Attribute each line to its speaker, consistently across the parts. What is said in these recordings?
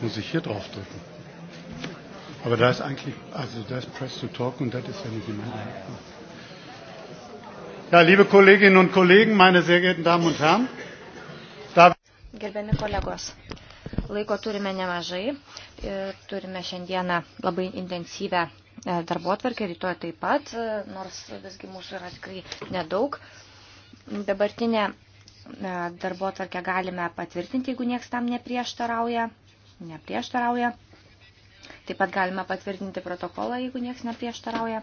Speaker 1: Muss ich hier drauf drücken? Aber da ist eigentlich, also da ist Press to Talk und das ist ja nicht jemand. Ja, liebe Kolleginnen und Kollegen, meine sehr geehrten Damen und Herren. Da
Speaker 2: Gerbiami kolegos, laiko turime nemažai. E, turime šiandieną labai intensyvę e, darbo atvarkę, rytoj taip pat, e, nors visgi mūsų yra tikrai nedaug. Dabartinę darbo atvarkę galime patvirtinti, jeigu nieks tam neprieštarauja neprieštarauja. Taip pat galima patvirtinti protokolą, jeigu niekas neprieštarauja.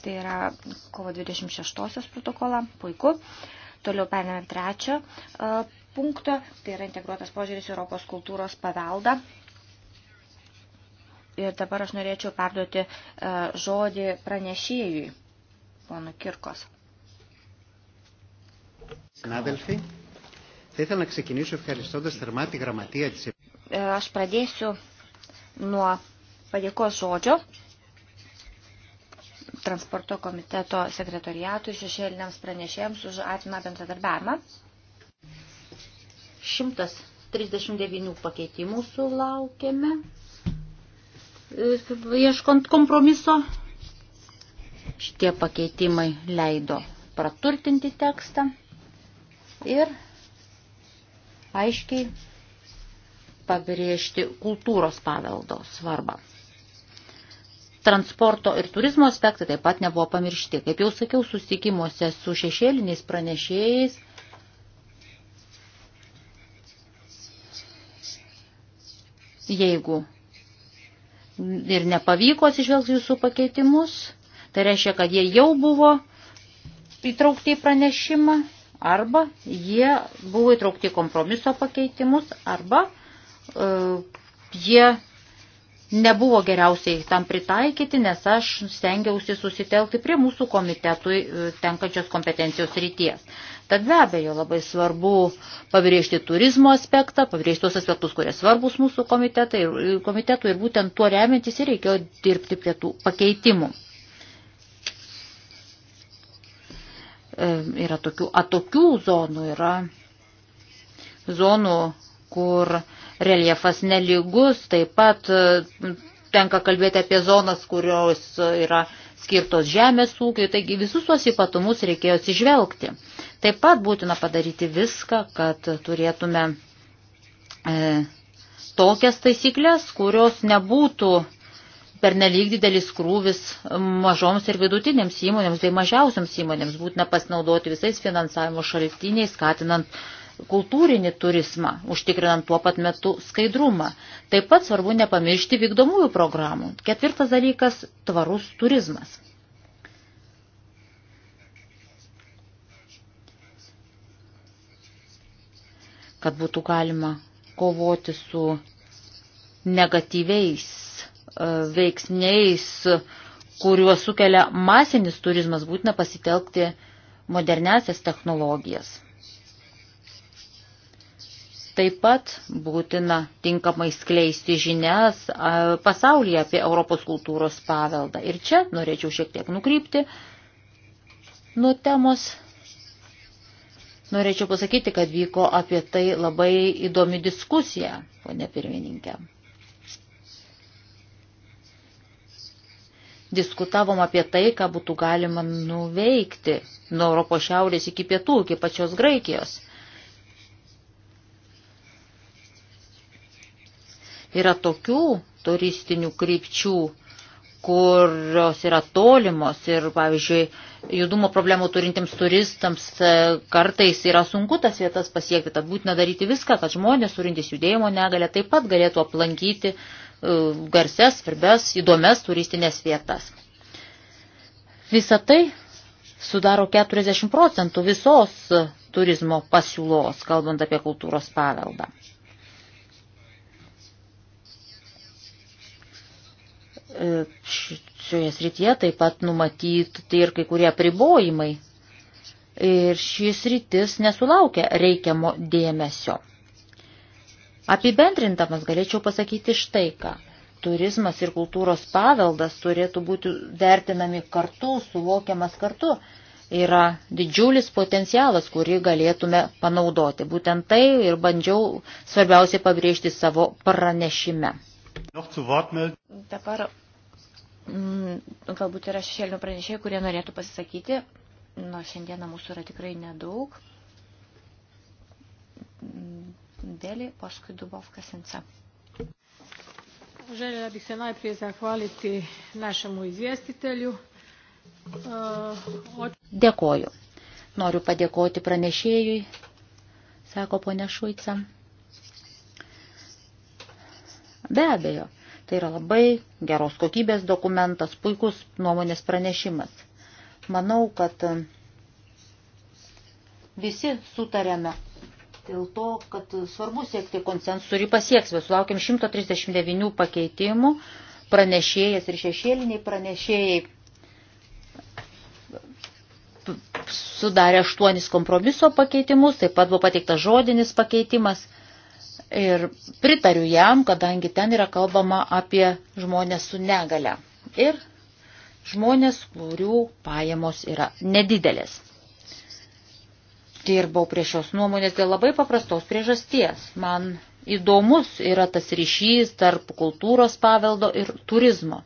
Speaker 2: Tai yra kovo 26 protokolą. Puiku. Toliau perėmėm trečią e, punktą. Tai yra integruotas požiūris Europos kultūros paveldą. Ir dabar aš norėčiau perduoti e, žodį pranešėjui, ponu Kirkos.
Speaker 1: Συνάδελφοι, Aš
Speaker 2: pradėsiu nuo padėkos žodžio transporto komiteto sekretoriatui šešėliniams pranešėjams už atvirą bendradarbiavimą. 139 pakeitimų sulaukėme, e,
Speaker 3: ieškant kompromiso. Šitie pakeitimai leido praturtinti tekstą ir aiškiai pabrėžti kultūros paveldo svarbą. Transporto ir turizmo aspektai taip pat nebuvo pamiršti. Kaip jau sakiau, susitikimuose su šešėliniais pranešėjais jeigu ir nepavyko atsižvelgti jūsų pakeitimus, tai reiškia, kad jie jau buvo įtraukti į pranešimą Arba jie buvo įtraukti kompromiso pakeitimus, arba uh, jie nebuvo geriausiai tam pritaikyti, nes aš stengiausi susitelkti prie mūsų komitetui e, tenkančios kompetencijos ryties. Tad be abejo labai svarbu pabrėžti turizmo aspektą, pabrėžti tos aspektus, kurie svarbus mūsų komitetui ir, komitetui, ir būtent tuo remiantis ir reikėjo dirbti prie tų pakeitimų. E, yra tokių atokių zonų, yra zonų, kur reljefas neligus, taip pat e, tenka kalbėti apie zonas, kurios yra skirtos žemės ūkiai, taigi visus tuos ypatumus reikėjo atsižvelgti. Taip pat būtina padaryti viską, kad turėtume e, tokias taisyklės, kurios nebūtų pernelyg didelis krūvis mažoms ir vidutinėms įmonėms bei mažiausiams įmonėms. Būtina pasinaudoti visais finansavimo šaltiniais, skatinant kultūrinį turizmą, užtikrinant tuo pat metu skaidrumą. Taip pat svarbu nepamiršti vykdomųjų programų. Ketvirtas dalykas – tvarus turizmas. Kad būtų galima kovoti su negatyviais E, veiksniais, kuriuos sukelia masinis turizmas, būtina pasitelkti modernesias technologijas. Taip pat būtina tinkamai skleisti žinias pasaulyje apie Europos kultūros paveldą. Ir čia norėčiau šiek tiek nukrypti nuo temos. Norėčiau pasakyti, kad vyko apie tai labai įdomi diskusija, ponė pirmininkė. diskutavom apie tai, ką būtų galima nuveikti nuo Europos šiaurės iki pietų, iki pačios Graikijos. Yra tokių turistinių krypčių, kurios yra tolimos ir, pavyzdžiui, judumo problemų turintiems turistams e, kartais yra sunku tas vietas pasiekti, tad būtina daryti viską, kad žmonės turintys judėjimo negalę taip pat galėtų aplankyti uh, E, garsias, svarbias, įdomias turistinės vietas. Visą tai sudaro 40 procentų visos turizmo pasiūlos, kalbant apie kultūros paveldą. E, šioje srityje taip pat numatyti tai ir kai kurie pribojimai. Ir šis rytis nesulaukia reikiamo dėmesio. Apibendrindamas galėčiau pasakyti štai ką. Turizmas ir kultūros paveldas turėtų būti vertinami kartu, suvokiamas kartu. Yra didžiulis potencialas, kurį galėtume panaudoti. Būtent tai ir bandžiau svarbiausiai pabrėžti savo pranešime. Dabar
Speaker 2: mm, galbūt yra šešėlinių pranešėjų, kurie norėtų pasisakyti, nors šiandieną mūsų yra tikrai nedaug. Deli, poskoj Dubovka Senca.
Speaker 3: Željela bih se najprije zahvaliti našemu izvjestitelju. E, Dėkoju. Noriu padėkoti pranešėjui, sako ponia Šuica. Be abejo, tai yra labai geros kokybės dokumentas, puikus nuomonės pranešimas. Manau, kad visi sutarėme, dėl to, kad svarbu siekti konsensus ir jį pasieksime. Sulaukėm 139 pakeitimų, pranešėjas ir šešėliniai pranešėjai sudarė aštuonis kompromiso pakeitimus, taip pat buvo pateiktas žodinis pakeitimas. Ir pritariu jam, kadangi ten yra kalbama apie žmonės su negale ir žmonės, kurių pajamos yra nedidelės dirbau prie šios nuomonės dėl labai paprastos priežasties. Man įdomus yra tas ryšys tarp kultūros paveldo ir turizmo.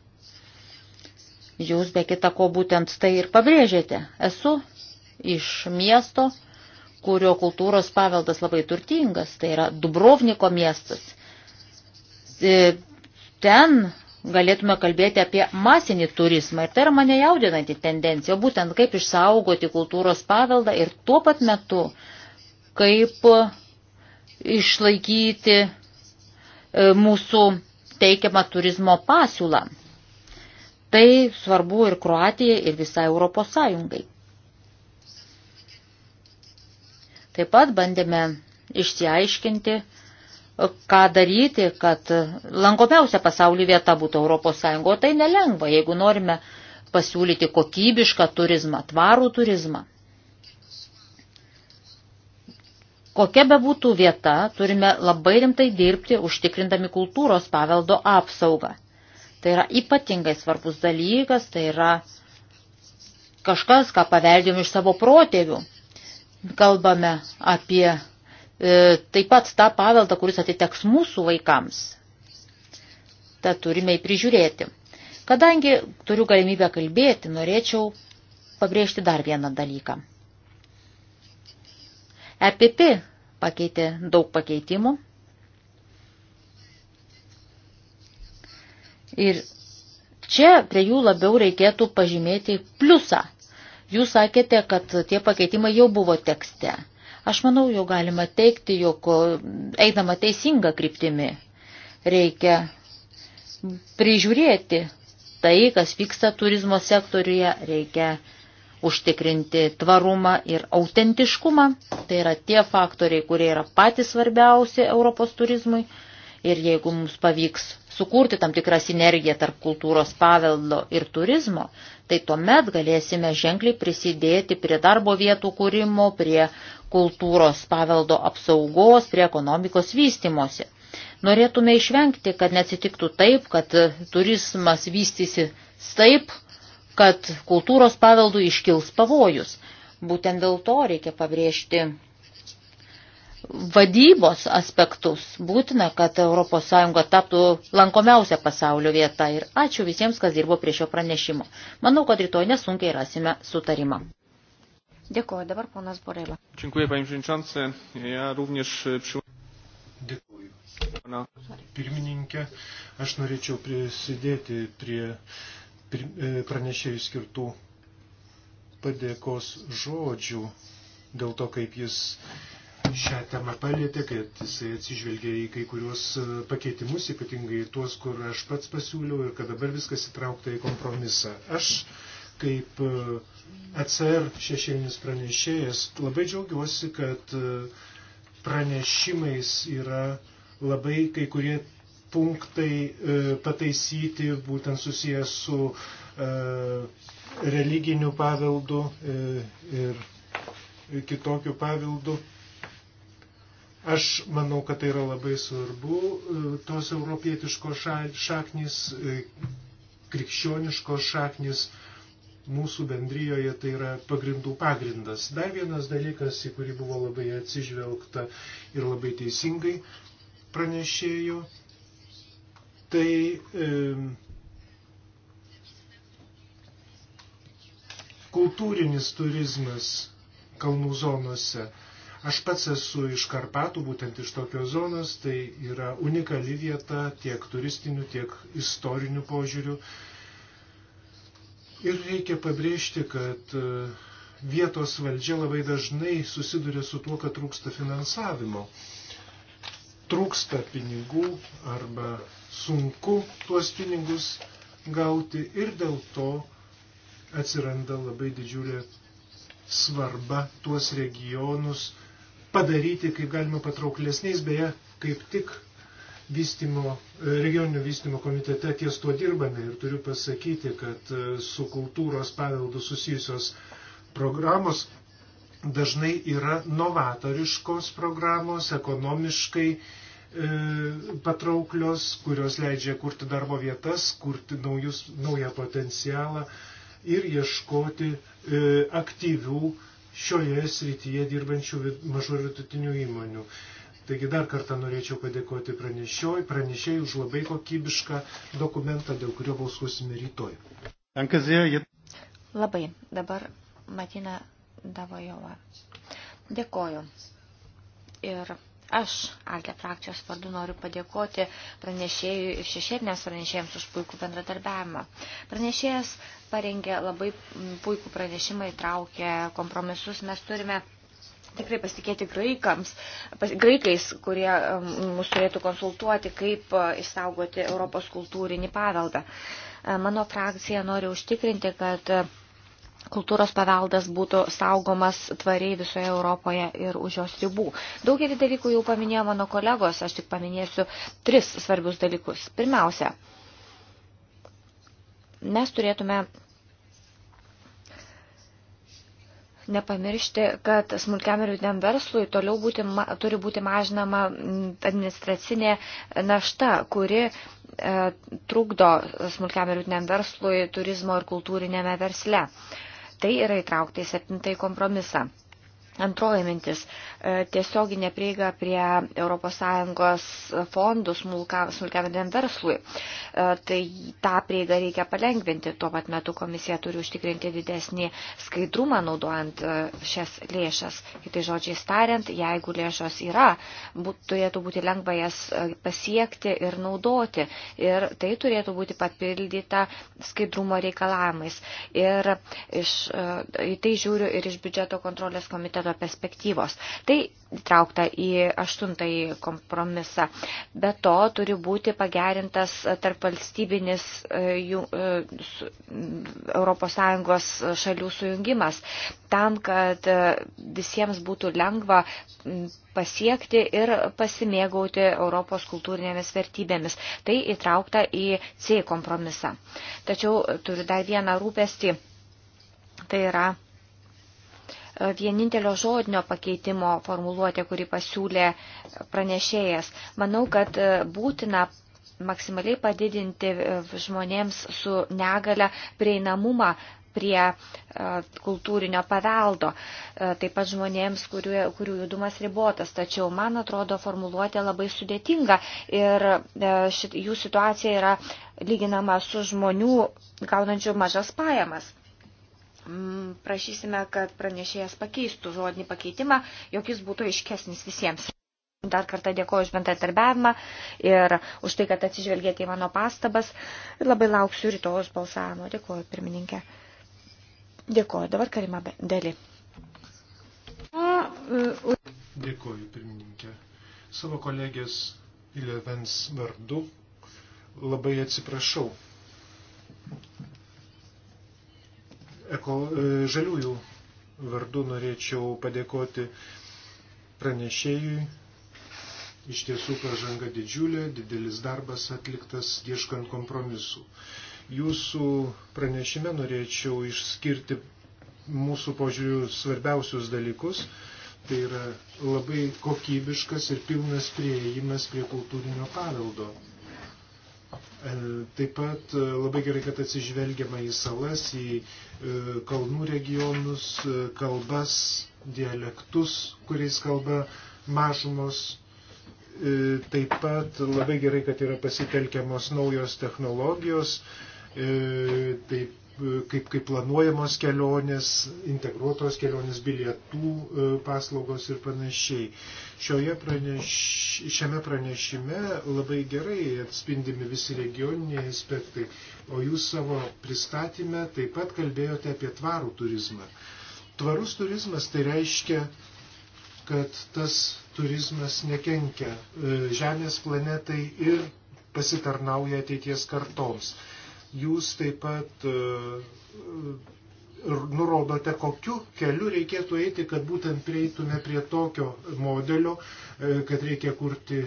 Speaker 3: Jūs be kita ko būtent tai ir pabrėžėte. Esu iš miesto, kurio kultūros paveldas labai turtingas, tai yra Dubrovniko miestas. E, ten galėtume kalbėti apie masinį turizmą. Ir tai yra mane jaudinanti tendencija, būtent kaip išsaugoti kultūros paveldą ir tuo pat metu, kaip išlaikyti e, mūsų teikiamą turizmo pasiūlą. Tai svarbu ir Kroatijai, ir visai Europos Sąjungai. Taip pat bandėme išsiaiškinti, ką daryti, kad lankomiausia pasaulio vieta būtų Europos Sąjungo. O tai nelengva, jeigu norime pasiūlyti kokybišką turizmą, tvarų turizmą. Kokia be būtų vieta, turime labai rimtai dirbti, užtikrindami kultūros paveldo apsaugą. Tai yra ypatingai svarbus dalykas, tai yra kažkas, ką paveldėm iš savo protėvių. Kalbame apie E, taip pat tą paveldą, kuris atiteks mūsų vaikams. Tad turime jį prižiūrėti. Kadangi turiu galimybę kalbėti, norėčiau pabrėžti dar vieną dalyką. EPP pakeitė daug pakeitimų. Ir čia prie jų labiau reikėtų pažymėti pliusą. Jūs sakėte, kad tie pakeitimai jau buvo tekste. Aš manau, jau galima teikti, jog eidama teisinga kryptimi reikia prižiūrėti tai, kas vyksta turizmo sektoriuje, reikia užtikrinti tvarumą ir autentiškumą. Tai yra tie faktoriai, kurie yra patys svarbiausi Europos turizmui. Ir jeigu mums pavyks sukurti tam tikrą sinergiją tarp kultūros paveldo ir turizmo, tai tuomet galėsime ženkliai prisidėti prie darbo vietų kūrimo, prie kultūros paveldo apsaugos, prie ekonomikos vystimosi. Norėtume išvengti, kad neatsitiktų taip, kad turizmas vystysi taip, kad kultūros paveldų iškils pavojus. Būtent dėl to reikia pabrėžti vadybos aspektus. Būtina, kad ES taptų lankomiausia pasaulio vieta. Ir ačiū visiems, kas dirbo prie šio pranešimo. Manau, kad rytoj nesunkiai rasime sutarimą.
Speaker 2: Dėkuoju. Dabar ponas Borela.
Speaker 4: Dziękuję, panie przewodniczący. Ja również e, Dėkuoju. Na, pirmininkė, aš norėčiau prisidėti prie e, pranešėjų skirtų padėkos žodžių dėl to, kaip jis šią temą palėtė, kad jisai atsižvelgė į kai kuriuos e, pakeitimus, ypatingai tuos, kur aš pats pasiūliau ir kad dabar viskas įtraukta į kompromisą. Aš kaip e, ACR šešėlinis pranešėjas labai džiaugiuosi, kad e, pranešimais yra labai kai kurie punktai pataisyti, būtent susijęs su religiniu paveldu ir kitokiu pavildu. Aš manau, kad tai yra labai svarbu. E, tos europietiškos šaknis, e, krikščioniškos šaknis mūsų bendryjoje tai yra pagrindų pagrindas. Dar vienas dalykas, į kurį buvo labai atsižvelgta ir labai teisingai pranešėjo, tai e, kultūrinis turizmas kalnų zonose. E, Aš pats esu iš Karpatų, būtent iš tokios zonos, tai yra unikali vieta tiek turistinių, tiek istorinių požiūrių. Ir reikia pabrėžti, kad e, vietos valdžia labai dažnai susiduria su tuo, kad trūksta finansavimo. Trūksta pinigų arba sunku tuos pinigus gauti ir dėl to atsiranda labai didžiulė svarba tuos regionus padaryti kaip galima patrauklesniais, beje, kaip tik vystimo, e, regioninio vystimo komitete ties tuo dirbame ir turiu pasakyti, kad e, su kultūros paveldu susijusios programos dažnai yra novatoriškos programos, ekonomiškai e, patrauklios, kurios leidžia kurti darbo vietas, kurti naujus, naują potencialą ir ieškoti e, aktyvių e, šioje srityje dirbančių mažų ir vidutinių įmonių. Taigi dar kartą norėčiau padėkoti pranešėjai už labai kokybišką dokumentą, dėl kurio balsuosime rytoj.
Speaker 2: Labai. Dabar Matina Davojova. Dėkoju. Ir Aš Alke frakcijos vardu noriu padėkoti pranešėjui ir šešėlinės pranešėjams už puikų bendradarbiavimą. Pranešėjas parengė labai puikų pranešimą, įtraukė kompromisus. Mes turime tikrai pasitikėti graikams, pas, graikais, kurie mus turėtų konsultuoti, kaip e, išsaugoti Europos kultūrinį paveldą. E, mano frakcija nori užtikrinti, kad kultūros paveldas būtų saugomas tvariai visoje Europoje ir už jos ribų. Daugelį dalykų jau paminėjo mano kolegos, aš tik paminėsiu tris svarbius dalykus. Pirmiausia, mes turėtume nepamiršti, kad smulkiam ir vidiniam verslui toliau būti, turi būti mažinama mm, administracinė našta, kuri e, trukdo smulkiam ir vidiniam verslui turizmo ir kultūrinėme versle. E, Tai yra įtraukta į septintąjį kompromisą. Antroji mintis e, - tiesioginė prieiga prie ES fondų smulkiam verslui. E, tai tą prieigą reikia palengvinti. Tuo pat metu komisija turi užtikrinti didesnį skaidrumą naudojant e, šias lėšas. Kitai žodžiai tariant, jeigu lėšos yra, būt, turėtų būti lengva jas pasiekti ir naudoti. Ir tai turėtų būti papildyta skaidrumo reikalavimais. Ir iš, į tai žiūriu ir iš biudžeto kontrolės komiteto biudžeto perspektyvos. Tai traukta į aštuntąjį kompromisą. Be to turi būti pagerintas tarp valstybinis ES e, šalių sujungimas, tam, kad e, visiems būtų lengva pasiekti ir pasimėgauti Europos kultūrinėmis vertybėmis. Tai įtraukta į C kompromisą. Tačiau turiu dar vieną rūpestį. Tai yra vienintelio žodinio pakeitimo formuluotė, kurį pasiūlė pranešėjas. Manau, kad e, būtina maksimaliai padidinti e, žmonėms su negale prieinamumą prie e, kultūrinio paveldo, taip pat žmonėms, kurių, kurių judumas ribotas. Tačiau, man atrodo, formuluotė labai sudėtinga ir šit, jų situacija yra lyginama su žmonių gaunančių mažas pajamas. Mm, prašysime, kad pranešėjas pakeistų žodinį pakeitimą, jog jis būtų iškesnis visiems. Dar kartą dėkoju už bendradarbiavimą ir už tai, kad atsižvelgėte į mano pastabas. Ir labai lauksiu rytojus balsavimo. Dėkoju, pirmininkė. Dėkoju. Dabar Karima Deli. Dėkoju,
Speaker 4: pirmininkė. Savo kolegės Ilevens vardu labai atsiprašau eko, e, žaliųjų vardu norėčiau padėkoti pranešėjui. Iš tiesų pažanga didžiulė, didelis darbas atliktas ieškant kompromisų. Jūsų pranešime norėčiau išskirti mūsų požiūrių svarbiausius dalykus. Tai yra labai kokybiškas ir pilnas prieimas prie kultūrinio paveldo. Taip pat e, labai gerai, kad atsižvelgiama į salas, į e, kalnų regionus, e, kalbas, dialektus, kuriais kalba mažumos. Taip pat labai gerai, kad yra pasitelkiamos naujos technologijos. Taip kaip, kaip planuojamos kelionės, integruotos kelionės, bilietų e, paslaugos ir panašiai. Šioje praneš, šiame pranešime labai gerai atspindimi visi regioniniai aspektai, o jūs savo pristatymę taip pat kalbėjote apie tvarų turizmą. Tvarus turizmas tai reiškia, kad tas turizmas nekenkia e, Žemės planetai ir pasitarnauja ateities kartoms. Jūs taip pat e, e, nurodote, kokiu keliu reikėtų eiti, kad būtent prieitume prie tokio modelio, e, kad reikia kurti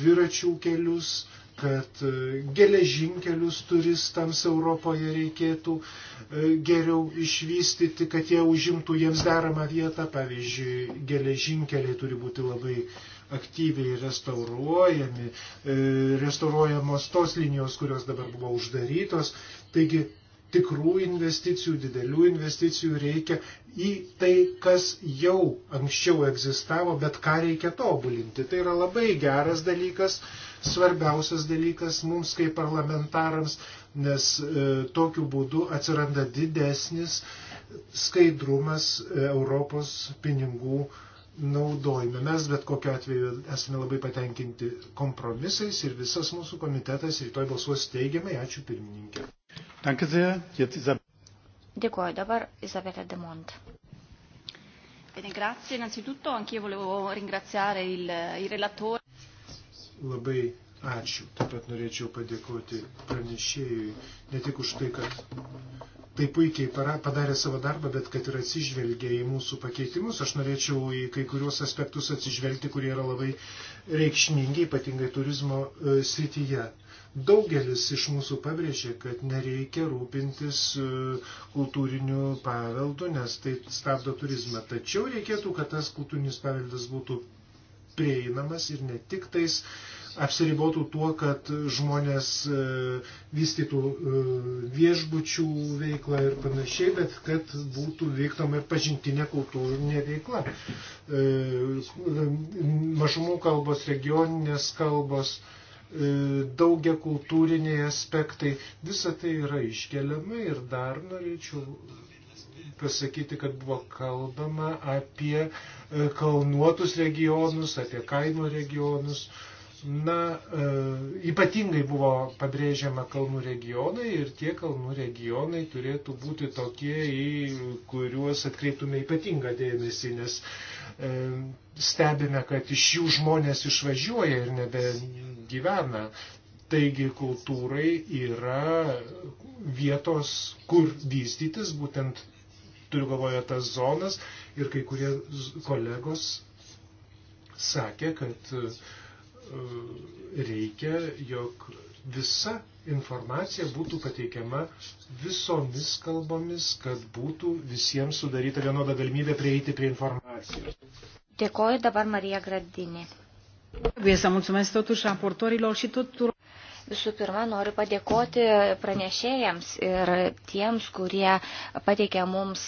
Speaker 4: dviračių kelius, kad geležinkelius turistams Europoje reikėtų geriau išvystyti, kad jie užimtų jiems deramą vietą. Pavyzdžiui, geležinkeliai turi būti labai aktyviai restauruojami, e, restauruojamos tos linijos, kurios dabar buvo uždarytos. Taigi tikrų investicijų, didelių investicijų reikia į tai, kas jau anksčiau egzistavo, bet ką reikia tobulinti. Tai yra labai geras dalykas, svarbiausias dalykas mums kaip parlamentarams, nes e, tokiu būdu atsiranda didesnis skaidrumas e, Europos pinigų e, naudojime. Mes bet kokiu atveju esame labai patenkinti kompromisais ir visas mūsų komitetas rytoj balsuos teigiamai. Ačiū pirmininkė.
Speaker 2: Dėkuoju dabar Izabelė Demont. Bene, grazie. Innanzitutto anch'io volevo ringraziare il, il
Speaker 4: relatore. Labai ačiū. Taip pat norėčiau padėkoti pranešėjui ne tik už tai, kad taip puikiai padarė savo darbą, bet kad ir atsižvelgė į mūsų pakeitimus, aš norėčiau į kai kuriuos aspektus atsižvelgti, kurie yra labai reikšmingi, ypatingai turizmo e, srityje. Daugelis iš mūsų pabrėžė, kad nereikia rūpintis e, kultūriniu paveldu, nes tai stabdo turizmą. Tačiau reikėtų, kad tas kultūrinis paveldas būtų prieinamas ir ne tik tais uh, apsiribotų tuo, kad žmonės e, vystytų e, viešbučių veiklą ir panašiai, bet kad būtų vykdoma ir pažintinė kultūrinė veikla. E, mažumų kalbos, regioninės kalbos daugia kultūriniai aspektai, visa tai yra iškeliama ir dar norėčiau pasakyti, kad buvo kalbama apie kalnuotus regionus, apie kaimo regionus. Na, e, ypatingai buvo pabrėžiama kalnų regionai ir tie kalnų regionai turėtų būti tokie, į kuriuos atkreiptume ypatingą dėmesį, nes e, stebime, kad iš jų žmonės išvažiuoja ir nebegyvena. Taigi kultūrai yra vietos, kur vystytis, būtent turiu galvoje tas zonas ir kai kurie kolegos sakė, kad reikia, jog visa informacija būtų pateikiama visomis kalbomis, kad būtų visiems sudaryta vienoda galimybė prieiti prie informacijos.
Speaker 2: Dėkoju dabar Marija Gradinė. Visų pirma, noriu padėkoti pranešėjams ir tiems, kurie pateikė mums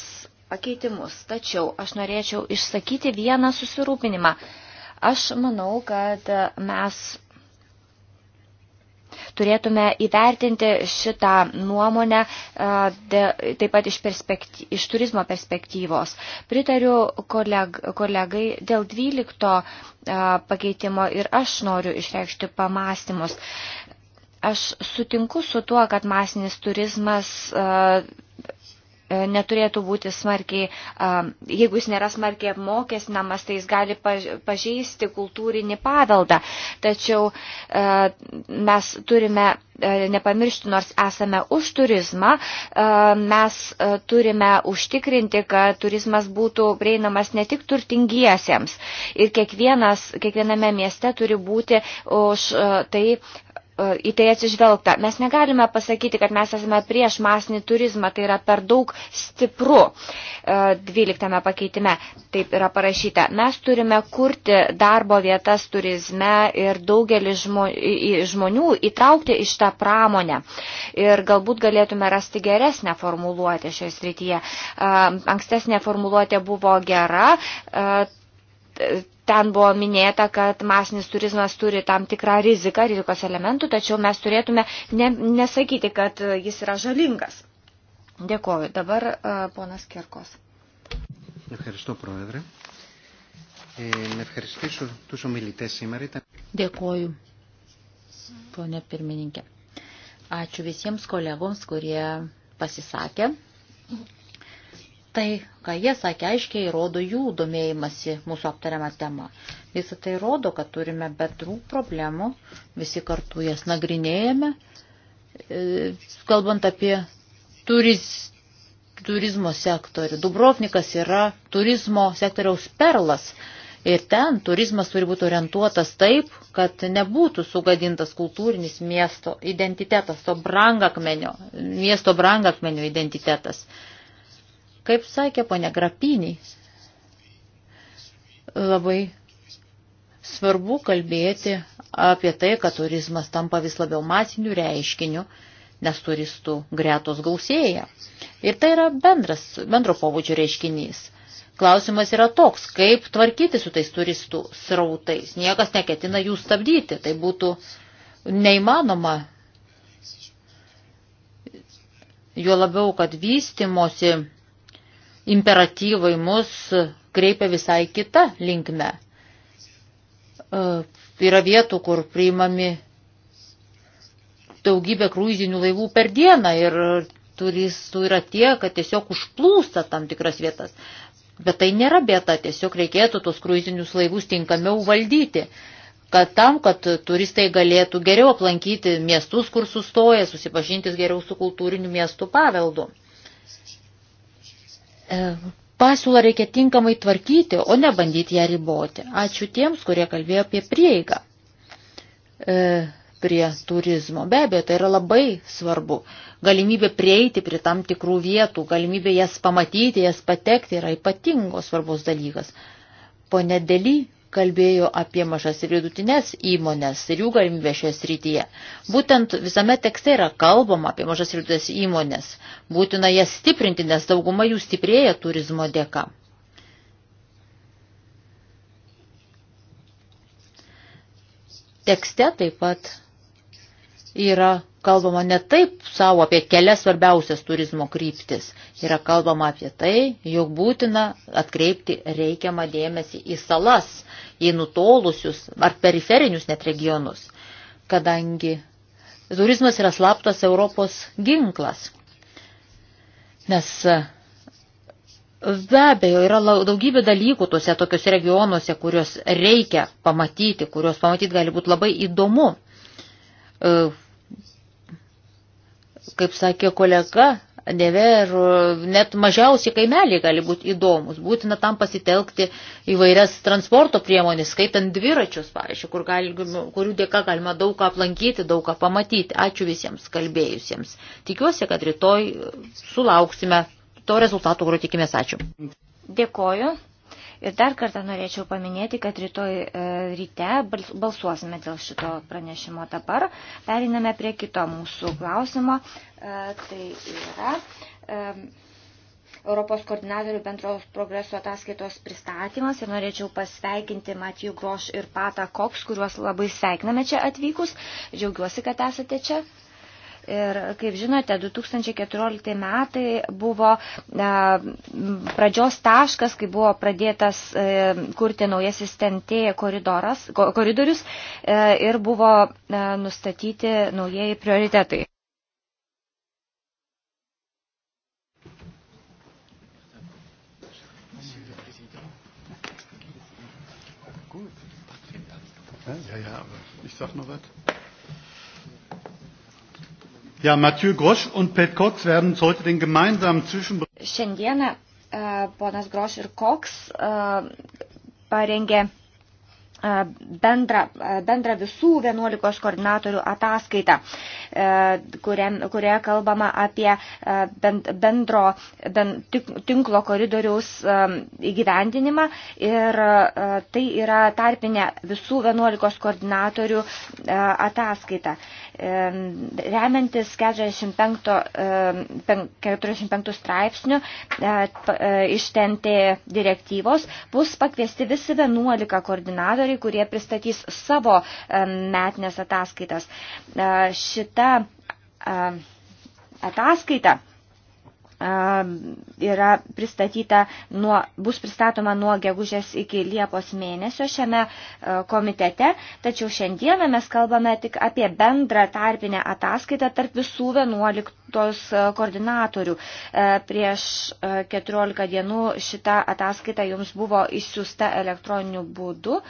Speaker 2: pakeitimus. Tačiau aš norėčiau išsakyti vieną susirūpinimą. Aš manau, kad mes turėtume įvertinti šitą nuomonę taip pat iš, iš turizmo perspektyvos. Pritariu koleg kolegai dėl 12 pakeitimo ir aš noriu išreikšti pamastymus. Aš sutinku su tuo, kad masinis turizmas E, neturėtų būti smarkiai, jeigu jis nėra smarkiai apmokestinamas, tai jis gali pažeisti kultūrinį paveldą. Tačiau e, mes turime e, nepamiršti, nors esame už turizmą, mes turime užtikrinti, kad turizmas būtų prieinamas ne tik turtingiesiems. Ir kiekvienas, kiekviename mieste turi būti už tai E, į tai atsižvelgta. Mes negalime pasakyti, kad mes esame prieš masinį turizmą, tai yra per daug stipru 12 e, pakeitime, taip yra parašyta. Mes turime kurti darbo vietas turizme ir daugelį žmonių įtraukti iš tą pramonę. Ir galbūt galėtume rasti geresnę formuluotę šioje srityje. E, ankstesnė formuluotė buvo gera Ten buvo minėta, kad masinis turizmas turi tam tikrą riziką, rizikos elementų, tačiau mes turėtume ne, nesakyti, kad jis yra žalingas. Dėkuoju. Dabar uh, ponas Kirkos.
Speaker 1: Ευχαριστώ, Πρόεδρε. Ε, να ευχαριστήσω τους ομιλητές σήμερα.
Speaker 3: Dėkuoju, ponė pirmininkė. Ačiū visiems kolegoms, kurie pasisakė. Tai, ką jie sakė, aiškiai rodo jų domėjimasi mūsų aptariamą temą. Visą tai rodo, kad turime bendrų problemų, visi kartu jas nagrinėjame. E, kalbant apie turiz, turizmo sektorių, Dubrovnikas yra turizmo sektoriaus perlas. Ir ten turizmas turi būti orientuotas taip, kad nebūtų sugadintas kultūrinis miesto identitetas, to brangakmenio, miesto brangakmenio identitetas. Uh, Kaip sakė ponia Grapiniai, labai svarbu kalbėti apie tai, kad turizmas tampa vis labiau masiniu reiškiniu, nes turistų gretos gausėja. Ir tai yra bendras, bendro pobūdžio reiškinys. Klausimas yra toks, kaip tvarkyti su tais turistų srautais. Niekas neketina jų stabdyti, tai būtų neįmanoma. Jo labiau, kad vystimosi imperatyvai mus kreipia visai kita linkme. E, yra vietų, kur priimami daugybė kruizinių laivų per dieną ir turistų yra tie, kad tiesiog užplūsta tam tikras vietas. Bet tai nėra bėta, tiesiog reikėtų tos kruizinius laivus tinkamiau valdyti, kad tam, kad turistai galėtų geriau aplankyti miestus, kur sustoja, susipažintis geriau su kultūriniu miestų paveldu. E, pasiūlą reikia tinkamai tvarkyti, o ne bandyti ją riboti. Ačiū tiems, kurie kalbėjo apie prieigą e, prie turizmo. Be abejo, tai yra labai svarbu. Galimybė prieiti prie tam tikrų vietų, galimybė jas pamatyti, jas patekti yra ypatingos svarbus dalykas. Pone Dely kalbėjo apie mažas ir vidutinės įmonės ir jų galimybę šioje srityje. Būtent visame tekste yra kalbama apie mažas ir vidutinės įmonės. Būtina jas stiprinti, nes dauguma jų stiprėja turizmo dėka. Tekste taip pat yra kalbama ne taip savo apie kelias svarbiausias turizmo kryptis, yra kalbama apie tai, jog būtina atkreipti reikiamą dėmesį į salas, į nutolusius ar periferinius net regionus, kadangi turizmas yra slaptas Europos ginklas. Nes be abejo yra daugybė dalykų tuose tokiuose regionuose, kuriuos reikia pamatyti, kuriuos pamatyti gali būti labai įdomu e, kaip sakė kolega, never, net mažiausi kaimeliai gali būti įdomus. Būtina tam pasitelkti įvairias transporto priemonės, skaitant dviračius, pavyzdžiui, kur gali, kurių dėka galima daug ką aplankyti, daug ką pamatyti. Ačiū visiems kalbėjusiems. Tikiuosi, kad rytoj sulauksime to rezultato, kurio tikimės. Ačiū.
Speaker 2: Dėkoju. Ir dar kartą norėčiau paminėti, kad rytoj e, ryte balsuosime dėl šito pranešimo dabar. Periname prie kito mūsų klausimo. E, tai yra. E, Europos koordinatorių bendros progreso ataskaitos pristatymas ir norėčiau pasveikinti Matijų Groš ir Patą Koks, kuriuos labai sveikiname čia atvykus. Džiaugiuosi, kad esate čia. Ir kaip žinote, 2014 metai buvo pradžios taškas, kai buvo pradėtas e, kurti naujasis TNT koridorius e, ir buvo e, nustatyti naujieji prioritetai.
Speaker 1: Ja, ja, aber ich sag nur was. Ja, Mathieu Grosch und Pat Cox werden heute den gemeinsamen Zwischen...
Speaker 2: Šiandieną uh, ponas Grosch ir Cox uh, parengė uh, bendrą, uh, bendrą visų 11 koordinatorių ataskaitą, uh, kuriam, kurioje kalbama apie bend, bendro bend, tinklo koridoriaus įgyvendinimą ir tai yra tarpinė visų 11 koordinatorių ataskaita. Remiantis 45, 45 straipsnių iš TNT direktyvos bus pakviesti visi 11 koordinatoriai, kurie pristatys savo metinės ataskaitas. E, šita ataskaita yra pristatyta nuo, bus pristatoma nuo gegužės iki Liepos mėnesio šiame e, komitete, tačiau šiandieną mes kalbame tik apie bendrą tarpinę ataskaitą tarp visų 11 e, koordinatorių. E, prieš 14 dienų šita ataskaita jums buvo išsiųsta elektroniniu būdu,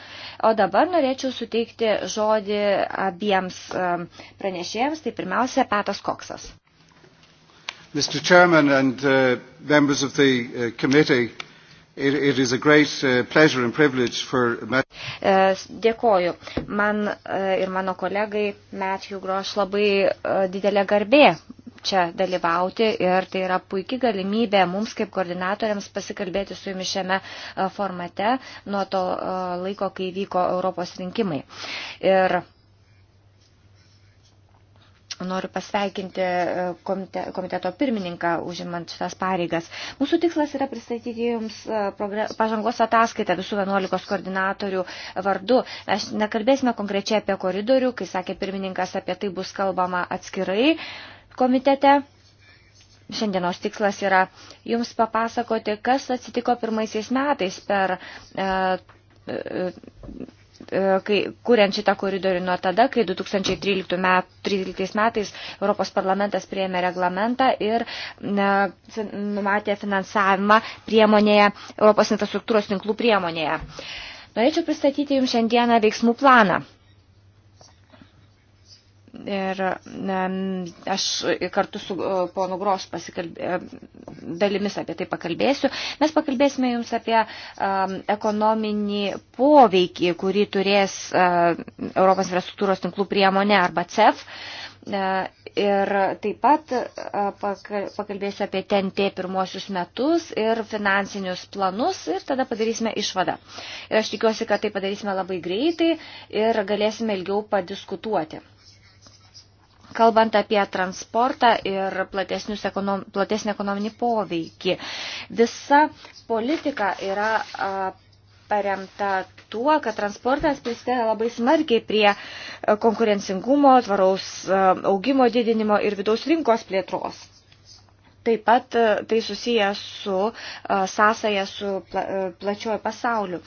Speaker 2: o dabar norėčiau suteikti žodį abiems pranešėjams, tai pirmiausia, Petas Koksas.
Speaker 1: Mr Chairman and uh, members of the uh, committee, it, it is a great uh, pleasure and privilege for e,
Speaker 2: Dėkoju. Man e, ir mano kolegai Matthew Groš labai e, didelė garbė čia dalyvauti ir tai yra puikia galimybė mums kaip koordinatoriams pasikalbėti su jumis šiame formate nuo to laiko, kai vyko Europos rinkimai. Ir Noriu pasveikinti e, komiteto pirmininką užimant šitas pareigas. Mūsų tikslas yra pristatyti Jums e, pažangos ataskaitą visų 11 koordinatorių vardu. Mes nekalbėsime konkrečiai apie koridorių, kai sakė pirmininkas, apie tai bus kalbama atskirai komitete. Šiandienos tikslas yra Jums papasakoti, kas atsitiko pirmaisiais metais per. E, e, E, kai, kuriant šitą koridorių nuo tada, kai 2013 met, 13 metais Europos parlamentas prieėmė reglamentą ir ne, fin, numatė finansavimą priemonėje, Europos infrastruktūros tinklų priemonėje. Norėčiau pristatyti Jums šiandieną veiksmų planą. Ir aš kartu su e, ponu Gros e, dalimis apie tai pakalbėsiu. Mes pakalbėsime jums apie ekonominį poveikį, kurį turės e, Europos infrastruktūros tinklų priemonė arba CEF. Ir taip pat pakalbėsiu apie TNT pirmosius metus ir finansinius planus ir tada padarysime išvadą. Ir aš tikiuosi, kad tai padarysime labai greitai ir galėsime ilgiau padiskutuoti kalbant apie transportą ir ekonom, platesnį ekonominį poveikį. Visa politika yra a, paremta tuo, kad transportas prisideda labai smarkiai prie konkurencingumo, tvaraus augimo didinimo ir vidaus rinkos plėtros. Taip pat tai susiję su sąsaja su plačiuoju pasauliu.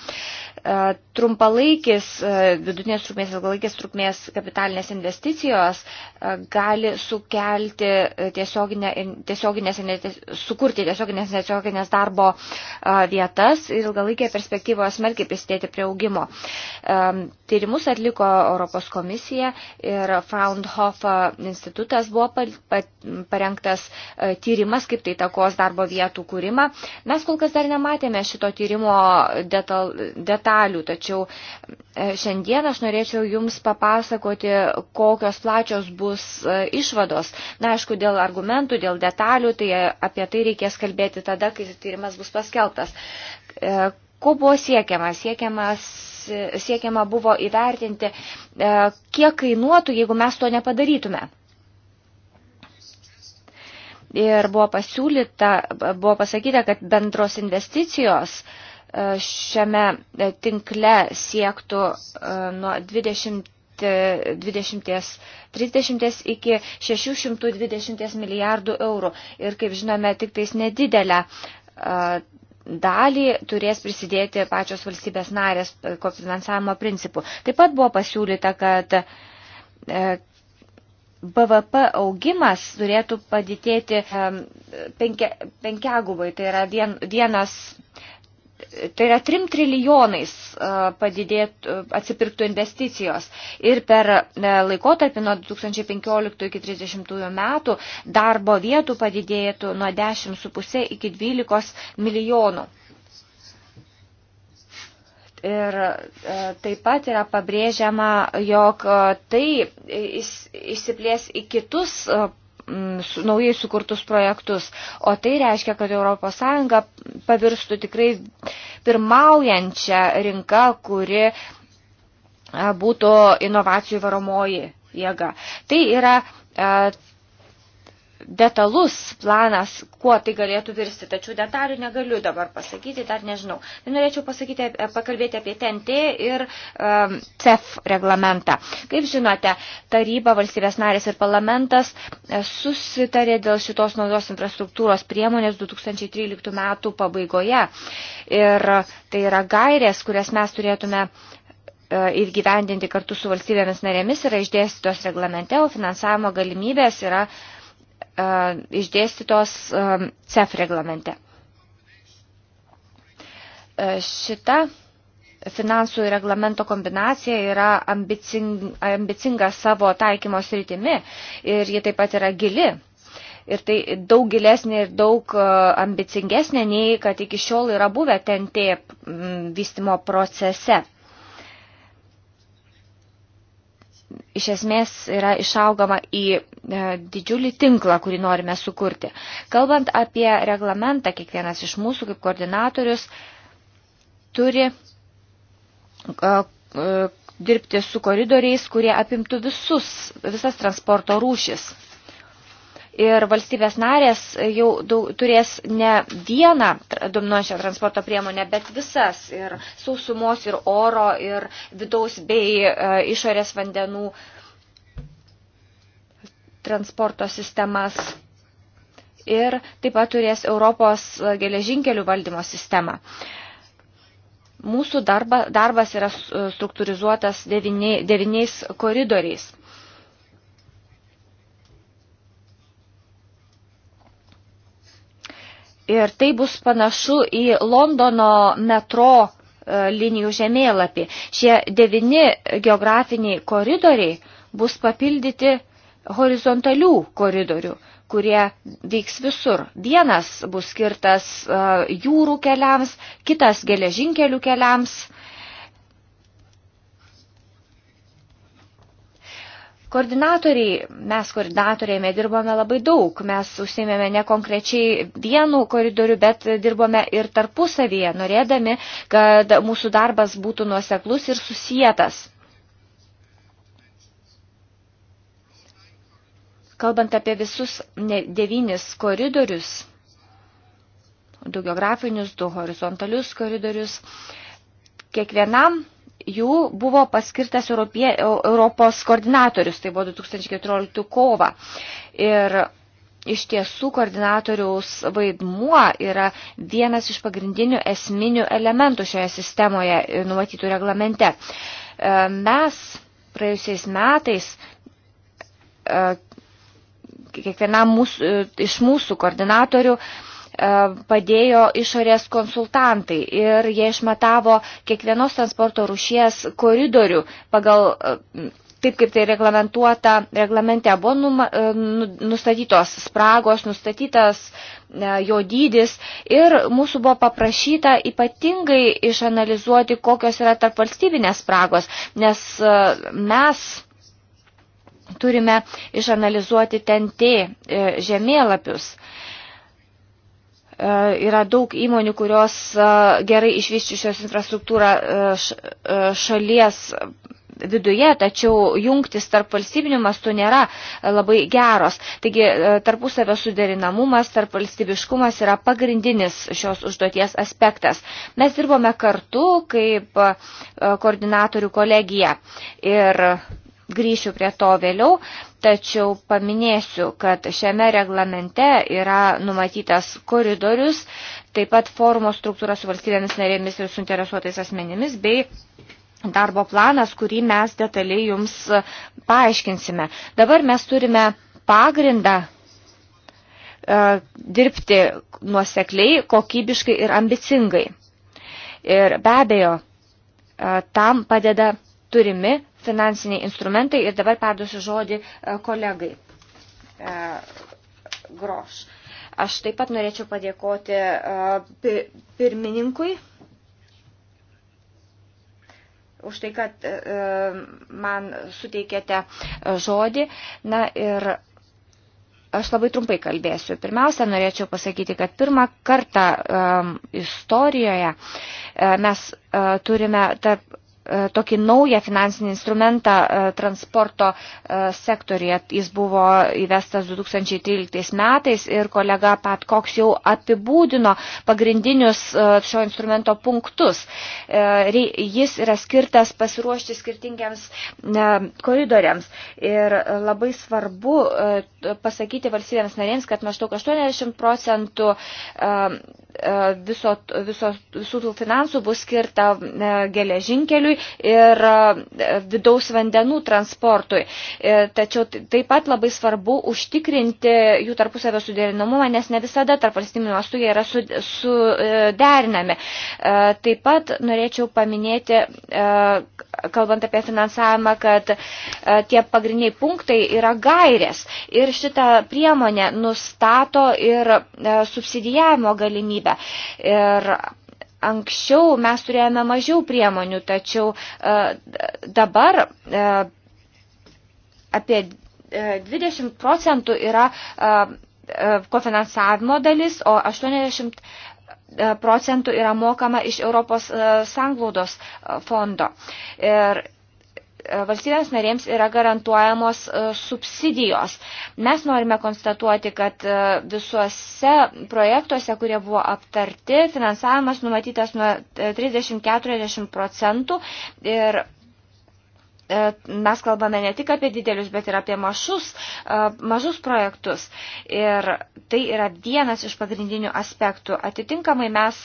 Speaker 2: E, trumpalaikis, e, vidutinės trukmės, ilgalaikės trukmės kapitalinės investicijos e, gali sukelti tiesioginę, tiesioginės, sukurti tiesioginės netiesioginės darbo vietas ir ilgalaikėje perspektyvoje smarkiai prisidėti prie augimo. Tyrimus atliko Europos komisija ir Fraunhofer institutas buvo parengtas tyrimas, kaip tai takos darbo vietų kūrimą. Mes kol kas dar nematėme šito tyrimo detal, detal detalių, tačiau e, šiandien aš norėčiau Jums papasakoti, kokios plačios bus e, išvados. Na, aišku, dėl argumentų, dėl detalių, tai e, apie tai reikės kalbėti tada, kai tyrimas bus paskeltas. Ko buvo siekiama? Siekiamas, siekiama buvo įvertinti, kiek kainuotų, jeigu mes to nepadarytume ir buvo pasiūlyta, buvo pasakyta, kad bendros investicijos uh, E, šiame e, tinkle siektų e, nuo 20 20-30 iki 620 milijardų eurų. Ir kaip žinome, tik tais nedidelę dalį turės prisidėti pačios valstybės narės kofinansavimo principų. Taip pat buvo pasiūlyta, kad BVP augimas turėtų padidėti penkiagubai, tai yra vienas tai yra 3 trilijonais e, padidėtų, e, atsipirktų investicijos. Ir per e, laikotarpį nuo 2015 iki 30 metų darbo vietų padidėtų nuo 10,5 iki 12 milijonų. Ir taip pat yra pabrėžiama, jog tai išsiplės į kitus Mm, su, naujai sukurtus projektus. O tai reiškia, kad ES pavirstų tikrai pirmaujančią rinką, kuri būtų inovacijų varomoji jėga. Tai yra detalus planas, kuo tai galėtų virsti, tačiau detalių negaliu dabar pasakyti, dar nežinau. Tai norėčiau pasakyti, pakalbėti apie TNT ir um, CEF reglamentą. Kaip žinote, taryba, valstybės narės ir parlamentas e, susitarė dėl šitos naujos infrastruktūros priemonės 2013 metų pabaigoje. Ir tai yra gairės, kurias mes turėtume e, įgyvendinti kartu su valstybėmis narėmis yra išdėstytos reglamente, o finansavimo galimybės yra uh, E, išdėstytos e, CEF reglamente. E, šita finansų reglamento kombinacija yra ambicing, ambicinga savo taikymo sritimi ir ji taip pat yra gili. Ir tai daug gilesnė ir daug ambicingesnė nei, kad iki šiol yra buvę TNT vystimo procese. iš esmės yra išaugama į e, didžiulį tinklą, kurį norime sukurti. Kalbant apie reglamentą, kiekvienas iš mūsų kaip koordinatorius turi e, e, dirbti su koridoriais, kurie apimtų visus, visas transporto rūšis ir valstybės narės jau daug, turės ne vieną dominuojančią transporto priemonę, bet visas ir sausumos, ir oro, ir vidaus bei e, išorės vandenų transporto sistemas. Ir taip pat turės Europos geležinkelių valdymo sistemą. Mūsų darba, darbas yra struktūrizuotas devyni, devyniais koridoriais Ir tai bus panašu į Londono metro e, linijų žemėlapį. Šie devini geografiniai koridoriai bus papildyti horizontalių koridorių, kurie vyks visur. Vienas bus skirtas e, jūrų keliams, kitas geležinkelių keliams Koordinatoriai, mes koordinatorėjame dirbome labai daug, mes užsėmėme ne konkrečiai vienų koridorių, bet dirbome ir tarpusavyje, norėdami, kad mūsų darbas būtų nuoseklus ir susijęs. Kalbant apie visus devynis koridorius, du geografinius, du horizontalius koridorius, kiekvienam jų buvo paskirtas Europie, Europos koordinatorius, tai buvo 2014 kova. Ir iš tiesų koordinatoriaus vaidmuo yra vienas iš pagrindinių esminių elementų šioje sistemoje numatytų reglamente. E, mes praėjusiais metais e, kiekvienam mūsų, e, iš mūsų koordinatorių uh, E, padėjo išorės konsultantai ir jie išmatavo kiekvienos transporto rušies koridorių pagal e, taip kaip tai reglamentuota, reglamente buvo numa, e, nu, nustatytos spragos, nustatytas jo dydis ir mūsų buvo paprašyta ypatingai išanalizuoti, kokios yra tarp valstybinės spragos, nes mes turime išanalizuoti ten T žemėlapius. E, yra daug įmonių, kurios e, gerai išvyščiusios infrastruktūrą e, šalies viduje, tačiau jungtis tarp valstybinių mastų nėra labai geros. Taigi tarpusavio suderinamumas, tarp valstybiškumas yra pagrindinis šios užduoties aspektas. Mes dirbome kartu kaip koordinatorių kolegija ir grįšiu prie to vėliau, tačiau paminėsiu, kad šiame reglamente yra numatytas koridorius, taip pat forumo struktūra su valstybėmis narėmis ir suinteresuotais asmenimis, bei darbo planas, kurį mes detaliai jums paaiškinsime. Dabar mes turime pagrindą e, dirbti nuosekliai, kokybiškai ir ambicingai. Ir be abejo, e, tam padeda turimi finansiniai instrumentai ir dabar perduosiu žodį e, kolegai e, Groš. Aš taip pat norėčiau padėkoti e, pirmininkui už tai, kad man suteikėte žodį. Na ir aš labai trumpai kalbėsiu. Pirmiausia, norėčiau pasakyti, kad pirmą kartą um, istorijoje mes uh, turime tarp tokį naują finansinį instrumentą e, transporto e, sektorija. Jis buvo įvestas 2013 metais ir kolega Pat Koks jau apibūdino pagrindinius e, šio instrumento punktus. Jis yra skirtas pasiruošti skirtingiams koridoriams ir labai svarbu pasakyti valstybėms narėms, kad maždaug 80 procentų viso, viso, visų tų finansų bus skirta geležinkeliui ir e, vidaus vandenų transportui. E, tačiau taip pat labai svarbu užtikrinti jų tarpusavio suderinamumą, nes ne visada tarp valstybinių mastų jie yra suderinami. E, taip pat norėčiau paminėti, kalbant apie finansavimą, kad tie pagrindiniai punktai yra gairės ir šitą priemonę nustato ir subsidijavimo galimybę. Ir Anksčiau mes turėjome mažiau priemonių, tačiau e, dabar e, apie 20 e, procentų yra kofinansavimo dalis, o 80 procentų yra mokama iš Europos sanglaudos fondo. Ir valstybėms narėms yra garantuojamos e, subsidijos. Mes norime konstatuoti, kad e, visuose projektuose, kurie buvo aptarti, finansavimas numatytas nuo 30-40 e, procentų ir mes kalbame ne tik apie didelius, bet ir apie mažus, mažus projektus. Ir tai yra vienas iš pagrindinių aspektų. Atitinkamai mes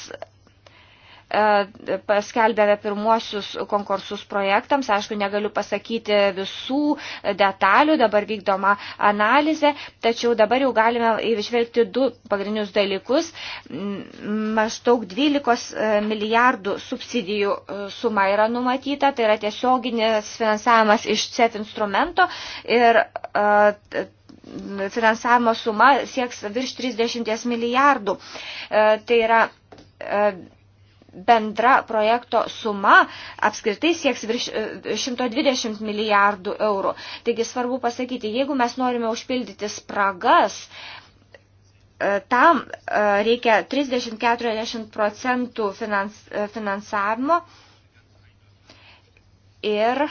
Speaker 2: E, paskelbėme pirmuosius konkursus projektams. Aišku, negaliu pasakyti visų detalių, dabar vykdoma analizė, tačiau dabar jau galime išvelgti du pagrindinius dalykus. Maždaug 12 e, milijardų subsidijų e, suma yra numatyta, tai yra tiesioginis finansavimas iš CEF instrumento ir finansavimo suma sieks virš 30 milijardų. Tai yra bendra projekto suma apskritai sieks virš 120 e, milijardų eurų. Taigi svarbu pasakyti, jeigu mes norime užpildyti spragas, e, tam e, reikia 30-40 procentų finans, finansavimo ir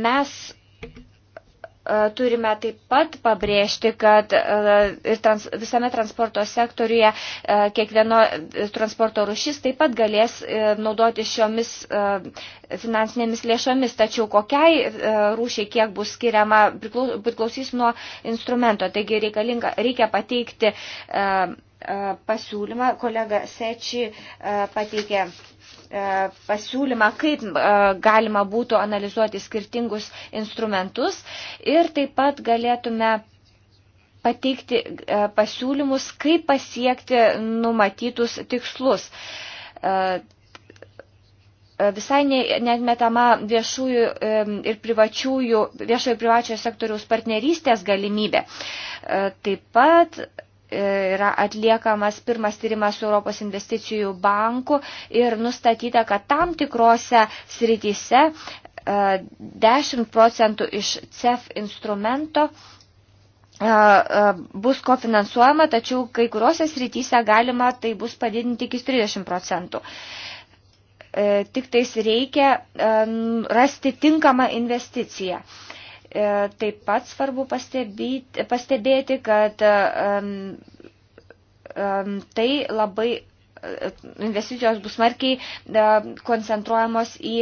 Speaker 2: mes E, turime taip pat pabrėžti, kad e, trans, visame transporto sektoriuje e, kiekvieno transporto rušis taip pat galės naudoti šiomis finansinėmis lėšomis, tačiau kokiai rūšiai kiek bus skiriama priklausys nuo instrumento. Taigi reikalinga, reikia pateikti pasiūlymą, kolega Seči pateikė pasiūlymą, kaip galima būtų analizuoti skirtingus instrumentus ir taip pat galėtume pateikti pasiūlymus, kaip pasiekti numatytus tikslus. Visai netmetama viešųjų ir privačiųjų, viešojo ir privačiojo sektoriaus partnerystės galimybė. Taip pat E, yra atliekamas pirmas tyrimas su Europos investicijų banku ir nustatyta, kad tam tikrose srityse 10 e, procentų iš CEF instrumento e, bus kofinansuojama, tačiau kai kuriuose srityse galima tai bus padidinti iki 30 procentų. Tik tais reikia rasti tinkamą investiciją. E, taip pat svarbu pastebėti, pastebėti kad tai labai e, investicijos bus smarkiai e, koncentruojamos į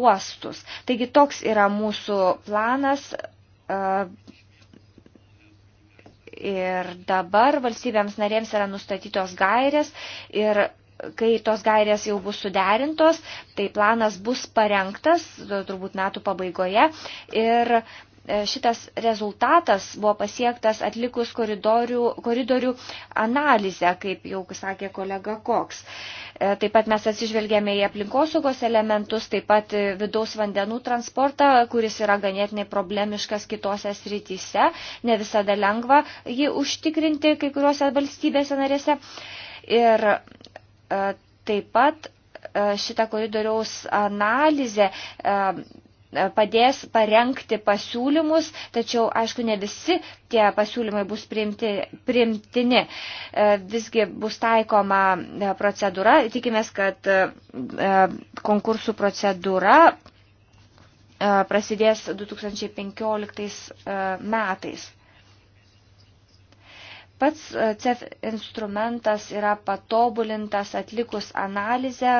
Speaker 2: uostus. Taigi toks yra mūsų planas. Ir dabar valstybėms narėms yra nustatytos gairės ir kai tos gairės jau bus suderintos, tai planas bus parengtas, turbūt metų pabaigoje. Ir e, šitas rezultatas buvo pasiektas atlikus koridorių, koridorių analizę, kaip jau sakė kolega Koks. E, taip pat mes atsižvelgėme į aplinkosaugos elementus, taip pat vidaus vandenų transportą, kuris yra ganėtinai problemiškas kitose srityse, ne visada lengva jį užtikrinti kai kuriuose valstybėse narėse. Ir E, taip pat e, šitą koridoriaus analizę e, padės parengti pasiūlymus, tačiau, aišku, ne visi tie pasiūlymai bus priimti, priimtini. Visgi bus taikoma procedūra. Tikimės, kad konkursų procedūra prasidės 2015 metais. Pats e, CEF instrumentas yra patobulintas atlikus analizę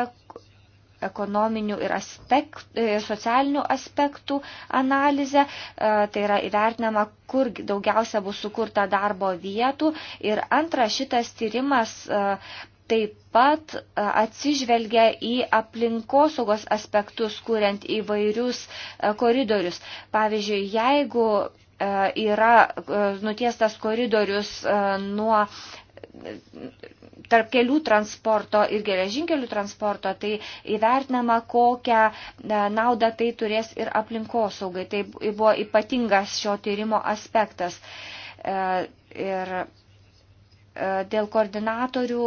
Speaker 2: ekonominių ir, aspekt, ir e, socialinių aspektų analizę. E, tai yra įvertinama, kur daugiausia bus sukurta darbo vietų. Ir antra, šitas tyrimas taip pat atsižvelgia į aplinkosaugos aspektus, kuriant įvairius koridorius. Pavyzdžiui, jeigu E, yra e, nutiestas koridorius e, nuo tarp kelių transporto ir geležinkelių transporto, tai įvertinama, kokią naudą tai turės ir aplinkosaugai. Tai buvo ypatingas šio tyrimo aspektas. Ir Dėl koordinatorių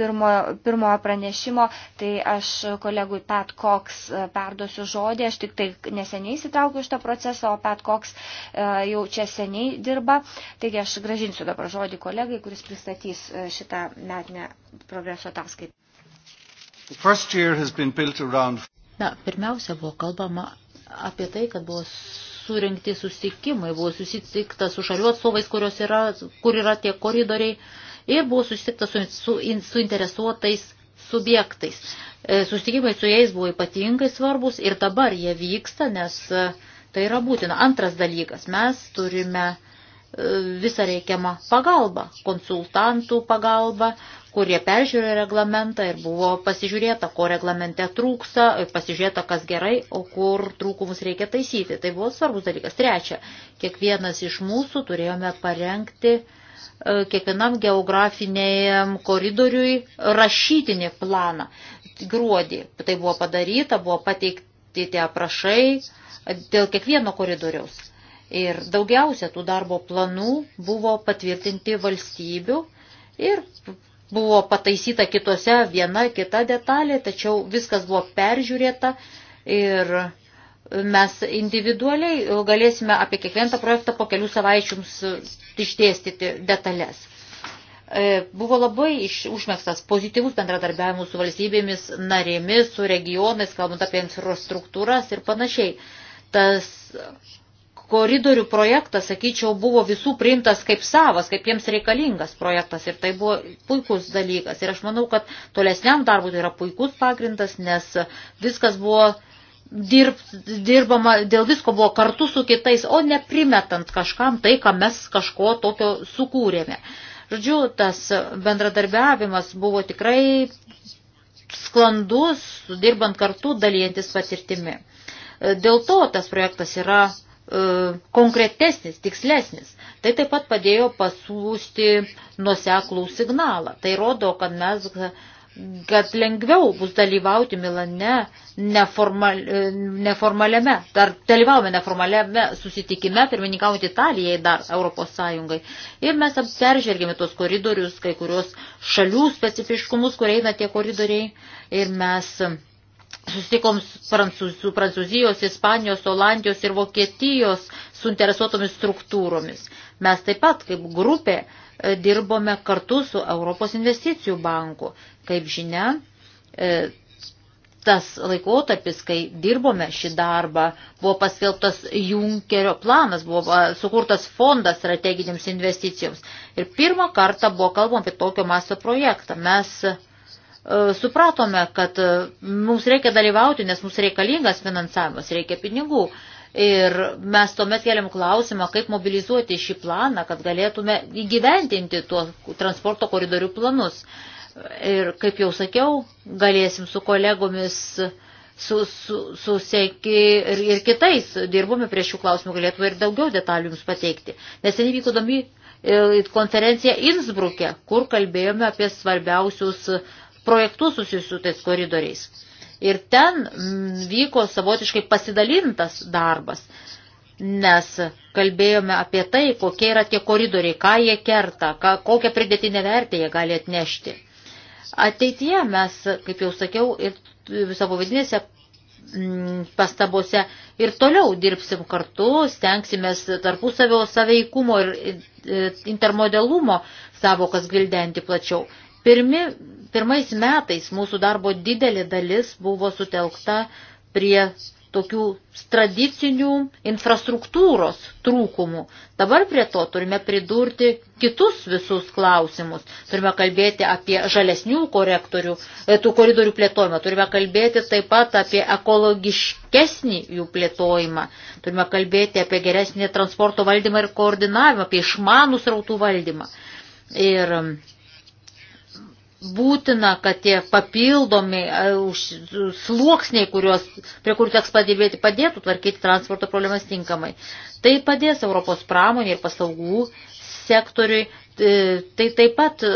Speaker 2: pirmo, pirmojo pranešimo, tai aš kolegui Pat Cox perduosiu žodį, aš tik tai neseniai įsitraukiu iš to proceso, o Pat Cox jau čia seniai dirba, taigi aš gražinsiu dabar žodį kolegai, kuris pristatys šitą metinę progreso ataskaitą.
Speaker 1: Na,
Speaker 3: pirmiausia buvo kalbama apie tai, kad buvo surinkti susitikimai, buvo susitikta su šalių atstovais, yra, kur yra tie koridoriai ir buvo susitikta su, su suinteresuotais subjektais. E, susitikimai su jais buvo ypatingai svarbus ir dabar jie vyksta, nes e, tai yra būtina. Antras dalykas, mes turime visą reikiamą pagalbą, konsultantų pagalbą, kurie peržiūrė reglamentą ir buvo pasižiūrėta, ko reglamente trūksa, pasižiūrėta, kas gerai, o kur trūkumus reikia taisyti. Tai buvo svarbus dalykas. Trečia, kiekvienas iš mūsų turėjome parengti e, kiekvienam geografinėjam koridoriui rašytinį planą gruodį. Tai buvo padaryta, buvo pateikti tie aprašai dėl kiekvieno koridoriaus Ir daugiausia tų darbo planų buvo patvirtinti valstybių ir buvo pataisyta kitose viena kita detalė, tačiau viskas buvo peržiūrėta ir mes individualiai galėsime apie kiekvieną projektą po kelių savaičių išdėstyti detalės. E, buvo labai iš, užmėgstas pozityvus bendradarbiavimus su valstybėmis, narėmis, su regionais, kalbant apie infrastruktūras ir panašiai. Tas koridorių projektas, sakyčiau, buvo visų priimtas kaip savas, kaip jiems reikalingas projektas ir tai buvo puikus dalykas. Ir aš manau, kad tolesniam darbui tai yra puikus pagrindas, nes viskas buvo dirb, dirbama, dėl visko buvo kartu su kitais, o ne primetant kažkam tai, ką mes kažko tokio sukūrėme. Žodžiu, tas bendradarbiavimas buvo tikrai sklandus, dirbant kartu, dalyjantis patirtimi. Dėl to tas projektas yra E, konkretesnis, tikslesnis. Tai taip pat padėjo pasiūsti nuseklų signalą. Tai rodo, kad mes kad lengviau bus dalyvauti Milane neformal, e, neformaliame, dar dalyvavome neformaliame susitikime, pirmininkaujant Italijai dar Europos Sąjungai. Ir mes peržvelgėme tos koridorius, kai kurios šalių specifiškumus, kur eina tie koridoriai. Ir mes susitikom su Prancūzijos, Ispanijos, Olandijos ir Vokietijos suinteresuotomis struktūromis. Mes taip pat kaip grupė e, dirbome kartu su Europos investicijų banku. Kaip žinia, e, tas laikotarpis, kai dirbome šį darbą, buvo paskelbtas Junkerio planas, buvo e, sukurtas fondas strateginiams investicijoms. Ir pirmą kartą buvo kalbama apie tokio masto projektą. Mes E, supratome, kad e, mums reikia dalyvauti, nes mums reikalingas finansavimas, reikia pinigų. Ir mes tuomet keliam klausimą, kaip mobilizuoti šį planą, kad galėtume įgyvendinti tuos transporto koridorių planus. Ir kaip jau sakiau, galėsim su kolegomis su, su, susieki ir, ir kitais dirbome prie šių klausimų, galėtume ir daugiau detalių jums pateikti. Neseniai vyko domi e, konferencija Innsbruke, kur kalbėjome apie svarbiausius projektus susijusius su tais koridoriais. Ir ten mm, vyko savotiškai pasidalintas darbas, nes kalbėjome apie tai, kokie yra tie koridoriai, ką jie kerta, ką, kokią pridėtinę vertę jie gali atnešti. Ateityje mes, kaip jau sakiau, ir savo vidinėse mm, pastabose ir toliau dirbsim kartu, stengsimės tarpusavio saveikumo ir intermodalumo savokas gvildenti plačiau. Pirmi, pirmais metais mūsų darbo didelė dalis buvo sutelkta prie tokių tradicinių infrastruktūros trūkumų. Dabar prie to turime pridurti kitus visus klausimus. Turime kalbėti apie žalesnių korektorių, e, tų koridorių plėtojimą. Turime kalbėti taip pat apie ekologiškesnį jų plėtojimą. Turime kalbėti apie geresnį transporto valdymą ir koordinavimą, apie išmanų srautų valdymą. Ir būtina, kad tie papildomi e, sluoksniai, kuriuos, prie kurių teks padirbėti, padėtų tvarkyti transporto problemas tinkamai. Tai padės Europos pramonė ir paslaugų sektoriui. E, tai taip pat, e,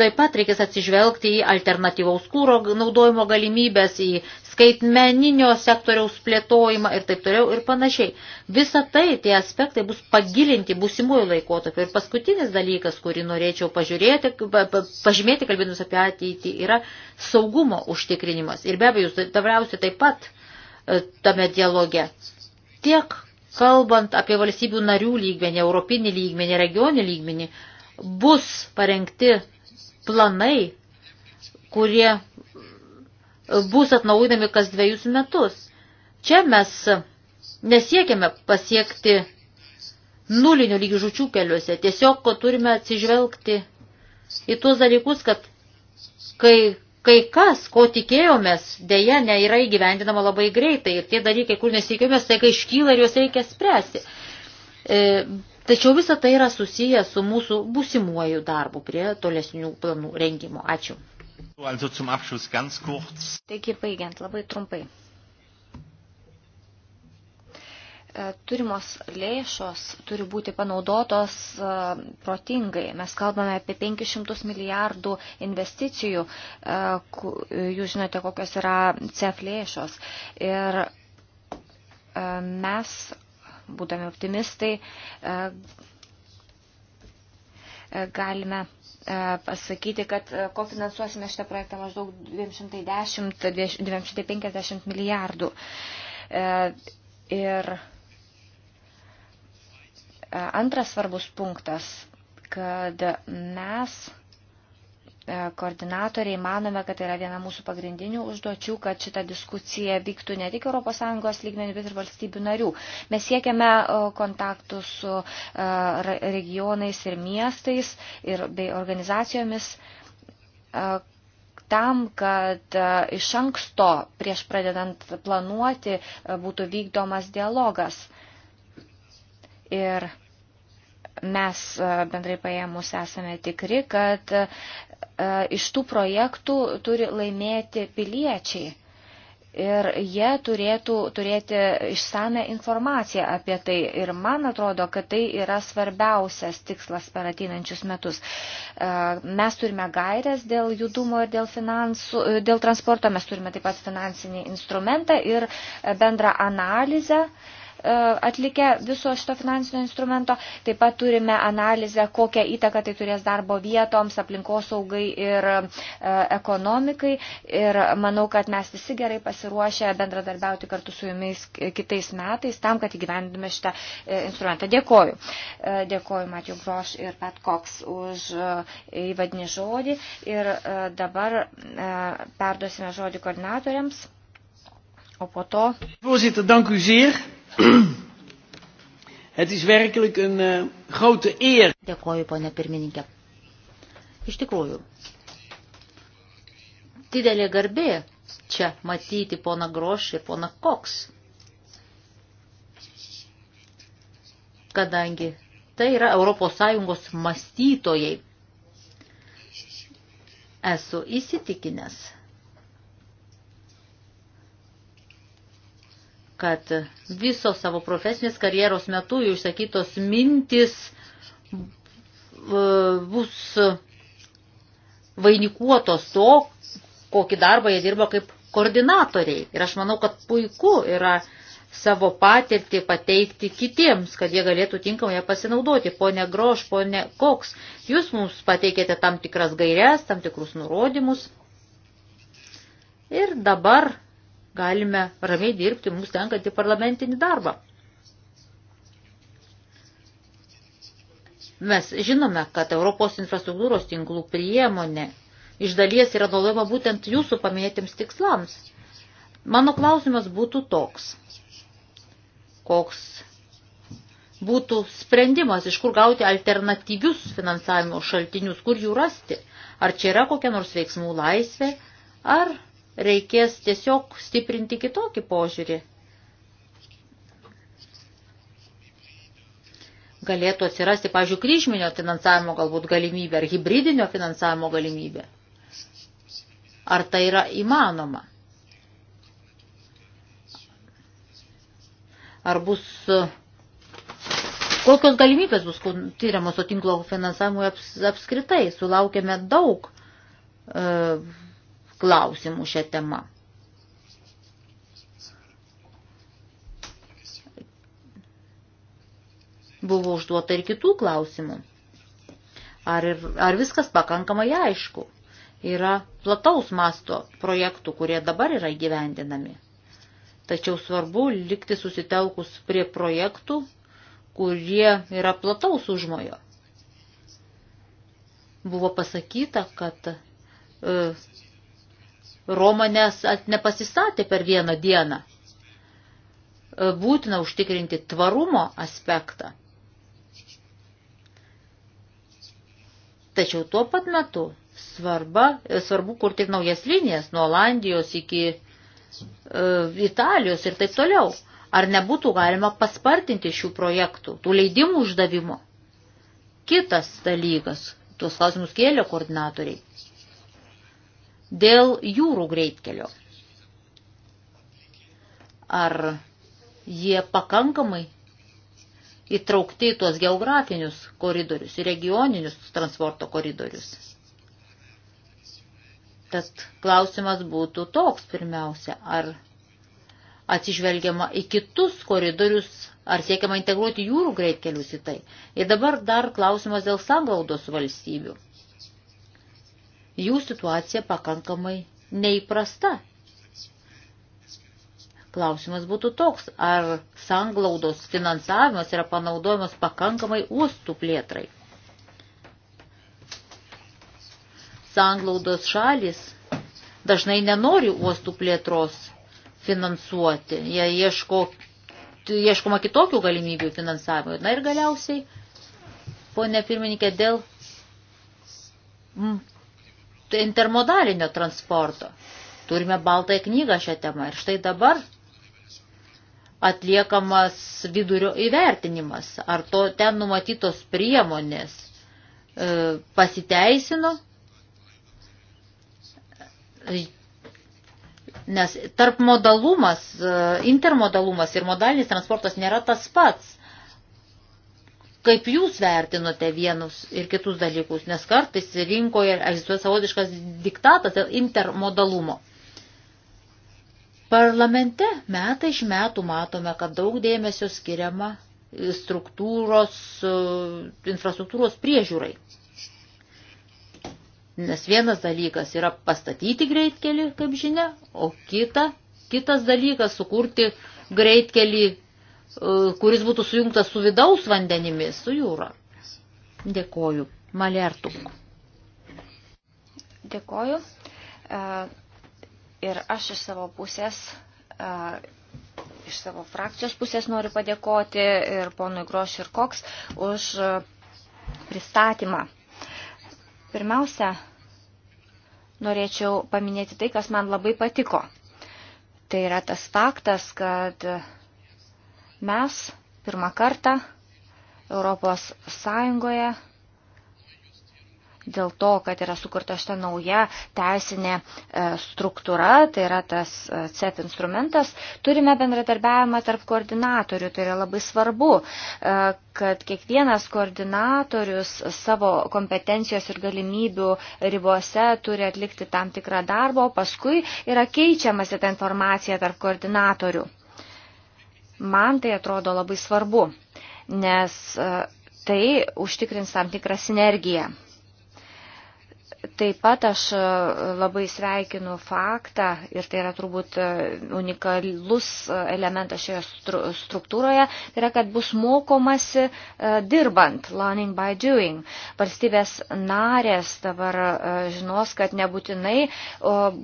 Speaker 3: taip pat reikės atsižvelgti į alternatyvaus kūro naudojimo galimybės, į skaitmeninio sektoriaus plėtojimą ir taip toliau ir panašiai. Visa tai, tie aspektai bus pagilinti būsimųjų laikotarpių. Ir paskutinis dalykas, kurį norėčiau pažiūrėti, pažymėti, kalbėdamas apie ateitį, yra saugumo užtikrinimas. Ir be abejo, jūs dabriausiai taip pat e, tame dialoge. Tiek kalbant apie valstybių narių lygmenį, europinį lygmenį, regionį lygmenį, bus parengti planai, kurie bus atnaujinami kas dviejus metus. Čia mes nesiekiame pasiekti nulinio lygių žučių keliuose. Tiesiog turime atsižvelgti į tuos dalykus, kad kai, kai kas, ko tikėjomės, dėja nėra įgyvendinama labai greitai ir tie dalykai, kur nesitikėjomės, tai kai iškyla ir juos reikia spręsti. E, tačiau visa tai yra susiję su mūsų būsimuoju darbu prie tolesnių planų rengimo. Ačiū.
Speaker 2: Taigi, baigiant labai trumpai. E, turimos lėšos turi būti panaudotos e, protingai. Mes kalbame apie 500 milijardų investicijų. E, jūs žinote, kokios yra CEF lėšos. Ir mes, būdami optimistai, galime E, pasakyti, kad e, kofinansuosime šitą projektą maždaug 210-250 milijardų. E, ir antras svarbus punktas, kad mes E, koordinatoriai manome, kad tai yra viena mūsų pagrindinių užduočių, kad šita diskusija vyktų ne tik ES lygmenių, bet ir valstybių narių. Mes siekiame e, kontaktų su e, regionais ir miestais ir bei organizacijomis tam, kad iš anksto prieš pradedant planuoti būtų vykdomas dialogas. Ir mes bendrai paėmus esame tikri, kad E, iš tų projektų turi laimėti piliečiai. Ir jie turėtų turėti išsame informaciją apie tai. Ir man atrodo, kad tai yra svarbiausias tikslas per ateinančius metus. E, mes turime gairias dėl judumo ir dėl, finansų, e, dėl transporto, mes turime taip pat finansinį instrumentą ir bendrą analizę. Uh, E, atlikę viso šito finansinio instrumento. Taip pat turime analizę, kokią įtaką tai turės darbo vietoms, aplinkosaugai ir e, ekonomikai. Ir manau, kad mes visi gerai pasiruošę bendradarbiauti kartu su jumis kitais metais tam, kad įgyvendume šitą e, instrumentą. Dėkoju. Dėkoju Matijų Groš ir Pat Cox už įvadinį žodį. Ir dabar perduosime žodį koordinatoriams. O po to. Voorzitter, dank u zeer. Het is werkelijk een uh, grote eer.
Speaker 3: Dėkoju, ponė pirmininkė. Iš tikrųjų, didelė garbė čia matyti poną Grošį ir poną Koks. Kadangi tai yra ES mąstytojai. Esu įsitikinęs, kad visos savo profesinės karjeros metu jų išsakytos mintis e, bus vainikuotos to, kokį darbą jie dirba kaip koordinatoriai. Ir aš manau, kad puiku yra savo patirtį pateikti kitiems, kad jie galėtų tinkamai ją pasinaudoti. Pone Groš, pone Koks, jūs mums pateikėte tam tikras gairias, tam tikrus nurodymus. Ir dabar galime ramiai dirbti mums tenkantį parlamentinį darbą. Mes žinome, kad Europos infrastruktūros tinklų priemonė iš dalies yra naudojama būtent jūsų paminėtiems tikslams. Mano klausimas būtų toks. Koks būtų sprendimas, iš kur gauti alternatyvius finansavimo šaltinius, kur jų rasti? Ar čia yra kokia nors veiksmų laisvė, ar reikės tiesiog stiprinti kitokį požiūrį. Galėtų atsirasti, pažiūrėjau, kryžminio finansavimo galbūt galimybė ar hybridinio finansavimo galimybė. Ar tai yra įmanoma? Ar bus Kokios galimybės bus tyriamos to tinklo finansavimui aps, apskritai? Sulaukėme daug e, klausimų šią temą. Buvo užduota ir kitų klausimų. Ar, ir, ar viskas pakankamai aišku? Yra plataus masto projektų, kurie dabar yra įgyvendinami. Tačiau svarbu likti susitelkus prie projektų, kurie yra plataus užmojo. Buvo pasakyta, kad e, Roma nes, nepasistatė per vieną dieną. E, būtina užtikrinti tvarumo aspektą. Tačiau tuo pat metu svarba, e, svarbu kurti naujas linijas nuo Olandijos iki e, Italijos ir taip toliau. Ar nebūtų galima paspartinti šių projektų, tų leidimų uždavimo? Kitas dalykas, tuos klausimus kėlė koordinatoriai dėl jūrų greitkelio. Ar jie pakankamai įtraukti tuos geografinius koridorius, regioninius transporto koridorius? Tad klausimas būtų toks pirmiausia, ar atsižvelgiama į kitus koridorius, ar siekiama integruoti jūrų greitkelius į tai. Ir dabar dar klausimas dėl sanglaudos valstybių jų situacija pakankamai neįprasta. Klausimas būtų toks, ar sanglaudos finansavimas yra panaudojamas pakankamai uostų plėtrai. Sanglaudos šalis dažnai nenori uostų plėtros finansuoti, jie ieško, ieškoma kitokių galimybių finansavimui. Na ir galiausiai, ponė pirmininkė, dėl intermodalinio transporto. Turime baltąją knygą šią temą ir štai dabar atliekamas vidurio įvertinimas, ar to ten numatytos priemonės e, pasiteisino, nes tarp modalumas, e, intermodalumas ir modalinis transportas nėra tas pats. Kaip jūs vertinote vienus ir kitus dalykus, nes kartais rinkoje egzistuoja savotiškas diktatas dėl intermodalumo. Parlamente metai iš metų matome, kad daug dėmesio skiriama struktūros, infrastruktūros priežiūrai. Nes vienas dalykas yra pastatyti greitkelį, kaip žinia, o kita, kitas dalykas sukurti greitkelį E, kuris būtų sujungtas su vidaus vandenimis, su jūra. Dėkoju. Malertuk.
Speaker 2: Dėkoju. E, ir aš iš savo pusės, e, iš savo frakcijos pusės noriu padėkoti ir ponui Groš ir Koks už pristatymą. Pirmiausia, norėčiau paminėti tai, kas man labai patiko. Tai yra tas faktas, kad uh, Mes pirmą kartą Europos Sąjungoje dėl to, kad yra sukurta šita nauja teisinė e, struktūra, tai yra tas e, CEF instrumentas, turime bendradarbiavimą tarp koordinatorių, tai yra labai svarbu, e, kad kiekvienas koordinatorius savo kompetencijos ir galimybių ribose turi atlikti tam tikrą darbą, o paskui yra keičiamasi ta informacija tarp koordinatorių. Man tai atrodo labai svarbu, nes e, tai užtikrins tam tikrą sinergiją Taip pat aš e, labai sveikinu faktą, ir tai yra turbūt e, unikalus e, elementas šioje stru struktūroje, tai yra, kad bus mokomasi dirbant, learning by doing. Valstybės narės dabar žinos, kad nebūtinai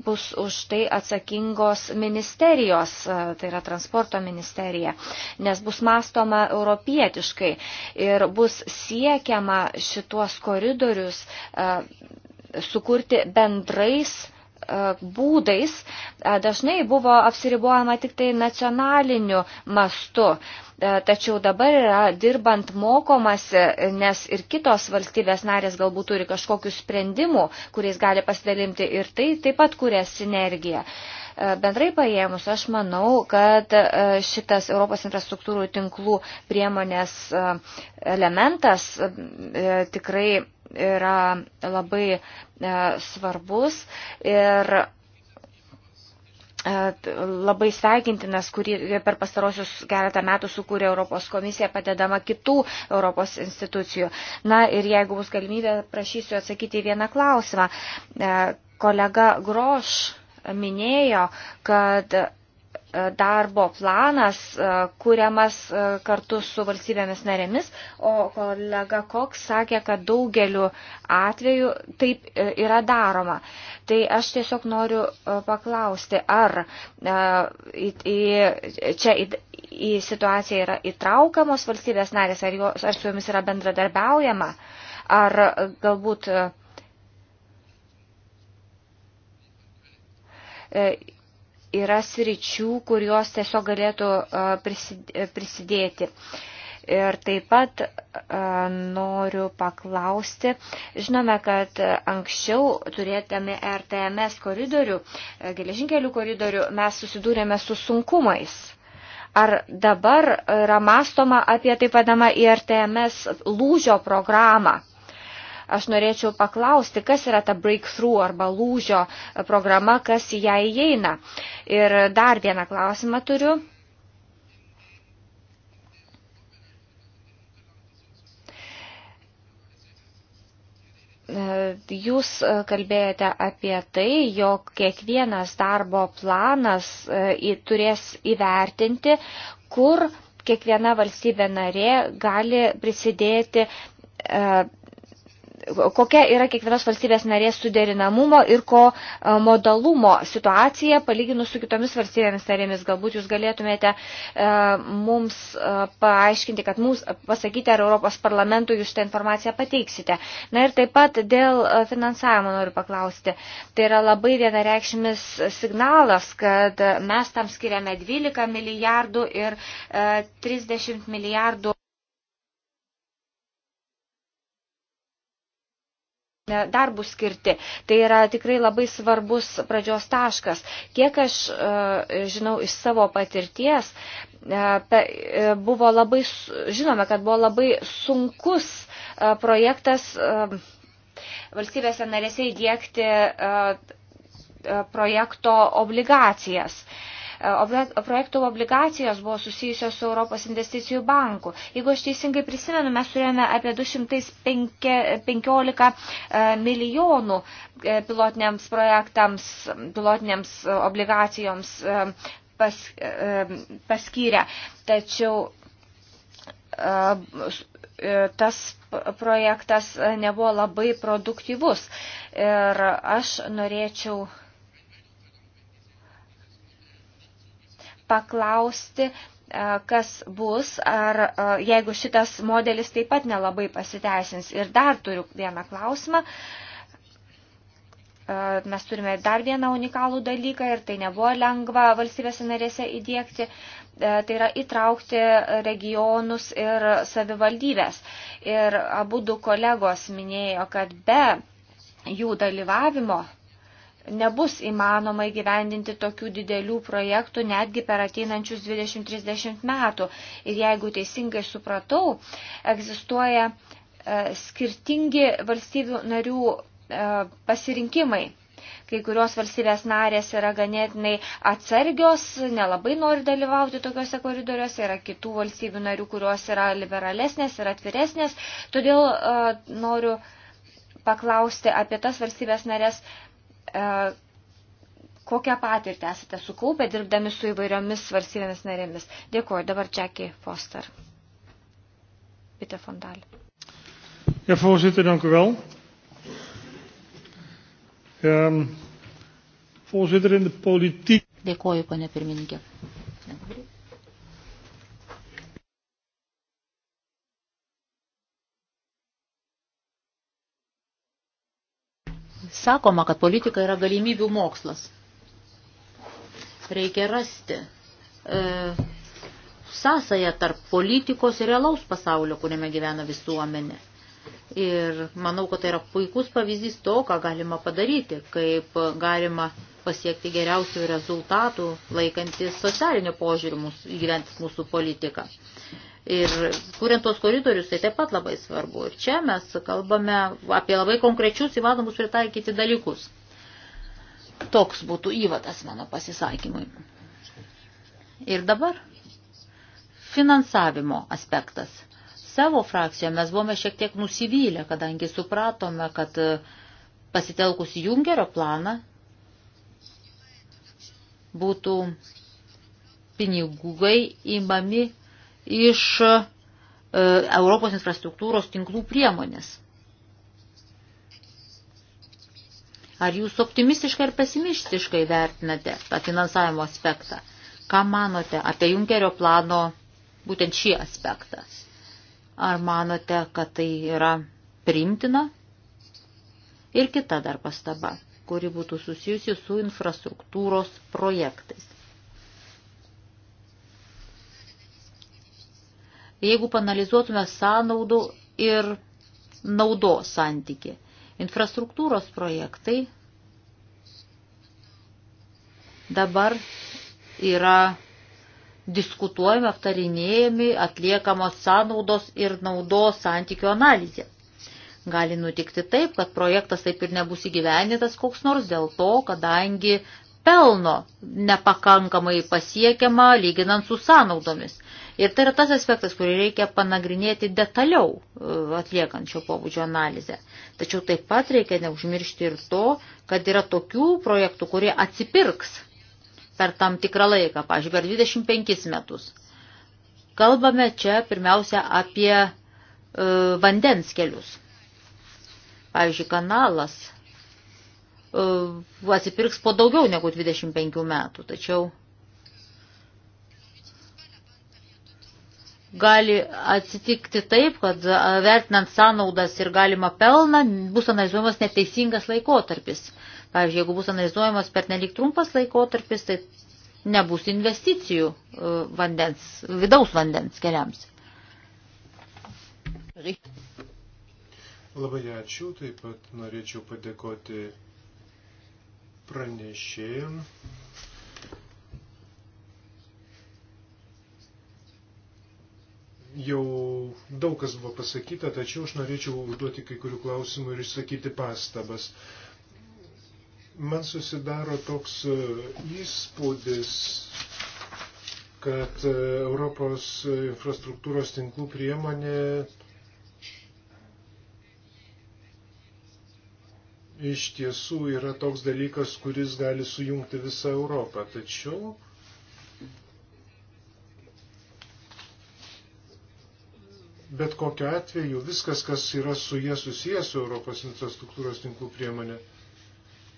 Speaker 2: bus už tai atsakingos ministerijos, tai yra transporto ministerija, nes bus mastoma europietiškai ir bus siekiama šituos koridorius sukurti bendrais e, būdais e, dažnai buvo apsiribuojama tik tai nacionaliniu mastu. E, tačiau dabar yra dirbant mokomasi, nes ir kitos valstybės narės galbūt turi kažkokių sprendimų, kuriais gali pasidalimti ir tai taip pat kuria sinergiją. Bendrai paėmus, aš manau, kad šitas Europos infrastruktūrų tinklų priemonės elementas tikrai yra labai e, svarbus ir e, labai sveikintinas, kurį per pastarosius keletą metų sukūrė Europos komisija, padedama kitų Europos institucijų. Na ir jeigu bus galimybė, prašysiu atsakyti į vieną klausimą. E, kolega Groš minėjo, kad darbo planas e, kuriamas e, kartu su valstybėmis narėmis, o kolega Koks sakė, kad daugeliu atveju taip e, yra daroma. Tai aš tiesiog noriu paklausti, ar į, į, čia į, į situaciją yra įtraukamos valstybės narės, ar, jo, ar su jomis yra bendradarbiaujama, ar galbūt yra sričių, kurios tiesiog galėtų e, prisidėti. Ir taip pat noriu paklausti, žinome, kad anksčiau turėtami RTMS koridorių, e, geležinkelių koridorių, mes susidūrėme su sunkumais. Ar dabar e, yra mastoma apie taip vadamą IRTMS lūžio programą? Aš norėčiau paklausti, kas yra ta breakthrough arba lūžio programa, kas į ją įeina. Ir dar vieną klausimą turiu. Jūs kalbėjote apie tai, jog kiekvienas darbo planas e, turės įvertinti, kur kiekviena valstybė narė gali prisidėti e, kokia yra kiekvienos valstybės narės suderinamumo ir ko e, modalumo situacija palyginus su kitomis valstybėmis narėmis. Galbūt jūs galėtumėte e, mums e, paaiškinti, kad mums pasakyti, ar Europos parlamentui jūs tą informaciją pateiksite. Na ir taip pat dėl finansavimo noriu paklausti. Tai yra labai vienareikšmis signalas, kad mes tam skiriame 12 milijardų ir 30 milijardų darbų skirti. Tai yra tikrai labai svarbus pradžios taškas. Kiek aš e, žinau iš savo patirties, e, e, buvo labai, žinome, kad buvo labai sunkus projektas valstybėse narėse įdėkti projekto obligacijas. Uh, projektų obligacijos buvo susijusios su Europos investicijų banku. Jeigu aš teisingai prisimenu, mes turėjome apie 215 e, milijonų e, pilotiniams projektams, pilotiniams e, obligacijoms pas, paskyrę. Tačiau tas projektas nebuvo labai produktyvus. Ir aš norėčiau paklausti, e, kas bus, ar e, jeigu šitas modelis taip pat nelabai pasiteisins. Ir dar turiu vieną klausimą. E, mes turime dar vieną unikalų dalyką ir tai nebuvo lengva valstybės narėse įdėkti. Tai yra įtraukti regionus ir savivaldybės. Ir abu du kolegos minėjo, kad be jų dalyvavimo nebus įmanoma įgyvendinti tokių didelių projektų netgi per ateinančius 20-30 metų. Ir jeigu teisingai supratau, egzistuoja e, skirtingi valstybių narių e, pasirinkimai. Kai kurios valstybės narės yra ganėtinai atsargios, nelabai nori dalyvauti tokiuose koridoriuose, yra kitų valstybių narių, kurios yra liberalesnės ir atviresnės. Todėl uh, e, noriu paklausti apie tas valstybės narės, uh, E, kokią patirtį esate sukaupę dirbdami su įvairiomis valstybėmis narėmis. Dėkuoju. Dabar Jackie Foster. Bitte von Dahl.
Speaker 1: Ja, voorzitter, dank u wel. Um,
Speaker 3: voorzitter, in de politiek. Dėkuoju, pane pirmininkė. sakoma, kad politika yra galimybių mokslas. Reikia rasti e, sąsąją tarp politikos ir realaus pasaulio, kuriame gyvena visuomenė. Ir manau, kad tai yra puikus pavyzdys to, ką galima padaryti, kaip galima pasiekti geriausių rezultatų, laikantis socialinio požiūrį mūsų, įgyventis mūsų politiką. E, Ir kuriant tos koridorius, tai taip pat labai svarbu. Ir čia mes kalbame apie labai konkrečius įmanomus pritaikyti dalykus. Toks būtų įvadas mano pasisakymui. Ir dabar finansavimo aspektas. Savo frakcijoje mes buvome šiek tiek nusivylę, kadangi supratome, kad pasitelkus Jungerio planą būtų pinigai įmami iš e, Europos infrastruktūros tinklų priemonės. Ar jūs optimistiškai ir pesimistiškai vertinate tą finansavimo aspektą? Ką manote apie Junkerio plano būtent šį aspektą? Ar manote, kad tai yra priimtina? Ir kita dar pastaba, kuri būtų susijusi su infrastruktūros projektais. jeigu panalizuotume sąnaudų ir naudos santyki. Infrastruktūros projektai dabar yra diskutuojami, aptarinėjami, atliekamos sąnaudos ir naudos santykių analizė. Gali nutikti taip, kad projektas taip ir nebus įgyvenytas koks nors dėl to, kadangi pelno nepakankamai pasiekiama lyginant su sąnaudomis. Ir tai yra tas aspektas, kurį reikia panagrinėti detaliau e, atliekant šio pobūdžio analizę. Tačiau taip pat reikia neužmiršti ir to, kad yra tokių projektų, kurie atsipirks per tam tikrą laiką, pažiūrėjau, per 25 metus. Kalbame čia pirmiausia apie e, vandens kelius. Pavyzdžiui, kanalas E, atsipirks po daugiau negu 25 metų, tačiau gali atsitikti taip, kad e, vertinant sąnaudas ir galima pelną bus analizuojamas neteisingas laikotarpis. Pavyzdžiui, jeigu bus analizuojamas per nelik trumpas laikotarpis, tai nebus investicijų e, vandens, vidaus vandens keliams.
Speaker 4: Labai ačiū, taip pat norėčiau padėkoti pranešėjom. Jau daug kas buvo pasakyta, tačiau aš norėčiau užduoti kai kurių klausimų ir išsakyti pastabas. Man susidaro toks e, įspūdis, kad e, Europos infrastruktūros tinklų priemonė iš tiesų yra toks dalykas, kuris gali sujungti visą Europą. Tačiau bet kokiu atveju viskas, kas yra su jie susijęs su Europos infrastruktūros tinklų priemonė,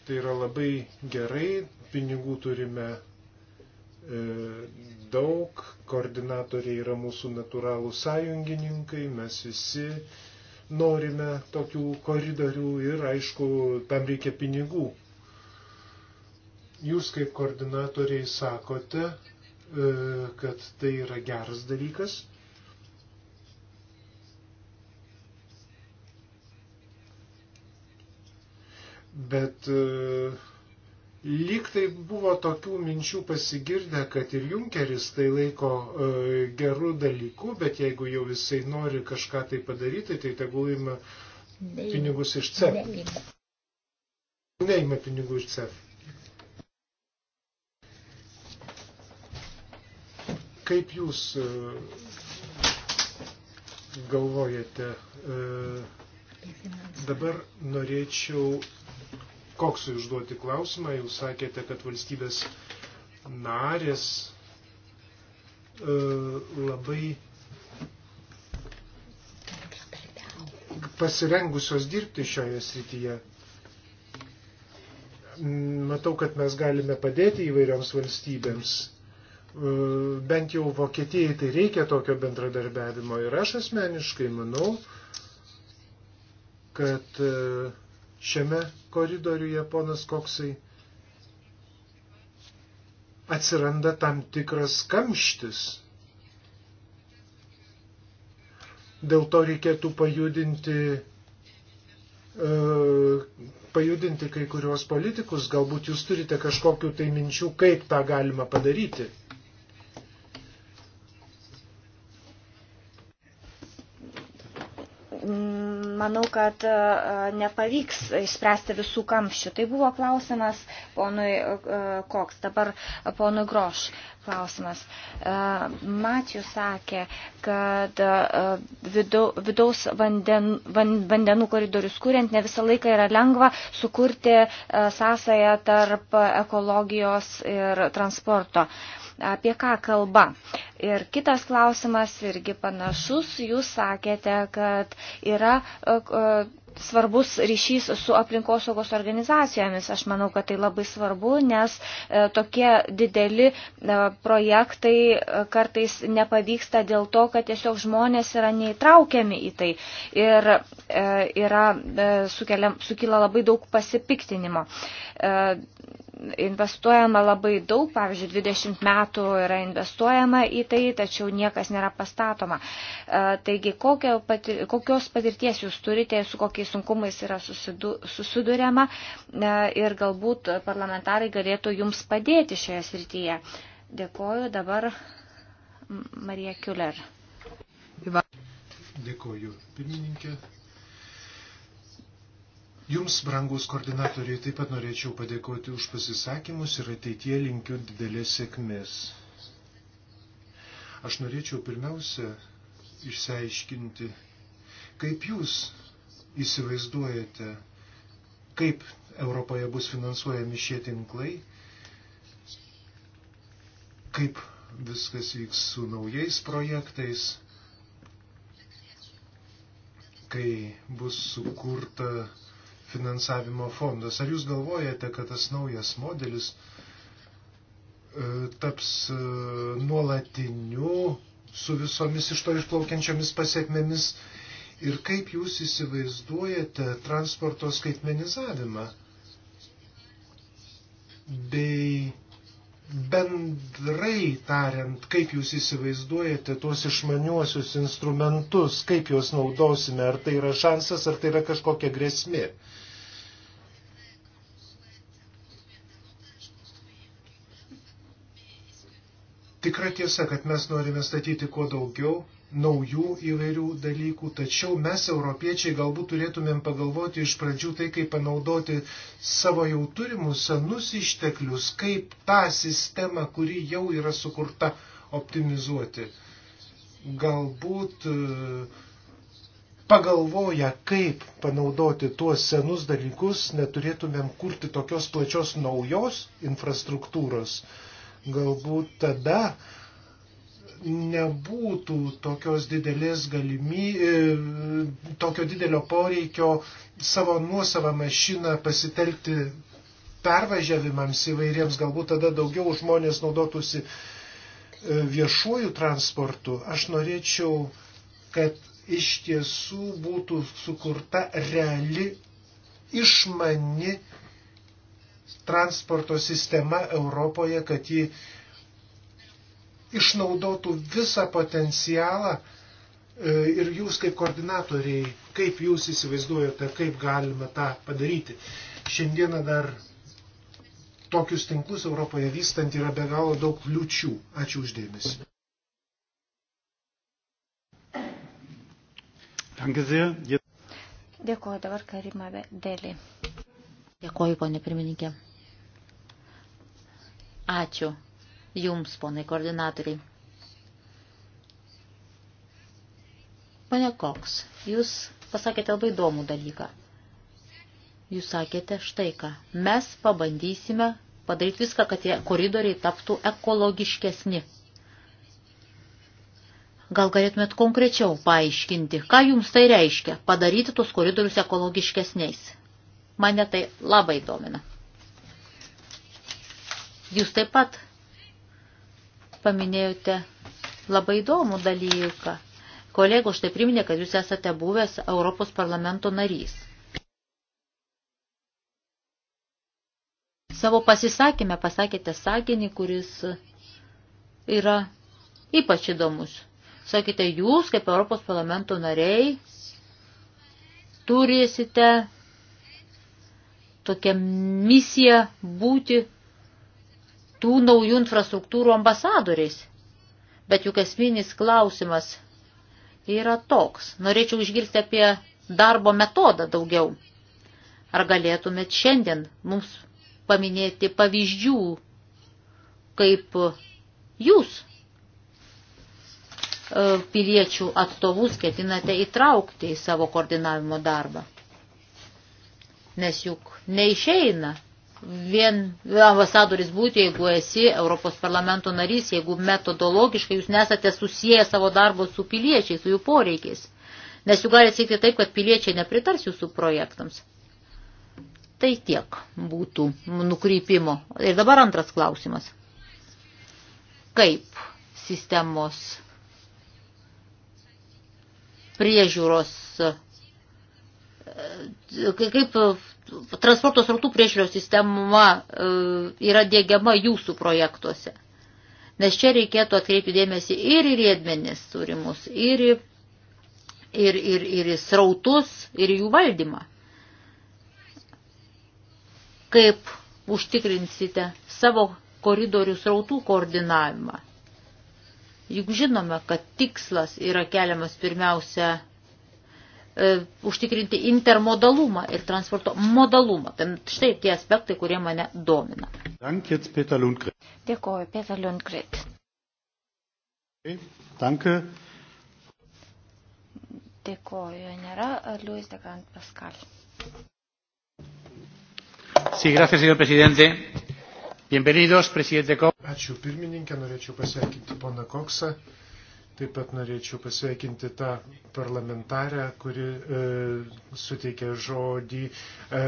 Speaker 4: tai yra labai gerai, pinigų turime e, daug, koordinatoriai yra mūsų natūralų sąjungininkai, mes visi norime tokių koridorių ir, aišku, tam reikia pinigų. Jūs kaip koordinatoriai sakote, e, kad tai yra geras dalykas. Bet uh, Lyg tai buvo tokių minčių pasigirdę, kad ir Junkeris tai laiko e, gerų dalykų, bet jeigu jau jisai nori kažką tai padaryti, tai tegul ima pinigus iš CEF. Neima pinigų iš CEF. Kaip jūs e, galvojate, e, dabar norėčiau koks užduoti klausimą, jūs sakėte, kad valstybės narės e, labai pasirengusios dirbti šioje srityje. Matau, kad mes galime padėti įvairioms valstybėms. E, bent jau Vokietijai tai reikia tokio bendradarbiavimo ir aš asmeniškai manau, kad uh, šiame koridoriuje, ponas Koksai, atsiranda tam tikras kamštis. Dėl to reikėtų pajudinti, e, pajudinti kai kuriuos politikus. Galbūt jūs turite kažkokių tai minčių, kaip tą galima padaryti.
Speaker 2: manau, kad e, nepavyks išspręsti visų kamščių. Tai buvo klausimas ponui e, Koks, dabar ponui Groš klausimas. E, Matijus sakė, kad vidaus vanden, vandenų koridorius kuriant ne visą laiką yra lengva sukurti sąsąją tarp ekologijos ir transporto. Uh, apie ką kalba. Ir kitas klausimas irgi panašus, jūs sakėte, kad yra e, e, svarbus ryšys su aplinkosaugos organizacijomis. Aš manau, kad tai labai svarbu, nes e, tokie dideli projektai kartais nepavyksta dėl to, kad tiesiog žmonės yra neįtraukiami į tai ir yra sukelia, sukila labai daug pasipiktinimo investuojama labai daug, pavyzdžiui, 20 metų yra investuojama į tai, tačiau niekas nėra pastatoma. E, taigi, kokio patir, kokios patirties jūs turite, su kokiais sunkumais yra susidu, susidurėma e, ir galbūt parlamentarai galėtų jums padėti šioje srityje. Dėkoju dabar Marija Kiuler.
Speaker 4: Dėkoju, pirmininkė. Jums, brangus koordinatoriai, taip pat norėčiau padėkoti už pasisakymus ir ateitie linkiu didelės sėkmės. Aš norėčiau pirmiausia išsiaiškinti, kaip jūs įsivaizduojate, kaip Europoje bus finansuojami šie tinklai, kaip viskas vyks su naujais projektais, kai bus sukurta finansavimo fondas. Ar jūs galvojate, kad tas naujas modelis e, taps e, nuolatiniu su visomis iš to išplaukiančiomis pasiekmėmis ir kaip jūs įsivaizduojate transporto skaitmenizavimą bei bendrai tariant, kaip jūs įsivaizduojate tuos išmaniuosius instrumentus, kaip juos naudosime, ar tai yra šansas, ar tai yra kažkokia grėsmė. Uh, Tikra tiesa, kad mes norime statyti kuo daugiau naujų įvairių dalykų, tačiau mes, europiečiai, galbūt turėtumėm pagalvoti iš pradžių tai, kaip panaudoti savo jau turimus senus išteklius, kaip tą sistemą, kuri jau yra sukurta, optimizuoti. Galbūt e, pagalvoja, kaip panaudoti tuos senus dalykus, neturėtumėm kurti tokios plačios naujos infrastruktūros galbūt tada nebūtų tokios didelės galimy, e, tokio didelio poreikio savo nuosavą mašiną pasitelkti pervažiavimams įvairiems, galbūt tada daugiau žmonės naudotųsi e, viešuoju transportu. Aš norėčiau, kad iš tiesų būtų sukurta reali, išmani transporto sistema Europoje, kad ji išnaudotų visą potencialą e, ir jūs kaip koordinatoriai, kaip jūs įsivaizduojate, kaip galima tą padaryti. Šiandieną dar tokius tinklus Europoje vystant yra be galo daug kliučių. Ačiū uždėmesi.
Speaker 2: Dėkuoju
Speaker 3: dabar Karimą Dėlį. Dėkoju, ponė pirmininkė. Ačiū Jums, ponai koordinatoriai. Pane Koks, Jūs pasakėte labai įdomų dalyką. Jūs sakėte štai ką. Mes pabandysime padaryti viską, kad tie koridoriai taptų ekologiškesni. Gal galėtumėt konkrečiau paaiškinti, ką jums tai reiškia padaryti tuos koridorius ekologiškesniais? Mane tai labai domina. Jūs taip pat paminėjote labai įdomų dalyką. Kolego, štai priminė, kad jūs esate buvęs Europos parlamento narys. Savo pasisakymę pasakėte sakinį, kuris yra ypač įdomus. Sakėte, jūs kaip Europos parlamento nariai turėsite tokia misija būti tų naujų infrastruktūrų ambasadoriais. Bet juk esminis klausimas yra toks. Norėčiau išgirsti apie darbo metodą daugiau. Ar galėtumėt šiandien mums paminėti pavyzdžių, kaip jūs e, piliečių atstovus ketinate įtraukti į savo koordinavimo darbą? Nes juk neišeina vien ambasadoris būti, jeigu esi Europos parlamento narys, jeigu metodologiškai jūs nesate susiję savo darbo su piliečiais, su jų poreikiais. Nes jų gali atsitikti taip, kad piliečiai nepritars jūsų projektams. Tai tiek būtų nukrypimo. Ir dabar antras klausimas. Kaip sistemos priežiūros kaip e, transporto srautų priežiūros sistema e, yra dėgiama jūsų projektuose. Nes čia reikėtų atkreipti dėmesį ir į riedmenis turimus, ir į, ir, ir, ir į srautus, ir jų valdymą. Kaip užtikrinsite savo koridorių srautų koordinavimą. Juk žinome, kad tikslas yra keliamas pirmiausia E, užtikrinti intermodalumą ir transporto modalumą. Ten štai tie aspektai, kurie mane domina.
Speaker 2: Dėkuoju, Peter Lundgren. Danke. Dėkuoju, nėra e, Luis de Grand Pascal.
Speaker 4: Sí, gracias, señor presidente. Bienvenidos, presidente Cox. Ačiū pirmininkė, norėčiau pasveikinti poną Koksą. Taip pat norėčiau pasveikinti tą parlamentarę, kuri e, suteikė žodį. E,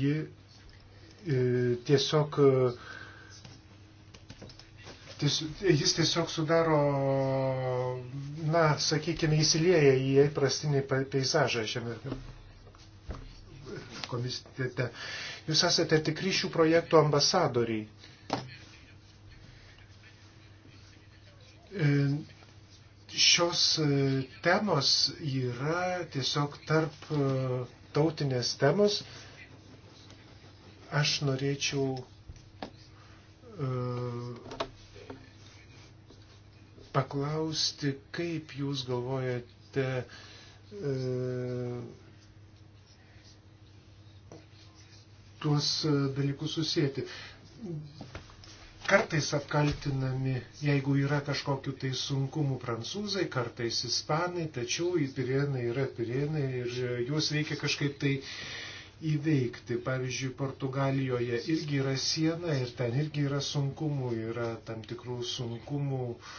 Speaker 4: ji e, tiesiog. E, ties, jis tiesiog sudaro, na, sakykime, įsilieja į įprastinį peizažą šiame komitete. Jūs esate tikri šių projektų ambasadoriai. E, šios e, temos yra tiesiog tarp e, tautinės temos. Aš norėčiau paklausti, kaip jūs galvojate, tuos dalykus susijęti kartais apkaltinami, jeigu yra kažkokiu tai sunkumu prancūzai, kartais ispanai, tačiau į pirienai yra pirienai ir juos reikia kažkaip tai įveikti. Pavyzdžiui, Portugalijoje irgi yra siena ir ten irgi yra sunkumų, yra tam tikrų sunkumų uh,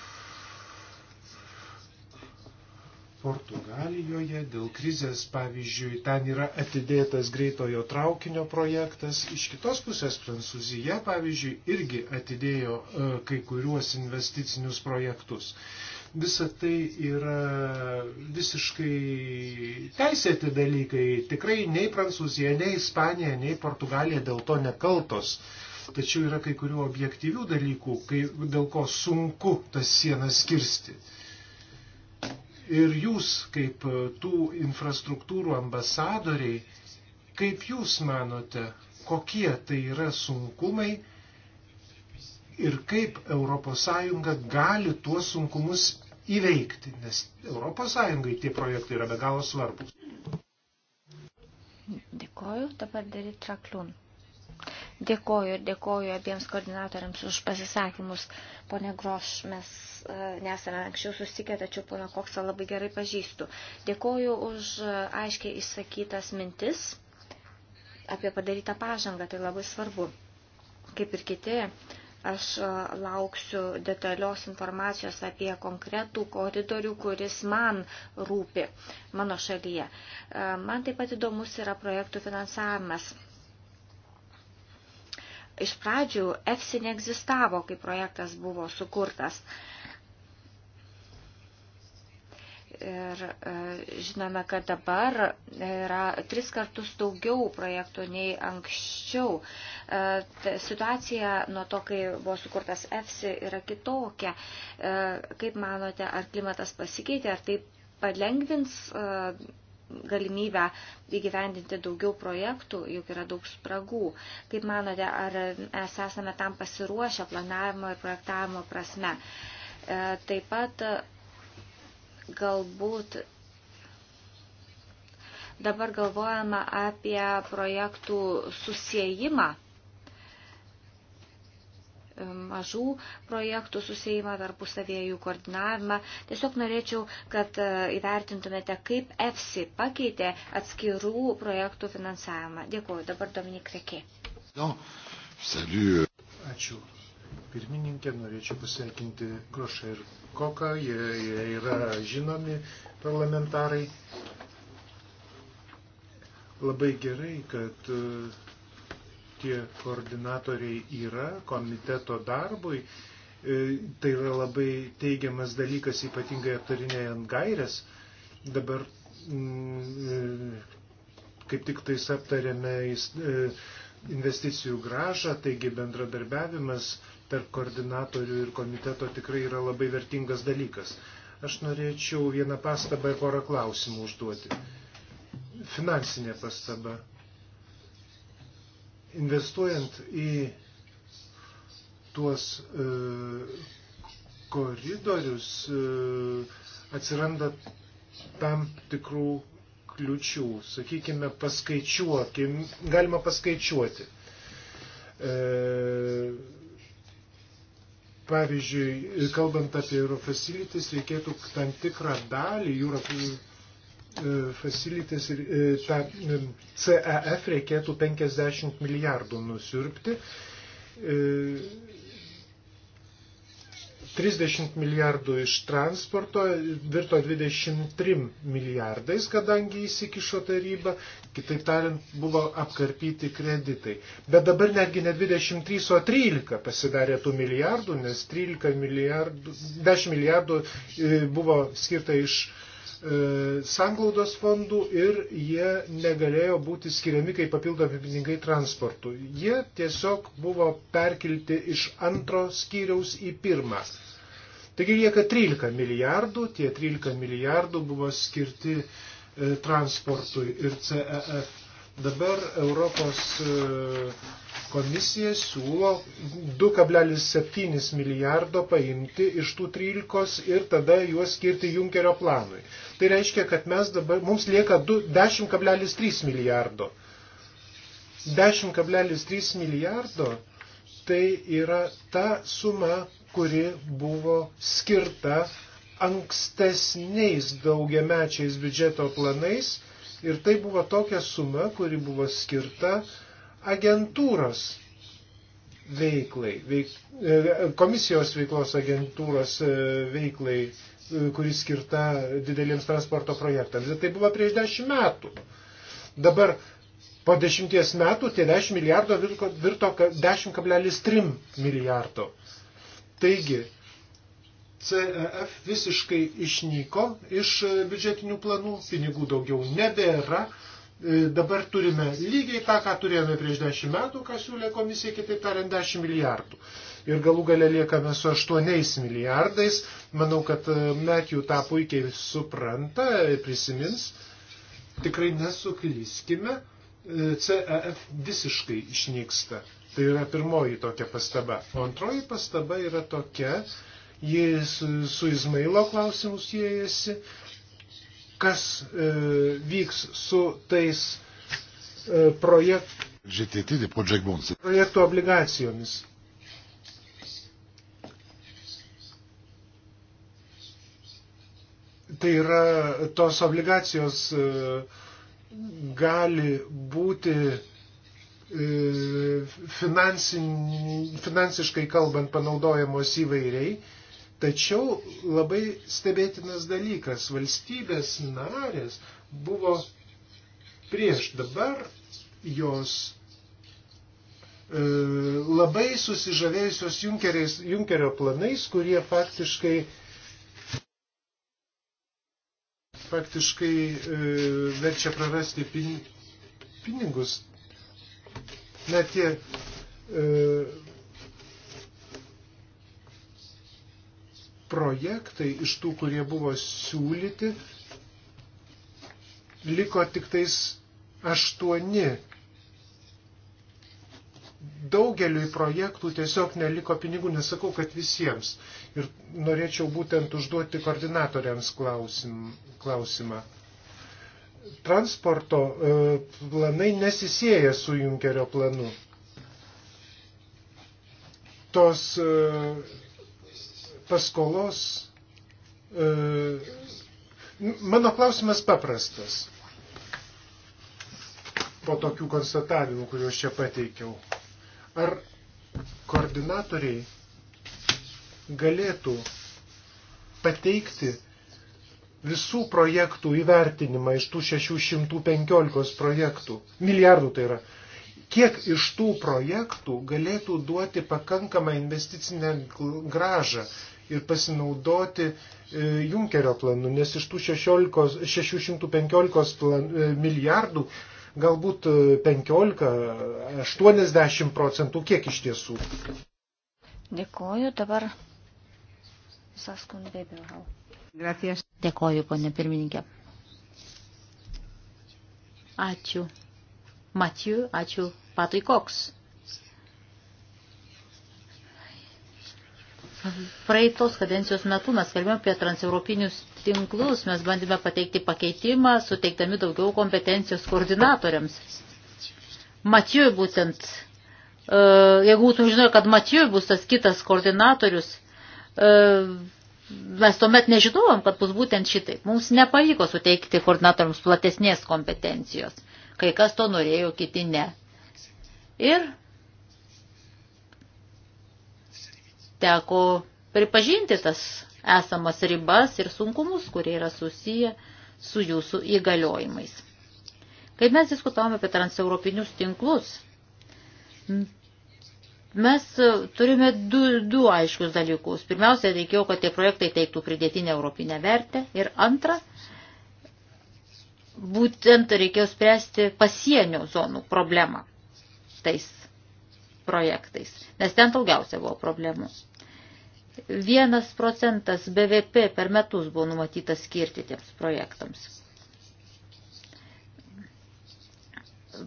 Speaker 4: Portugalijoje dėl krizės, pavyzdžiui, ten yra atidėtas greitojo traukinio projektas. Iš kitos pusės Prancūzija, pavyzdžiui, irgi atidėjo e, kai kuriuos investicinius projektus. Visa tai yra visiškai teisėti dalykai. Tikrai nei Prancūzija, nei Ispanija, nei Portugalija dėl to nekaltos. Tačiau yra kai kurių objektyvių dalykų, kai, dėl ko sunku tas sienas kirsti. Ir jūs, kaip e, tų infrastruktūrų ambasadoriai, kaip jūs manote, kokie tai yra sunkumai ir kaip ES gali tuos sunkumus įveikti, nes ES tie projektai yra be galo svarbus.
Speaker 2: Dėkoju, dabar daryti traklun. Dėkoju ir dėkoju abiems koordinatoriams už pasisakymus. Pone Groš, mes e, nesame anksčiau susitikę, tačiau pono Koksą labai gerai pažįstu. Dėkoju už aiškiai išsakytas mintis apie padarytą pažangą, tai labai svarbu. Kaip ir kiti, aš e, lauksiu detalios informacijos apie konkretų koridorių, kuris man rūpi mano šalyje. E, man taip pat įdomus yra projektų finansavimas iš pradžių EFSI neegzistavo, kai projektas buvo sukurtas. Ir e, žinome, kad dabar yra tris kartus daugiau projektų nei anksčiau. E, situacija nuo to, kai buvo sukurtas EFSI, yra kitokia. E, kaip manote, ar klimatas pasikeitė, ar tai palengvins galimybę įgyvendinti daugiau projektų, juk yra daug spragų. Kaip manote, ar mes esame tam pasiruošę planavimo ir projektavimo prasme? E, taip pat galbūt dabar galvojama apie projektų susijimą mažų projektų susėjimą tarpusavėjų koordinavimą. Tiesiog norėčiau, kad e, įvertintumėte, kaip EFSI pakeitė atskirų projektų finansavimą. Dėkuoju. Dabar Dominik Rekė.
Speaker 4: Ačiū. Pirmininkė, norėčiau pasveikinti Grošą ir Koką. Jie, jie yra žinomi parlamentarai. Labai gerai, kad uh, tie koordinatoriai yra komiteto darbui. E, tai yra labai teigiamas dalykas, ypatingai aptarinėjant gairias. Dabar mm, e, kaip tik tais aptarėme e, investicijų gražą, taigi bendradarbiavimas tarp koordinatorių ir komiteto tikrai yra labai vertingas dalykas. Aš norėčiau vieną pastabą ir porą klausimų užduoti. Finansinė pastaba investuojant į tuos e, koridorius e, atsiranda tam tikrų kliučių. Sakykime, paskaičiuokim, galima paskaičiuoti. E, pavyzdžiui, kalbant apie Eurofacilities, reikėtų tam tikrą dalį, jūra E, facilities ir e, tą e, CEF reikėtų 50 milijardų nusirpti. 30 milijardų iš transporto virto 23 milijardais, kadangi įsikišo taryba, kitaip tariant, buvo apkarpyti kreditai. Bet dabar netgi ne 23, o 13 pasidarė tų milijardų, nes 13 milijardų, 10 milijardų buvo skirta iš uh, E, sanglaudos fondų ir jie negalėjo būti skiriami kaip papildomi pinigai transportui. Jie tiesiog buvo perkelti iš antro skyriaus į pirmą. Taigi lieka 13 milijardų, tie 13 milijardų buvo skirti e, transportui ir CEF. Dabar Europos e, Komisija siūlo 2,7 milijardo paimti iš tų 13 ir tada juos skirti Junkerio planui. Tai reiškia, kad mes dabar, mums lieka 10,3 milijardo. 10,3 milijardo tai yra ta suma, kuri buvo skirta ankstesniais daugiamečiais biudžeto planais ir tai buvo tokia suma, kuri buvo skirta uh, agentūros veiklai, veik, e, komisijos veiklos agentūros e, veiklai, e, kuris skirta dideliems transporto projektams. Ir tai buvo prieš dešimt metų. Dabar po dešimties metų tie 10 milijardo virto 10,3 milijardo. Taigi, CEF visiškai išnyko iš biudžetinių planų, pinigų daugiau nebėra, E, dabar turime lygiai tą, ką turėjome prieš 10 metų, ką siūlė komisija, kitaip tariant, 10 milijardų. Ir galų gale liekame su 8 milijardais. Manau, kad e, Metijų tą puikiai supranta, prisimins. Tikrai nesuklyskime, e, CEF visiškai išnyksta. Tai yra pirmoji tokia pastaba. O antroji pastaba yra tokia, jis su Izmailo klausimus siejasi kas e, vyks su tais e, projektų projektų obligacijomis. Tai yra, tos obligacijos e, gali būti e, finansiškai kalbant panaudojamos įvairiai Tačiau labai stebėtinas dalykas, valstybės narės buvo prieš, dabar jos e, labai susižavėjusios Junkerio planais, kurie faktiškai faktiškai e, verčia prarasti pin, pinigus. Net tie e, projektai iš tų, kurie buvo siūlyti, liko tik tais aštuoni. Daugeliui projektų tiesiog neliko pinigų, nesakau, kad visiems. Ir norėčiau būtent užduoti koordinatoriams klausim, klausimą. Transporto e, planai nesisėja su Junkerio planu. Tos e, paskolos. E, mano klausimas paprastas. Po tokių konstatavimų, kuriuos čia pateikiau. Ar koordinatoriai galėtų pateikti visų projektų įvertinimą iš tų 615 projektų, milijardų tai yra, kiek iš tų projektų galėtų duoti pakankamą investicinę gražą, ir pasinaudoti e, Junkerio planu, nes iš tų 16, 615 plan, e, milijardų galbūt 15-80 e, procentų, kiek iš tiesų.
Speaker 2: Dėkoju dabar Saskundė Bilhau.
Speaker 3: Dėkoju, ponė pirmininkė. Ačiū. Matiju, ačiū Patui Koks Praeitos kadencijos metu mes kalbėjome apie transeuropinius tinklus, mes bandėme pateikti pakeitimą, suteikdami daugiau kompetencijos koordinatoriams. Matijui būtent, e, jeigu būtum žinojo, kad Matijui bus tas kitas koordinatorius, e, mes tuomet nežinojom, kad bus būtent šitaip. Mums nepavyko suteikti koordinatoriams platesnės kompetencijos. Kai kas to norėjo, kiti ne. Ir teko pripažinti tas esamas ribas ir sunkumus, kurie yra susiję su jūsų įgaliojimais. Kai mes diskutavome apie transeuropinius tinklus, mes turime du, du aiškius dalykus. Pirmiausia, reikėjo, kad tie projektai teiktų pridėtinę europinę vertę. Ir antra, būtent reikėjo spręsti pasienio zonų problemą tais projektais, nes ten daugiausia buvo problemų. Vienas procentas BVP per metus buvo numatytas skirti tiems projektams.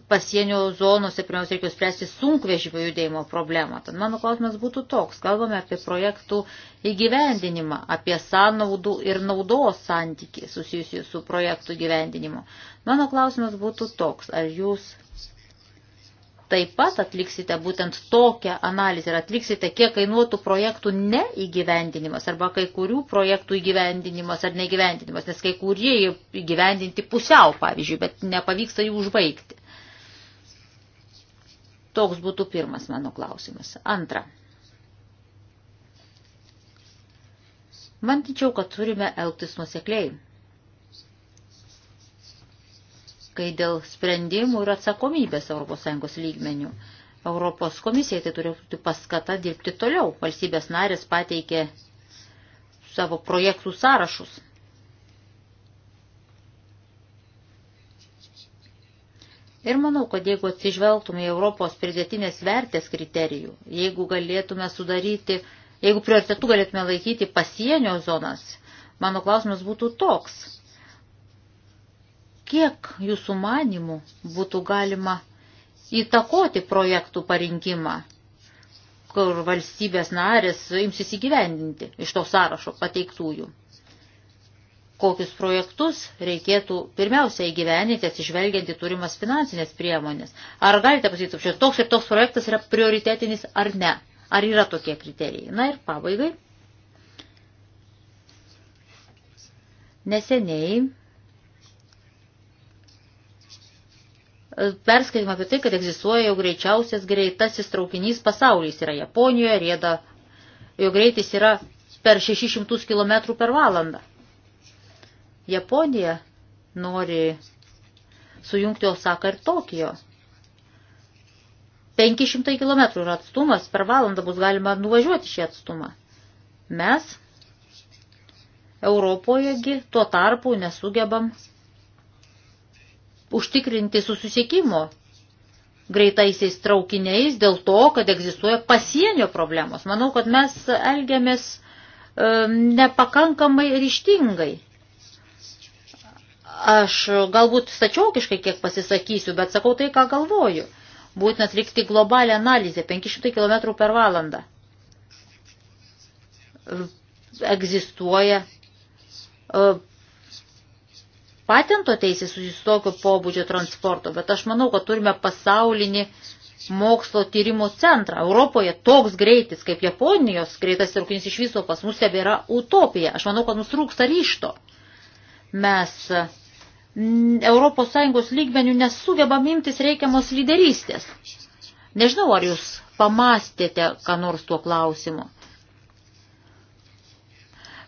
Speaker 3: Pasienio zonose pirmiausia reikia spręsti sunkvežimio judėjimo problemą. Tad mano klausimas būtų toks. Kalbame apie projektų įgyvendinimą, apie sąnaudų ir naudos santykį susijusių su projektų gyvendinimu. Mano klausimas būtų toks. Ar jūs taip pat atliksite būtent tokią analizę ir atliksite, kiek kainuotų projektų neįgyvendinimas arba kai kurių projektų įgyvendinimas ar neįgyvendinimas, nes kai kurie įgyvendinti pusiau, pavyzdžiui, bet nepavyksta jų užbaigti. Toks būtų pirmas mano klausimas. Antra. Mantyčiau, kad turime elgtis nusekliai. kai dėl sprendimų ir atsakomybės ES lygmenių. Europos komisijai tai turėtų būti paskata dirbti toliau. Valstybės narės pateikė savo projektų sąrašus. Ir manau, kad jeigu atsižvelgtume į Europos pridėtinės vertės kriterijų, jeigu galėtume sudaryti, jeigu prioritetų galėtume laikyti pasienio zonas, mano klausimas būtų toks Kiek jūsų manimų būtų galima įtakoti projektų parinkimą, kur valstybės narės imsis įgyvendinti iš to sąrašo pateiktųjų? kokius projektus reikėtų pirmiausia įgyveninti, atsižvelgiant į turimas finansinės priemonės. Ar galite pasakyti, kad toks ir toks projektas yra prioritetinis ar ne? Ar yra tokie kriterijai? Na ir pabaigai. Neseniai perskaitymą apie tai, kad egzistuoja jau greičiausias greitasis traukinys pasaulis. Yra Japonijoje, rėda, jo greitis yra per 600 km per valandą. Japonija nori sujungti Osaką ir Tokijo. 500 km yra atstumas, per valandą bus galima nuvažiuoti šį atstumą. Mes Europojegi tuo tarpu nesugebam užtikrinti susisiekimo greitaisiais traukiniais dėl to, kad egzistuoja pasienio problemos. Manau, kad mes elgiamės nepakankamai ryštingai. Aš galbūt stačiokiškai kiek pasisakysiu, bet sakau tai, ką galvoju. Būtina atlikti globalią analizę 500 km per valandą. Egzistuoja e, patento teisės su tokio pobūdžio transporto, bet aš manau, kad turime pasaulinį mokslo tyrimų centrą. Europoje toks greitis kaip Japonijos greitas traukinys iš viso pas mus tebėra utopija. Aš manau, kad mums trūksta ryšto. Mes mm, ES lygmenių nesugebam imtis reikiamos lyderystės. Nežinau, ar jūs pamastėte, ką nors tuo klausimu.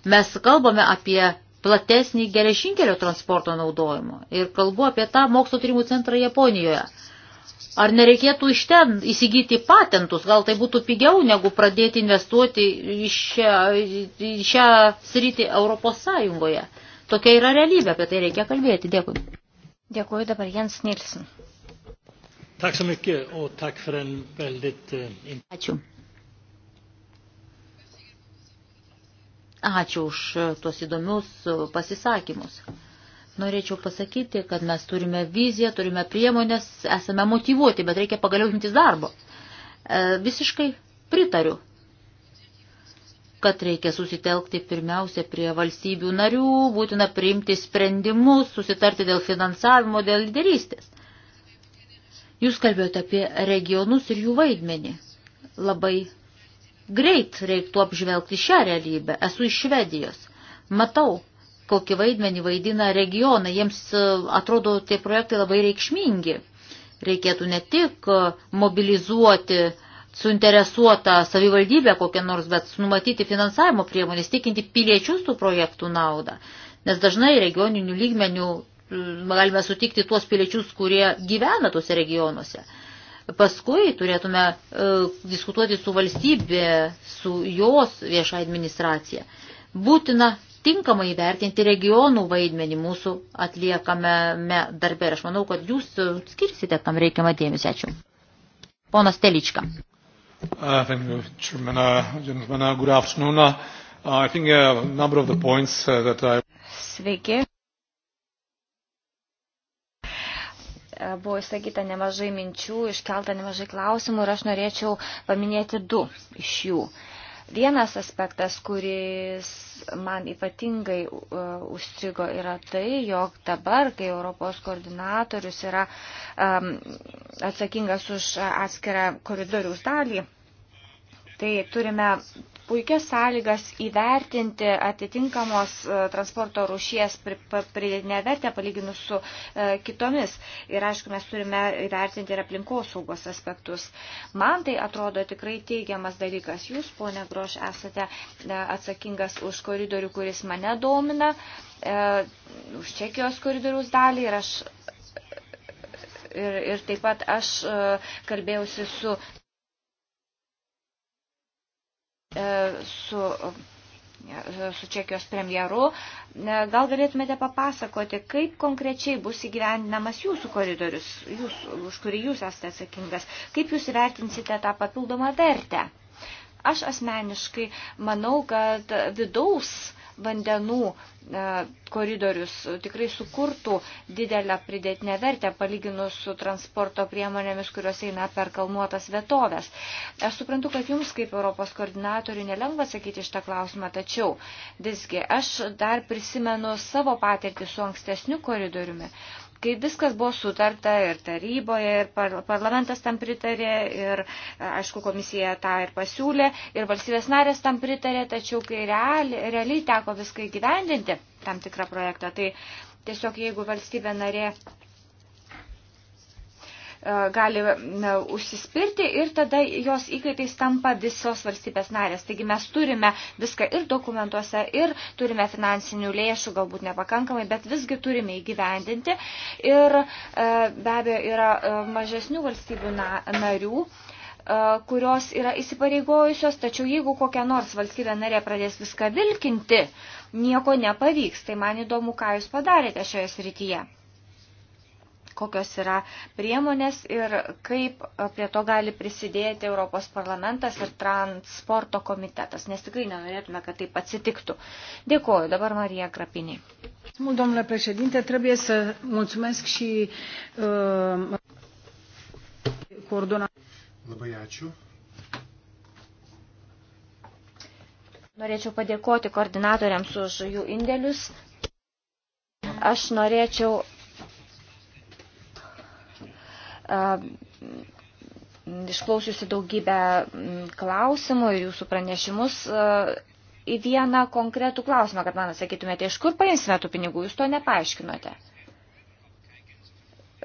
Speaker 3: Mes kalbame apie platesnį geležinkelio transporto naudojimo. Ir kalbu apie tą mokslo tyrimų centrą Japonijoje. Ar nereikėtų iš ten įsigyti patentus, gal tai būtų pigiau negu pradėti investuoti į šią, į šią sritį Europos Sąjungoje. Tokia yra realybė, apie tai reikia kalbėti. Dėkui. Dėkuoju dabar Jens Nilsen.
Speaker 1: Eh, Ačiū.
Speaker 3: Ačiū už tuos įdomius pasisakymus. Norėčiau pasakyti, kad mes turime viziją, turime priemonės, esame motivuoti, bet reikia pagaliau imtis darbo. E, visiškai pritariu, kad reikia susitelkti pirmiausia prie valstybių narių, būtina priimti sprendimus, susitarti dėl finansavimo, dėl lyderystės. Jūs kalbėjote apie regionus ir jų vaidmenį. Labai greit reiktų apžvelgti šią realybę. Esu iš Švedijos. Matau, kokį vaidmenį vaidina regionai. Jiems e, atrodo tie projektai labai reikšmingi. Reikėtų ne tik e, mobilizuoti suinteresuotą savivaldybę kokią nors, bet numatyti finansavimo priemonės, tikinti piliečius tų projektų naudą. Nes dažnai regioninių lygmenių galime sutikti tuos piliečius, kurie gyvena tuose regionuose. Paskui turėtume e, diskutuoti su valstybė, su jos vieša administracija. Būtina tinkamai įvertinti regionų vaidmenį mūsų atliekamame darbe. Ir aš manau, kad jūs skirsite tam reikiamą dėmesį. Ačiū. Ponas Telička.
Speaker 1: Uh, thank you, Chairman. Uh, gentlemen, uh, good afternoon. Uh, I think uh, a number of the points uh, that I...
Speaker 2: Sveiki. E, buvo įsakyta nemažai minčių, iškelta nemažai klausimų ir aš norėčiau paminėti du iš jų. Vienas aspektas, kuris man ypatingai uh, užstrigo, yra tai, jog dabar, kai Europos koordinatorius yra um, atsakingas už atskirą koridoriaus dalį, uh, Tai turime puikias sąlygas įvertinti atitinkamos e, transporto rūšies pridėtinę vertę palyginus su e, kitomis. Ir aišku, mes turime įvertinti ir aplinkosaugos aspektus. Man tai atrodo tikrai teigiamas dalykas. Jūs, ponė Groš, esate e, atsakingas už koridorių, kuris mane domina, už Čekijos koridorius dalį ir aš. Ir, ir taip pat aš kalbėjausi su E, su e, su Čekijos premjeru. E, gal galėtumėte papasakoti, kaip konkrečiai bus įgyvendinamas jūsų koridorius, jūs, už kurį jūs esate atsakingas, kaip jūs vertinsite tą papildomą vertę. Aš asmeniškai manau, kad vidaus vandenų e, koridorius tikrai sukurtų didelę pridėtinę vertę palyginus su transporto priemonėmis, kurios eina per kalnuotas vietovės. Aš suprantu, kad jums kaip Europos koordinatoriui nelengva sakyti šitą klausimą, tačiau visgi aš dar prisimenu savo patirtį su ankstesniu koridoriumi kai viskas buvo sutarta ir taryboje, ir par parlamentas tam pritarė, ir e, aišku, komisija tą ir pasiūlė, ir valstybės narės tam pritarė, tačiau kai realiai, realiai teko viską įgyvendinti tam tikrą projektą, tai tiesiog jeigu valstybė narė E, gali e, užsispirti ir tada jos įkaitais tampa visos valstybės narės. Taigi mes turime viską ir dokumentuose, ir turime finansinių lėšų, galbūt nepakankamai, bet visgi turime įgyvendinti. Ir e, be abejo yra mažesnių valstybių narių kurios yra įsipareigojusios, tačiau jeigu kokia nors valstybė narė pradės viską vilkinti, nieko nepavyks. Tai man įdomu, ką jūs padarėte šioje srityje kokios yra priemonės ir kaip prie to gali prisidėti Europos parlamentas ir transporto komitetas, nes tikrai nenorėtume, kad taip atsitiktų. Dėkuoju, dabar Marija Krapiniai. Domnule președinte, trebuie să mulțumesc și uh, coordonatorului.
Speaker 4: Labai ačiū.
Speaker 2: Norėčiau padėkoti koordinatoriams už jų indėlius. Aš norėčiau Ehm, išklausiusi daugybę mm, klausimų ir jūsų pranešimus e, į vieną konkretų klausimą, kad man atsakytumėte, iš kur paimsime tų pinigų, jūs to nepaaiškinote.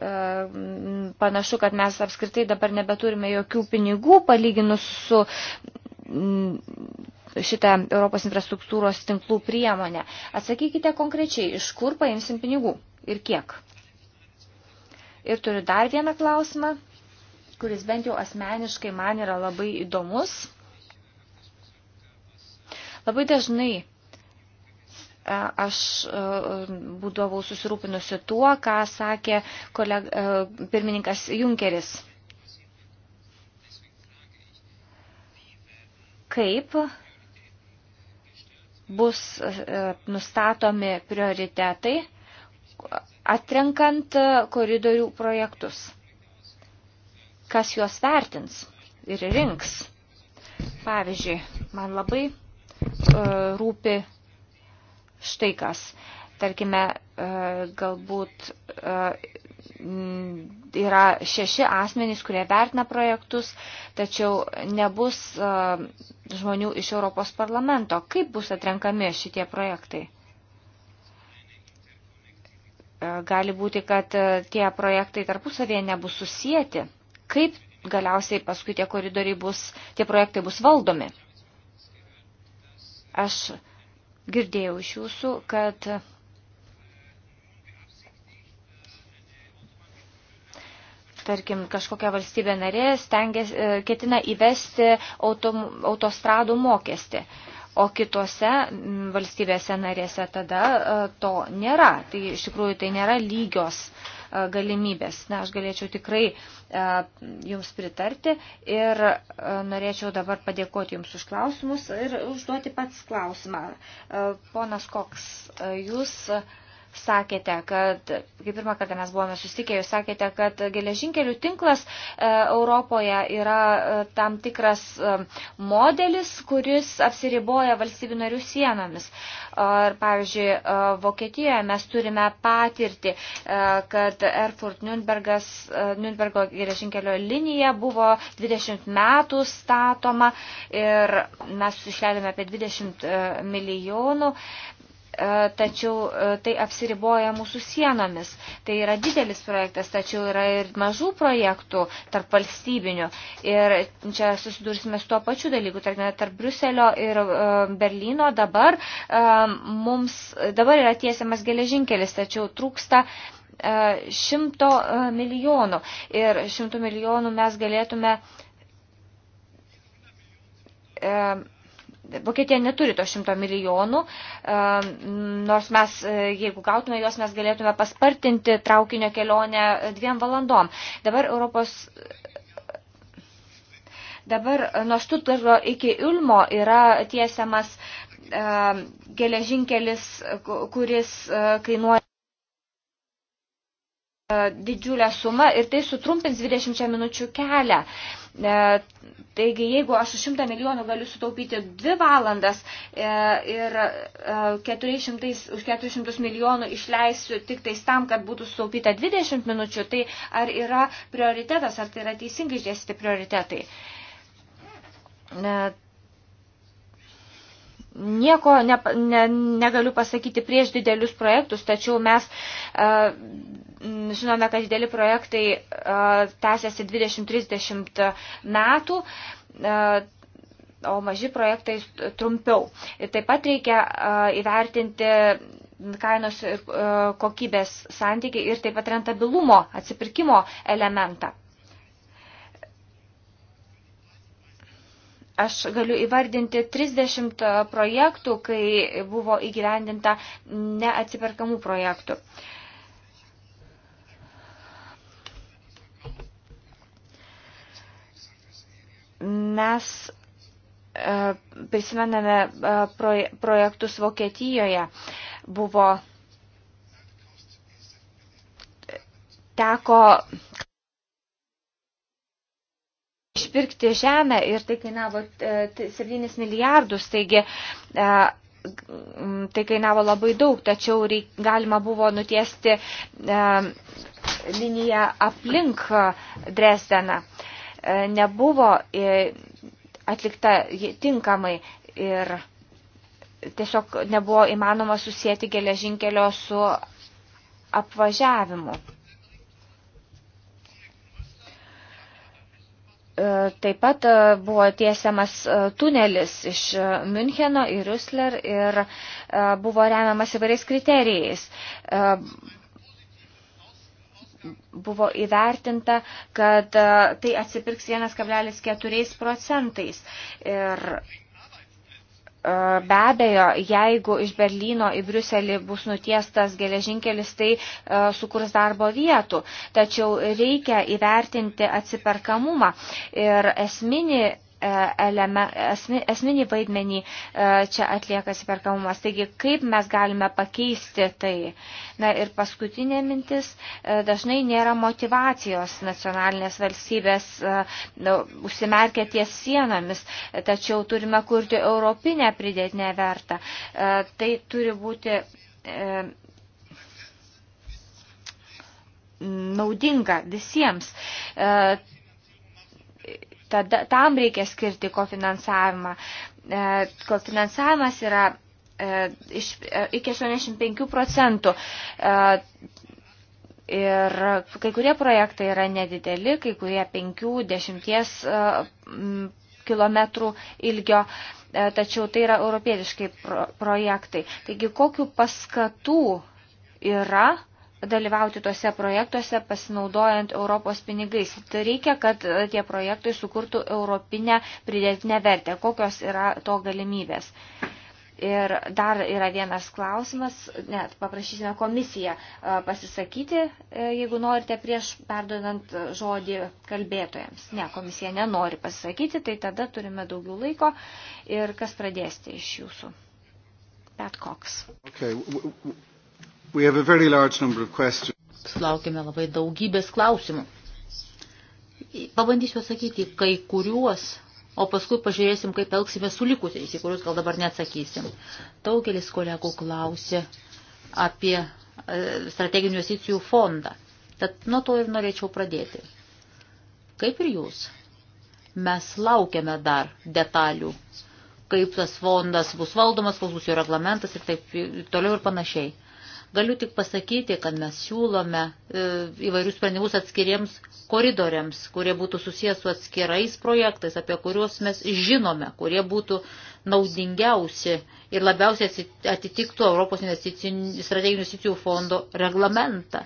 Speaker 2: Ehm, panašu, kad mes apskritai dabar nebeturime jokių pinigų palyginus su mm, šitą Europos infrastruktūros tinklų priemonę. Atsakykite konkrečiai, iš kur paimsim pinigų ir kiek. Ir turiu dar vieną klausimą, kuris bent jau asmeniškai man yra labai įdomus. Labai dažnai e, aš e, būdavau susirūpinusi tuo, ką sakė kolega, e, pirmininkas Junkeris. Kaip bus nustatomi prioritetai, atrenkant e, koridorių projektus. Kas juos vertins ir rinks. Pavyzdžiui, man labai e, rūpi štai kas. Tarkime, e, galbūt yra šeši asmenys, kurie vertina projektus, tačiau nebus žmonių iš Europos parlamento. Kaip bus atrenkami šitie projektai? E, gali būti, kad e, tie projektai tarpusavėje nebus susijęti. Kaip galiausiai paskui tie koridoriai bus, tie projektai bus valdomi? Aš girdėjau iš jūsų, kad tarkim, kažkokia valstybė narė stengiasi, e, ketina įvesti autom, autostradų mokestį. Uh, o kitose valstybėse narėse tada e, to nėra. Tai iš tikrųjų tai nėra lygios e, galimybės. Na, aš galėčiau tikrai e, jums pritarti ir norėčiau dabar padėkoti jums už klausimus ir užduoti pats klausimą. Ponas Koks, jūs sakėte, kad, kaip pirmą kartą mes buvome susitikę, jūs sakėte, kad geležinkelių tinklas e, Europoje yra e, tam tikras e, modelis, kuris apsiriboja valstybių narių sienomis. Ir, pavyzdžiui, Vokietijoje mes turime patirti, kad Erfurt-Nürnbergo geležinkelio linija buvo 20 metų statoma ir mes išleidome apie 20 milijonų E, tačiau e, tai apsiriboja mūsų sienomis. Tai yra didelis projektas, tačiau yra ir mažų projektų tarp valstybinių. Ir čia susidursime su tuo pačiu dalyku, tarkime, tarp Bruselio ir e, Berlyno dabar mums dabar yra tiesiamas geležinkelis, tačiau trūksta šimto milijonų. Ir šimtų milijonų mes galėtume Vokietija neturi to šimto milijonų, e, nors mes, e, jeigu gautume juos, mes galėtume paspartinti traukinio kelionę dviem valandom. Dabar Europos dabar nuo Štutgardo iki Ilmo yra tiesiamas e, geležinkelis, kuris e, kainuoja. E, didžiulę sumą ir tai sutrumpins 20 minučių kelią. E, taigi, jeigu aš 100 milijonų galiu sutaupyti 2 valandas e, ir 400, už 400 milijonų išleisiu tik tais tam, kad būtų sutaupyta 20 minučių, tai ar yra prioritetas, ar tai yra teisingai išdėstyti prioritetai. Net Nieko ne, ne, negaliu pasakyti prieš didelius projektus, tačiau mes uh, žinome, kad dideli projektai uh, tęsiasi 20-30 metų. Uh, o maži projektai trumpiau. Ir taip pat reikia įvertinti kainos ir kokybės santykį ir taip pat rentabilumo, atsipirkimo elementą. Aš galiu įvardinti 30 e, projektų, kai buvo įgyvendinta neatsiperkamų projektų. Mes e, prisimename e, projektus Vokietijoje. Buvo teko išpirkti žemę ir tai kainavo 7 e, milijardus, taigi e, tai kainavo labai daug, tačiau reik, galima buvo nutiesti e, liniją aplink Dresdeną. Nebuvo atlikta tinkamai ir tiesiog nebuvo įmanoma susijęti geležinkelio su apvažiavimu. E, taip pat e, buvo tiesiamas e, tunelis iš Müncheno į Rusler ir buvo remiamas įvairiais kriterijais. Buvo įvertinta, kad tai atsipirks 1,4 procentais. Ir E, be abejo, jeigu iš Berlyno į Briuselį bus nutiestas geležinkelis, tai e, sukurs darbo vietų. Tačiau reikia įvertinti atsiperkamumą. Ir esminį eleme, esmi, esminį vaidmenį e, čia atlieka atsiperkamumas. Taigi, kaip mes galime pakeisti tai? Na ir paskutinė mintis, e, dažnai nėra motivacijos nacionalinės valstybės e, nu, užsimerkę ties sienomis, tačiau turime kurti europinę pridėtinę vertą. Tai turi būti naudinga visiems tada tam reikia skirti kofinansavimą. E, kofinansavimas yra e, iš, e, iki 85 procentų. Ir kai kurie projektai yra nedideli, kai kurie 5-10 km ilgio, tačiau tai yra europietiškai projektai. Taigi kokiu paskatų yra dalyvauti tose projektuose pasinaudojant Europos pinigais. Tai reikia, kad e, tie projektai sukurtų europinę pridėtinę vertę. Kokios yra to galimybės? Ir dar yra vienas klausimas, net paprašysime komisiją e, pasisakyti, e, jeigu norite, prieš perdodant žodį kalbėtojams. Ne, komisija nenori pasisakyti, tai tada turime daugiau laiko. Ir kas pradėsite iš jūsų? Pat Cox.
Speaker 1: Okay. Sulaukime
Speaker 3: labai daugybės klausimų. Pabandysiu atsakyti kai kuriuos, o paskui pažiūrėsim, kaip elgsime su likusiais, į kuriuos gal dabar neatsakysim. Daugelis kolegų klausė apie e, strateginių investicijų fondą. Tad nuo to ir norėčiau pradėti. Kaip ir jūs, mes laukiame dar detalių, kaip tas fondas bus valdomas, koks bus jo reglamentas ir taip toliau ir panašiai. Galiu tik pasakyti, kad mes siūlome e, įvairius sprendimus atskiriems koridoriams, kurie būtų susijęs su atskirais projektais, apie kuriuos mes žinome, kurie būtų naudingiausi ir labiausiai atitiktų Europos strateginių investicijų fondo reglamentą.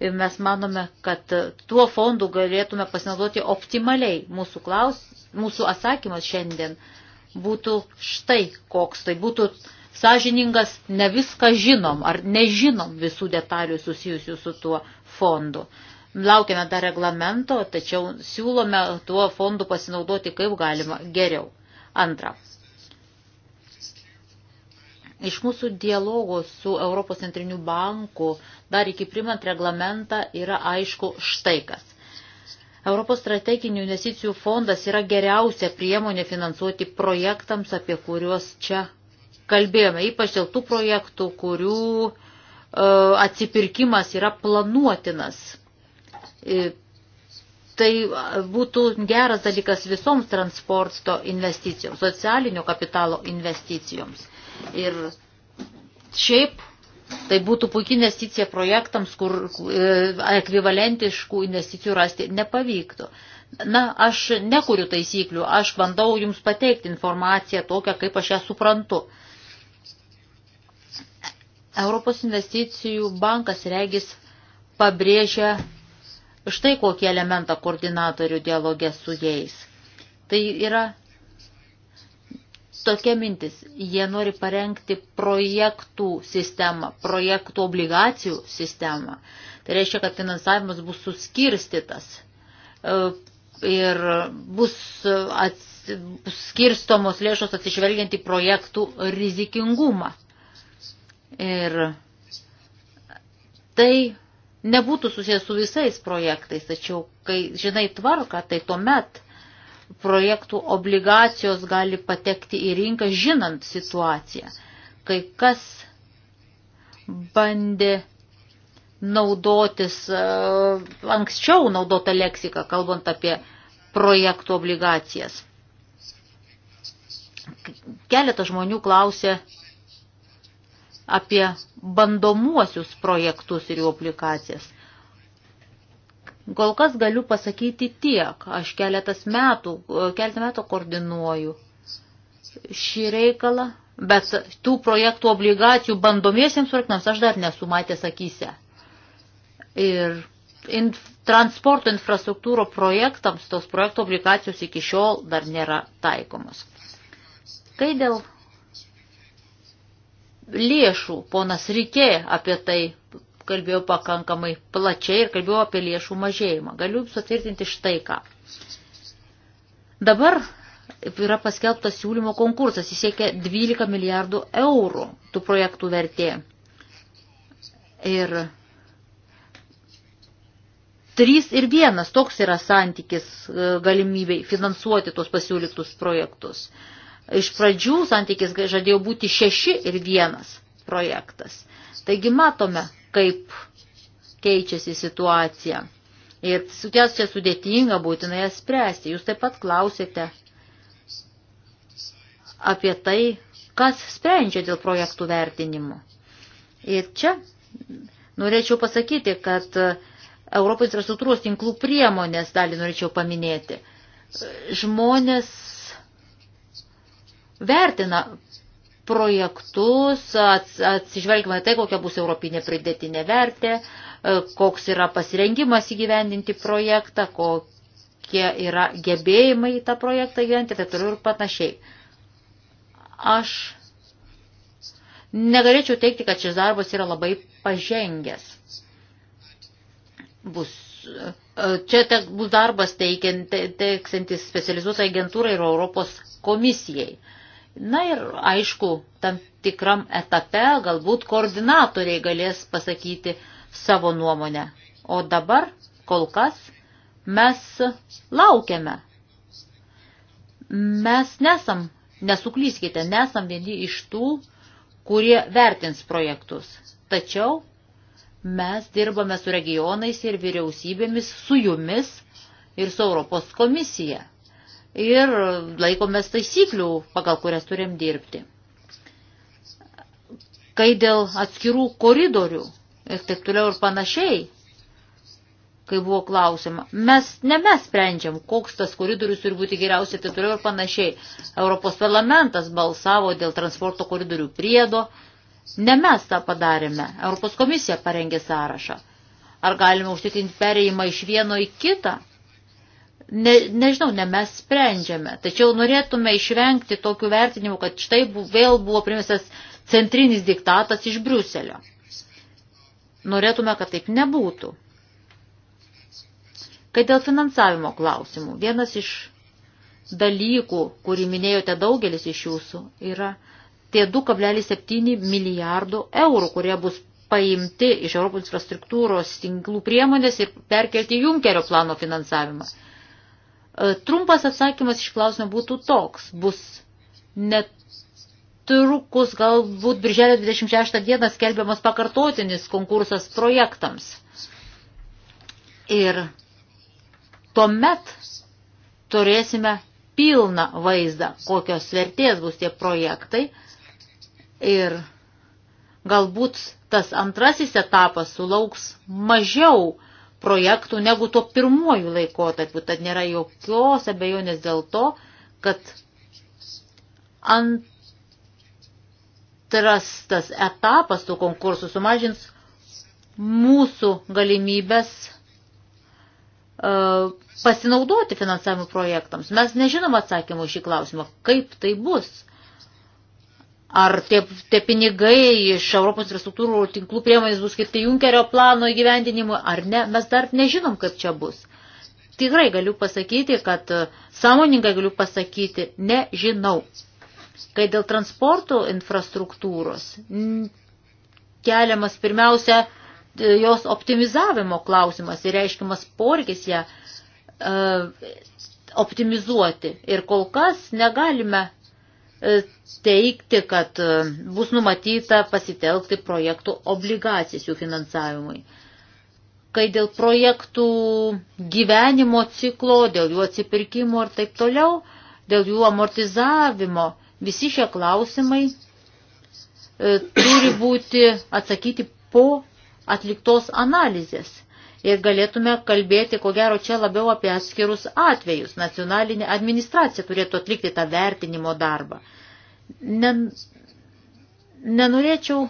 Speaker 3: Ir mes manome, kad tuo fondu galėtume pasinaudoti optimaliai. Mūsų, klaus, mūsų atsakymas šiandien būtų štai koks. Tai būtų sąžiningas, ne viską žinom ar nežinom visų detalių susijusių su tuo fondu. Laukiame dar reglamento, tačiau siūlome tuo fondu pasinaudoti kaip galima geriau. Antra. Iš mūsų dialogo su Europos centriniu banku dar iki primant reglamentą yra aišku štai kas. Europos strateginių investicijų fondas yra geriausia priemonė finansuoti projektams, apie kuriuos čia kalbėjome, ypač dėl tų projektų, kurių e, atsipirkimas yra planuotinas. E, tai būtų geras dalykas visoms transporto investicijoms, socialinio kapitalo investicijoms. Ir šiaip tai būtų puikia investicija projektams, kur e, ekvivalentiškų investicijų rasti nepavyktų. Na, aš nekuriu taisyklių, aš bandau jums pateikti informaciją tokią, kaip aš ją suprantu. Uh, Europos investicijų bankas regis pabrėžia štai kokį elementą koordinatorių dialogė su jais. Tai yra tokia mintis. Jie nori parengti projektų sistemą, projektų obligacijų sistemą. Tai reiškia, kad finansavimas bus suskirstytas e, ir bus ats, skirstomos lėšos atsižvelgiant į projektų rizikingumą. Ir tai nebūtų susijęs su visais projektais, tačiau kai žinai tvarką, tai tuomet projektų obligacijos gali patekti į rinką, žinant situaciją. Kai kas bandė naudotis uh, anksčiau naudotą leksiką, kalbant apie projektų obligacijas. Keletas žmonių klausė, apie bandomuosius projektus ir jų aplikacijas. Kol kas galiu pasakyti tiek, aš keletas metų, e, keletą metų koordinuoju šį reikalą, bet tų projektų obligacijų bandomiesiems projektams aš dar nesu matęs akise. Ir in, transporto infrastruktūro projektams tos projektų obligacijos iki šiol dar nėra taikomos. Kai dėl lėšų. Ponas Rikė apie tai kalbėjo pakankamai plačiai ir kalbėjo apie lėšų mažėjimą. Galiu jums patvirtinti štai ką. Dabar yra paskelbtas siūlymo konkursas, jis siekia 12 milijardų eurų tų projektų vertė. Ir 3 ir 1 toks yra santykis e, galimybei finansuoti tuos pasiūlytus projektus. Uh, Iš pradžių santykis žadėjo būti 6 ir 1 projektas. Taigi matome, kaip keičiasi situacija. Ir situacija sudėtinga būtinai jas spręsti. Jūs taip pat klausėte apie tai, kas sprendžia dėl projektų vertinimo. Ir čia norėčiau pasakyti, kad e, Europos infrastruktūros tinklų priemonės dalį norėčiau paminėti. Žmonės vertina projektus, atsižvelgiama į tai, kokia bus europinė pridėtinė vertė, e, koks yra pasirengimas įgyvendinti projektą, kokie yra gebėjimai tą projektą gyventi ir taip toliau ir panašiai. Aš negalėčiau teikti, kad šis darbas yra labai pažengęs. Bus e, Čia te, bus darbas teikiant, teksantis specializuotai agentūrai ir Europos komisijai. Uh, Na ir aišku, tam tikram etape galbūt koordinatoriai galės pasakyti savo nuomonę. O dabar kol kas mes laukiame. Mes nesam, nesuklyskite, nesam vieni iš tų, kurie vertins projektus. Tačiau mes dirbame su regionais ir vyriausybėmis, su jumis ir su Europos komisija ir laikomės taisyklių, pagal kurias turim dirbti. Kai dėl atskirų koridorių ir taip toliau ir panašiai, kai buvo klausima, mes ne mes sprendžiam, koks tas koridorius turi būti geriausiai, taip toliau ir panašiai. Europos parlamentas balsavo dėl transporto koridorių priedo, ne mes tą padarėme, Europos komisija parengė sąrašą. Ar galime užtikrinti perėjimą iš vieno į kitą? ne, nežinau, ne mes sprendžiame. Tačiau norėtume išvengti tokių vertinimų, kad štai bu, vėl buvo primestas centrinis diktatas iš Briuselio. Norėtume, kad taip nebūtų. Kai dėl finansavimo klausimų, vienas iš dalykų, kurį minėjote daugelis iš jūsų, yra tie 2,7 milijardų eurų, kurie bus paimti iš Europos infrastruktūros tinklų priemonės ir perkelti Junkerio plano finansavimą. E, trumpas atsakymas iš klausimo būtų toks. Bus netrukus, galbūt birželio 26 dieną skelbiamas pakartotinis konkursas projektams. Ir tuomet turėsime pilną vaizdą, kokios vertės bus tie projektai. Ir galbūt tas antrasis etapas sulauks mažiau projektų negu tuo pirmuoju laikotarpiu. Tad nėra jokios abejonės dėl to, kad antras tas etapas tų konkursų sumažins mūsų galimybės uh, pasinaudoti finansavimo projektams. Mes nežinom atsakymų šį klausimą, kaip tai bus. Uh, Ar tie, tie pinigai iš Europos infrastruktūrų tinklų priemonės bus skirti Junkerio plano įgyvendinimui, ar ne, mes dar nežinom, kad čia bus. Tikrai galiu pasakyti, kad sąmoningai galiu pasakyti, nežinau. Kai dėl transporto infrastruktūros keliamas pirmiausia e, jos optimizavimo klausimas ir reiškiamas poreikis ją e, optimizuoti. Ir kol kas negalime E, teikti, kad e, bus numatyta pasitelkti projektų obligacijas jų finansavimui. Kai dėl projektų gyvenimo ciklo, dėl jų atsipirkimo ir taip toliau, dėl jų amortizavimo, visi šie klausimai e, turi būti atsakyti po atliktos analizės ir galėtume kalbėti, ko gero, čia labiau apie atskirus atvejus. Nacionalinė administracija turėtų atlikti tą vertinimo darbą. Nen, nenorėčiau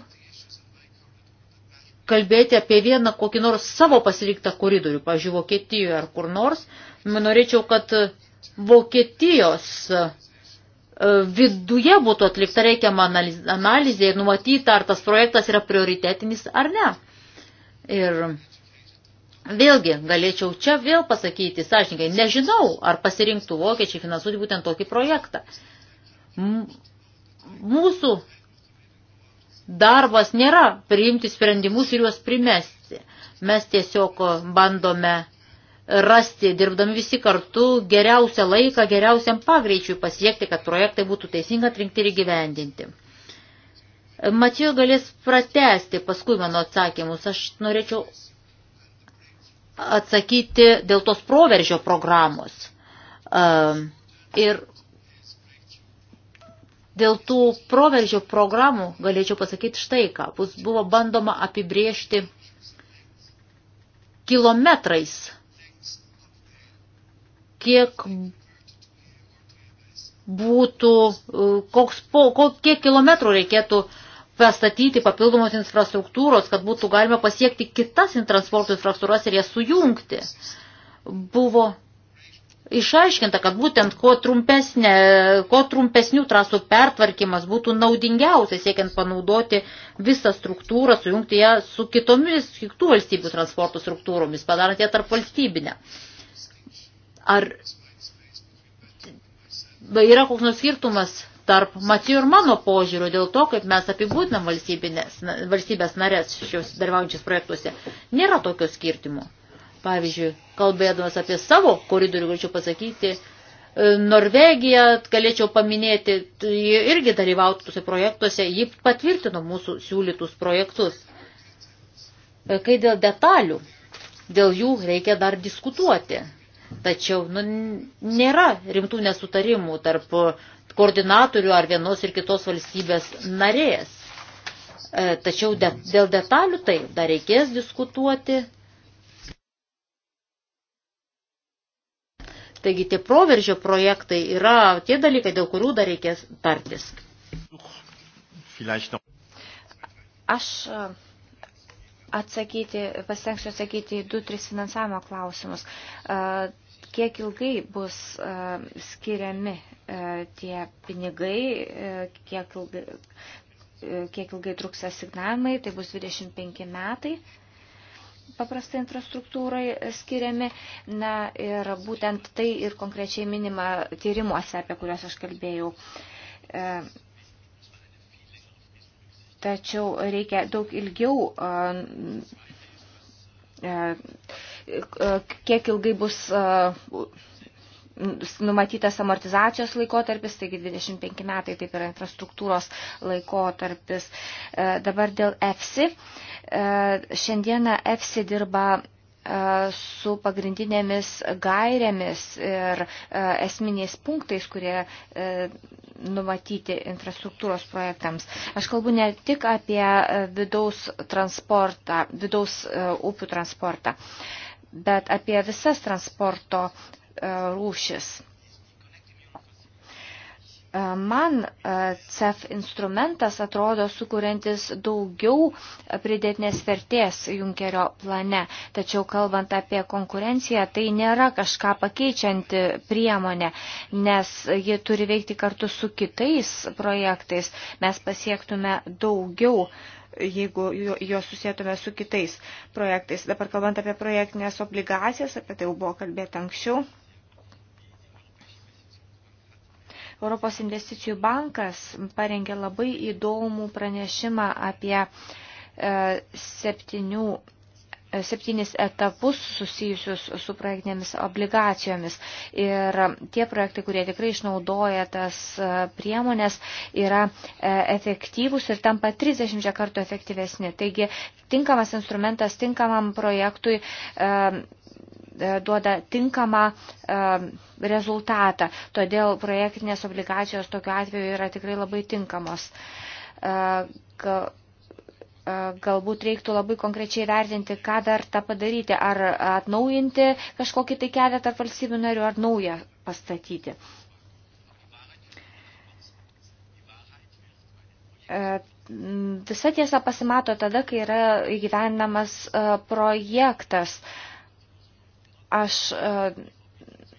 Speaker 3: kalbėti apie vieną kokį nors savo pasirinktą koridorių, pažiūrėjau, Vokietijoje ar kur nors. Norėčiau, kad Vokietijos e, viduje būtų atlikta reikiama analizė ir numatyta, ar tas projektas yra prioritetinis ar ne. Ir Vėlgi, galėčiau čia vėl pasakyti, sąžininkai, nežinau, ar pasirinktų vokiečiai finansuoti būtent tokį projektą. Mūsų darbas nėra priimti sprendimus ir juos primesti. Mes tiesiog bandome rasti, dirbdami visi kartu, geriausią laiką, geriausiam pagreičiui pasiekti, kad projektai būtų teisinga atrinkti ir gyvendinti. Matijo galės pratesti paskui mano atsakymus. Aš norėčiau atsakyti dėl tos proveržio programos ehm, ir dėl tų proveržio programų galėčiau pasakyti štai ką. Bus buvo bandoma apibriežti kilometrais, kiek būtų, e, koks po, kok, kiek kilometrų reikėtų uh, pastatyti papildomos infrastruktūros, kad būtų galima pasiekti kitas transporto infrastruktūras ir jas sujungti. Buvo išaiškinta, kad būtent kuo, trumpesnė, kuo trumpesnių trasų pertvarkymas būtų naudingiausiai siekiant panaudoti visą struktūrą, sujungti ją su kitomis kitų valstybių transporto struktūromis, padarant ją tarp valstybinę. Ar yra koks nors skirtumas tarp Matijų ir mano požiūrių dėl to, kaip mes apibūdinam valstybės narės šios dalyvaujančios projektuose. Nėra tokio skirtimo. Pavyzdžiui, kalbėdamas apie savo koridorių, galėčiau pasakyti, e, Norvegiją galėčiau paminėti, tai irgi dalyvauti tuose projektuose, ji patvirtino mūsų siūlytus projektus. E, kai dėl detalių, dėl jų reikia dar diskutuoti. Tačiau nu, nėra rimtų nesutarimų tarp koordinatorių ar vienos ir kitos valstybės narės. E, tačiau de, dėl detalių tai dar reikės diskutuoti. Taigi tie proveržio projektai yra tie dalykai, dėl kurių dar reikės
Speaker 1: tartis.
Speaker 2: Aš e, atsakyti, pasitengsiu atsakyti į 2-3 finansavimo klausimus. E, kiek ilgai bus e, skiriami e, tie pinigai, e, kiek ilgai, kiek ilgai truks asignavimai, tai bus 25 metai paprastai infrastruktūrai skiriami. Na ir būtent tai ir konkrečiai minima tyrimuose, apie kuriuos aš kalbėjau. Tačiau reikia daug ilgiau E, kiek ilgai bus e, numatytas amortizacijos laikotarpis, taigi 25 metai taip yra infrastruktūros laikotarpis. E, dabar dėl EFSI. Šiandieną EFSI dirba su pagrindinėmis gairėmis ir esminiais punktais, kurie numatyti infrastruktūros projektams. Aš kalbu ne tik apie vidaus transportą, vidaus upių transportą. Uh, bet apie visas transporto e, rūšis. E, man e, CEF instrumentas atrodo sukūrintis daugiau pridėtinės vertės Junkerio plane, tačiau kalbant apie konkurenciją, tai nėra kažką pakeičianti priemonė, nes ji turi veikti kartu su kitais projektais, mes pasiektume daugiau uh, jeigu juos susėtume su kitais projektais. Dabar kalbant apie projektinės obligacijas, apie tai jau buvo kalbėta anksčiau. Europos investicijų bankas parengė labai įdomų pranešimą apie e, septynių septynis etapus susijusius su projektinėmis obligacijomis. Ir tie projektai, kurie tikrai išnaudoja tas e, priemonės, yra e, efektyvus ir tampa 30 kartų efektyvesni. Taigi tinkamas instrumentas tinkamam projektui e, duoda tinkamą rezultatą. Todėl projektinės obligacijos tokiu atveju yra tikrai labai tinkamos galbūt reiktų labai konkrečiai vertinti, ką dar tą padaryti, ar atnaujinti kažkokį tai kelią tarp valstybių narių, ar naują pastatyti. Visa tiesa pasimato tada, kai yra įgyvendinamas projektas. Aš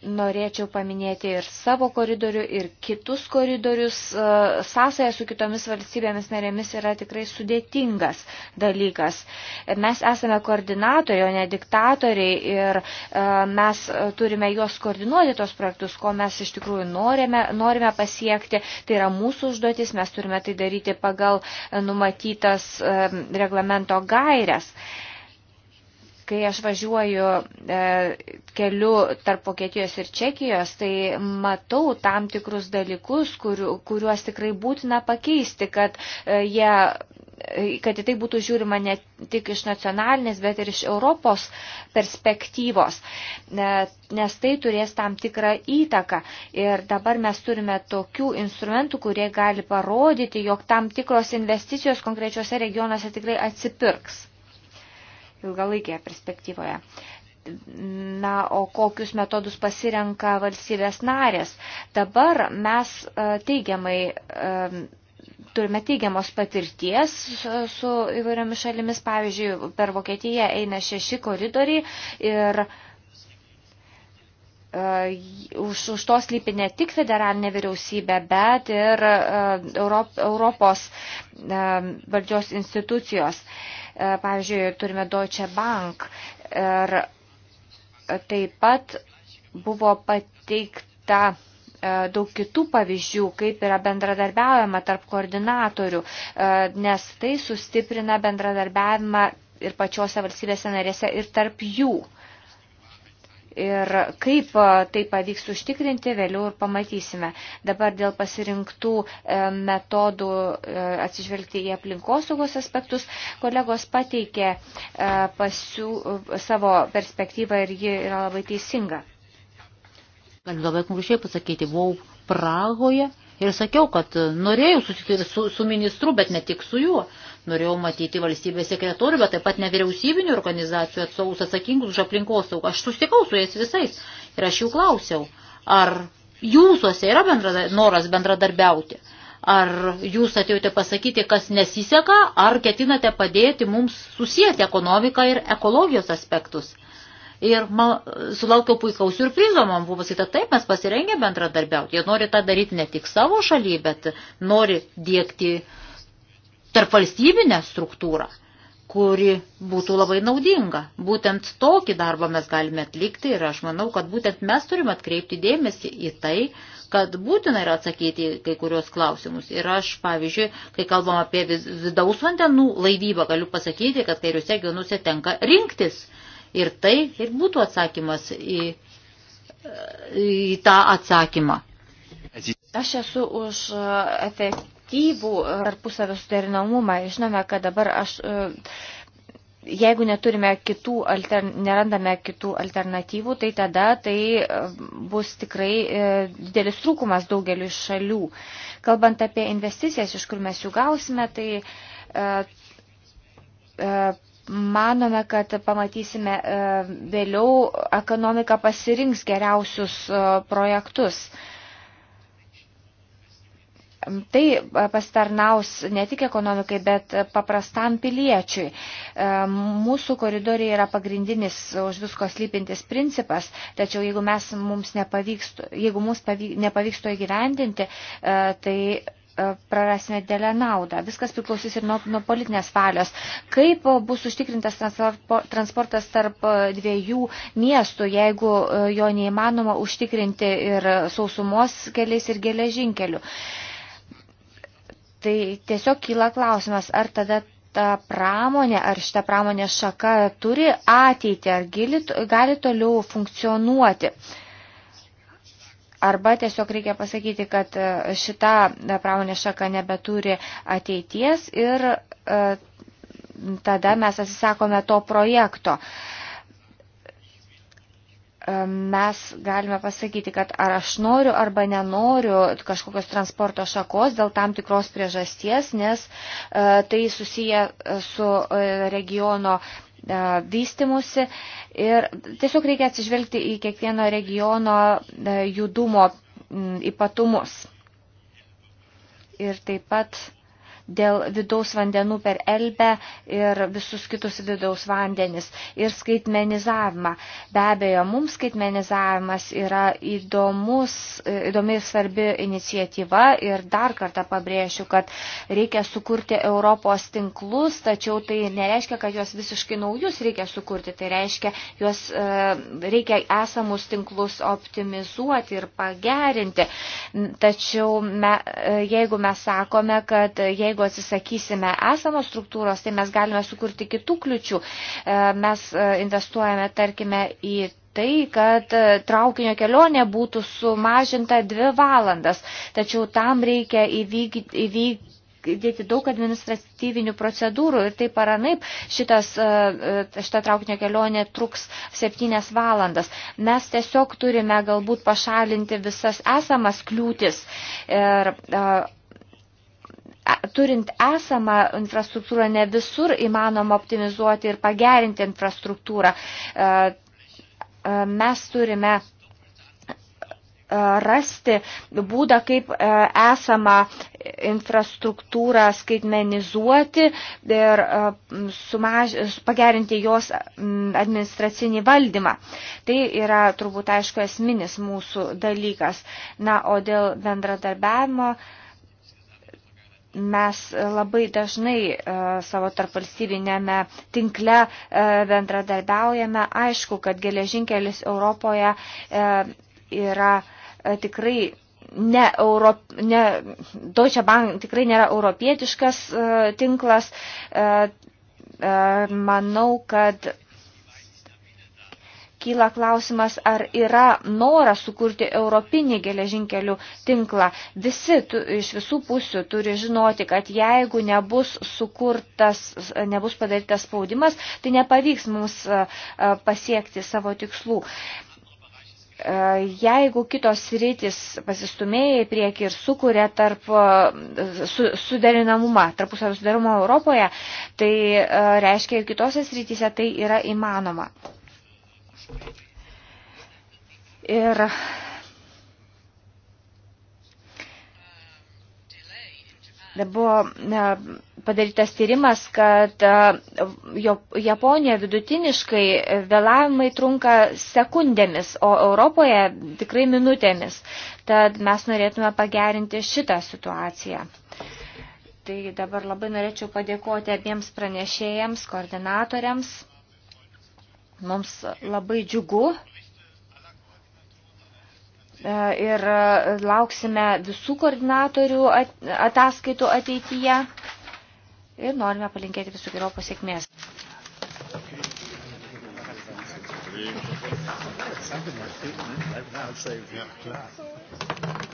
Speaker 2: norėčiau paminėti ir savo koridorių, ir kitus koridorius. E, sąsaja su kitomis valstybėmis narėmis yra tikrai sudėtingas dalykas. Mes esame koordinatoriai, o ne diktatoriai, ir e, mes turime juos koordinuoti tos projektus, ko mes iš tikrųjų norime, norime pasiekti. Tai yra mūsų užduotis, mes turime tai daryti pagal numatytas e, reglamento gairias. Kai aš važiuoju e, keliu tarp Vokietijos ir Čekijos, tai matau tam tikrus dalykus, kur, kuriuos tikrai būtina pakeisti, kad e, jie e, kad į tai būtų žiūrima ne tik iš nacionalinės, bet ir iš Europos perspektyvos, e, nes tai turės tam tikrą įtaką. Ir dabar mes turime tokių instrumentų, kurie gali parodyti, jog tam tikros investicijos konkrečiose regionuose tikrai atsipirks ilgalaikėje perspektyvoje. Na, o kokius metodus pasirenka valstybės narės? Dabar mes e, teigiamai e, turime teigiamos patirties su įvairiomis šalimis. Pavyzdžiui, per Vokietiją eina šeši koridoriai ir e, už, už to slypi ne tik federalinė vyriausybė, bet ir Europ, Europos valdžios institucijos. Uh, E, pavyzdžiui, turime Deutsche Bank ir taip pat buvo pateikta e, daug kitų pavyzdžių, kaip yra bendradarbiaujama tarp koordinatorių, e, nes tai sustiprina bendradarbiavimą ir pačiose valstybėse narėse ir tarp jų. Ir kaip tai pavyks užtikrinti, vėliau ir pamatysime. Dabar dėl pasirinktų e, metodų e, atsižvelgti į aplinkosaugos aspektus, kolegos pateikė e, pasiū, savo perspektyvą ir ji yra labai teisinga.
Speaker 3: Galiu labai konkrečiai pasakyti, buvau Pragoje ir sakiau, kad norėjau susitikti su, su ministru, bet ne tik su juo. Norėjau matyti valstybės sekretorių, bet taip pat nevyriausybinių organizacijų atstovus atsakingus už aplinkosaugą. Aš susitikau su jais visais ir aš jų klausiau, ar jūsuose yra bendradar, noras bendradarbiauti. Ar jūs atėjote pasakyti, kas nesiseka, ar ketinate padėti mums susijęti ekonomiką ir ekologijos aspektus? Ir mal, sulaukiau puikaus surprizo, man buvo pasakyta, taip, mes pasirengę bendradarbiauti. Jie nori tą daryti ne tik savo šalyje, bet nori dėkti uh, tarp valstybinę struktūrą, kuri būtų labai naudinga. Būtent tokį darbą mes galime atlikti ir aš manau, kad būtent mes turime atkreipti dėmesį į tai, kad būtina yra atsakyti kai kurios klausimus. Ir aš, pavyzdžiui, kai kalbam apie vidaus vandenų laivybą, galiu pasakyti, kad kairiuose regionuose tenka rinktis. Ir tai ir būtų atsakymas į, į tą atsakymą.
Speaker 2: Aš esu už efektyvų direktyvų tarpusavio suderinamumą. Žinome, kad dabar aš, e, jeigu neturime kitų, alter, nerandame kitų alternatyvų, tai tada tai e, bus tikrai e, didelis trūkumas daugeliu šalių. Kalbant apie investicijas, iš kur mes jų gausime, tai manome, kad pamatysime vėliau ekonomika pasirinks geriausius projektus. Tai pastarnaus ne tik ekonomikai, bet paprastam piliečiui. E, mūsų koridoriai yra pagrindinis už visko slypintis principas, tačiau jeigu, mes, mums, nepavyks, jeigu mums pavyk, nepavyks to įgyvendinti, e, tai e, prarasime dėlę naudą. Viskas priklausys ir nuo, nuo politinės valios. Kaip bus užtikrintas transportas tarp dviejų miestų, jeigu jo neįmanoma užtikrinti ir sausumos keliais ir geležinkeliu. Uh, Tai tiesiog kyla klausimas, ar tada ta pramonė, ar šita pramonė šaka turi ateitį, ar gili, gali toliau funkcionuoti. Arba tiesiog reikia pasakyti, kad e, šita pramonė šaka nebeturi ateities ir e, tada mes atsisakome to projekto. Uh, mes galime pasakyti, kad ar aš noriu arba nenoriu kažkokios transporto šakos dėl tam tikros priežasties, nes e, tai susiję e, su e, regiono vystimusi ir tiesiog reikia atsižvelgti į kiekvieno regiono judumo ypatumus. Ir taip pat dėl vidaus vandenų per Elbę ir visus kitus vidaus vandenis ir skaitmenizavimą. Be abejo, mums skaitmenizavimas yra įdomus, įdomi ir svarbi iniciatyva ir dar kartą pabrėšiu, kad reikia sukurti Europos tinklus, tačiau tai nereiškia, kad juos visiškai naujus reikia sukurti, tai reiškia, juos e, reikia esamus tinklus optimizuoti ir pagerinti. Tačiau me, e, jeigu mes sakome, kad jeigu jeigu atsisakysime esamos struktūros, tai mes galime sukurti kitų kliučių. E, mes e, investuojame, tarkime, į tai, kad e, traukinio kelionė būtų sumažinta dvi valandas, tačiau tam reikia įvykdyti. Įvyk, dėti daug administratyvinių procedūrų ir taip ar anaip šitas, šita traukinio kelionė truks septynias valandas. Mes tiesiog turime galbūt pašalinti visas esamas kliūtis ir turint esamą infrastruktūrą, ne visur įmanoma optimizuoti ir pagerinti infrastruktūrą. Mes turime rasti būdą, kaip esamą infrastruktūrą skaitmenizuoti ir sumaž... pagerinti jos administracinį valdymą. Tai yra turbūt aišku esminis mūsų dalykas. Na, o dėl bendradarbiavimo Mes labai dažnai e, savo tarpvalstybinėme tinkle e, bendradarbiaujame. Aišku, kad geležinkelis Europoje e, yra tikrai ne, Europ, ne Deutsche Bank tikrai nėra europietiškas e, tinklas. E, e, manau, kad kyla klausimas, ar yra noras sukurti europinį geležinkelių tinklą. Visi tu, iš visų pusių turi žinoti, kad jeigu nebus sukurtas, nebus padarytas spaudimas, tai nepavyks mums pasiekti savo tikslų jeigu kitos rytis pasistumėja į priekį ir sukuria tarp su, suderinamumą, tarpusavio suderinamumą Europoje, tai reiškia ir kitose srityse tai yra įmanoma. Ir buvo padarytas tyrimas, kad Japonija vidutiniškai vėlavimai trunka sekundėmis, o Europoje tikrai minutėmis. Tad mes norėtume pagerinti šitą situaciją. Tai dabar labai norėčiau padėkoti abiems pranešėjams, koordinatoriams. Mums labai džiugu e, ir lauksime visų koordinatorių ataskaitų ateityje ir norime palinkėti visų geriau pasiekmės.
Speaker 1: Okay.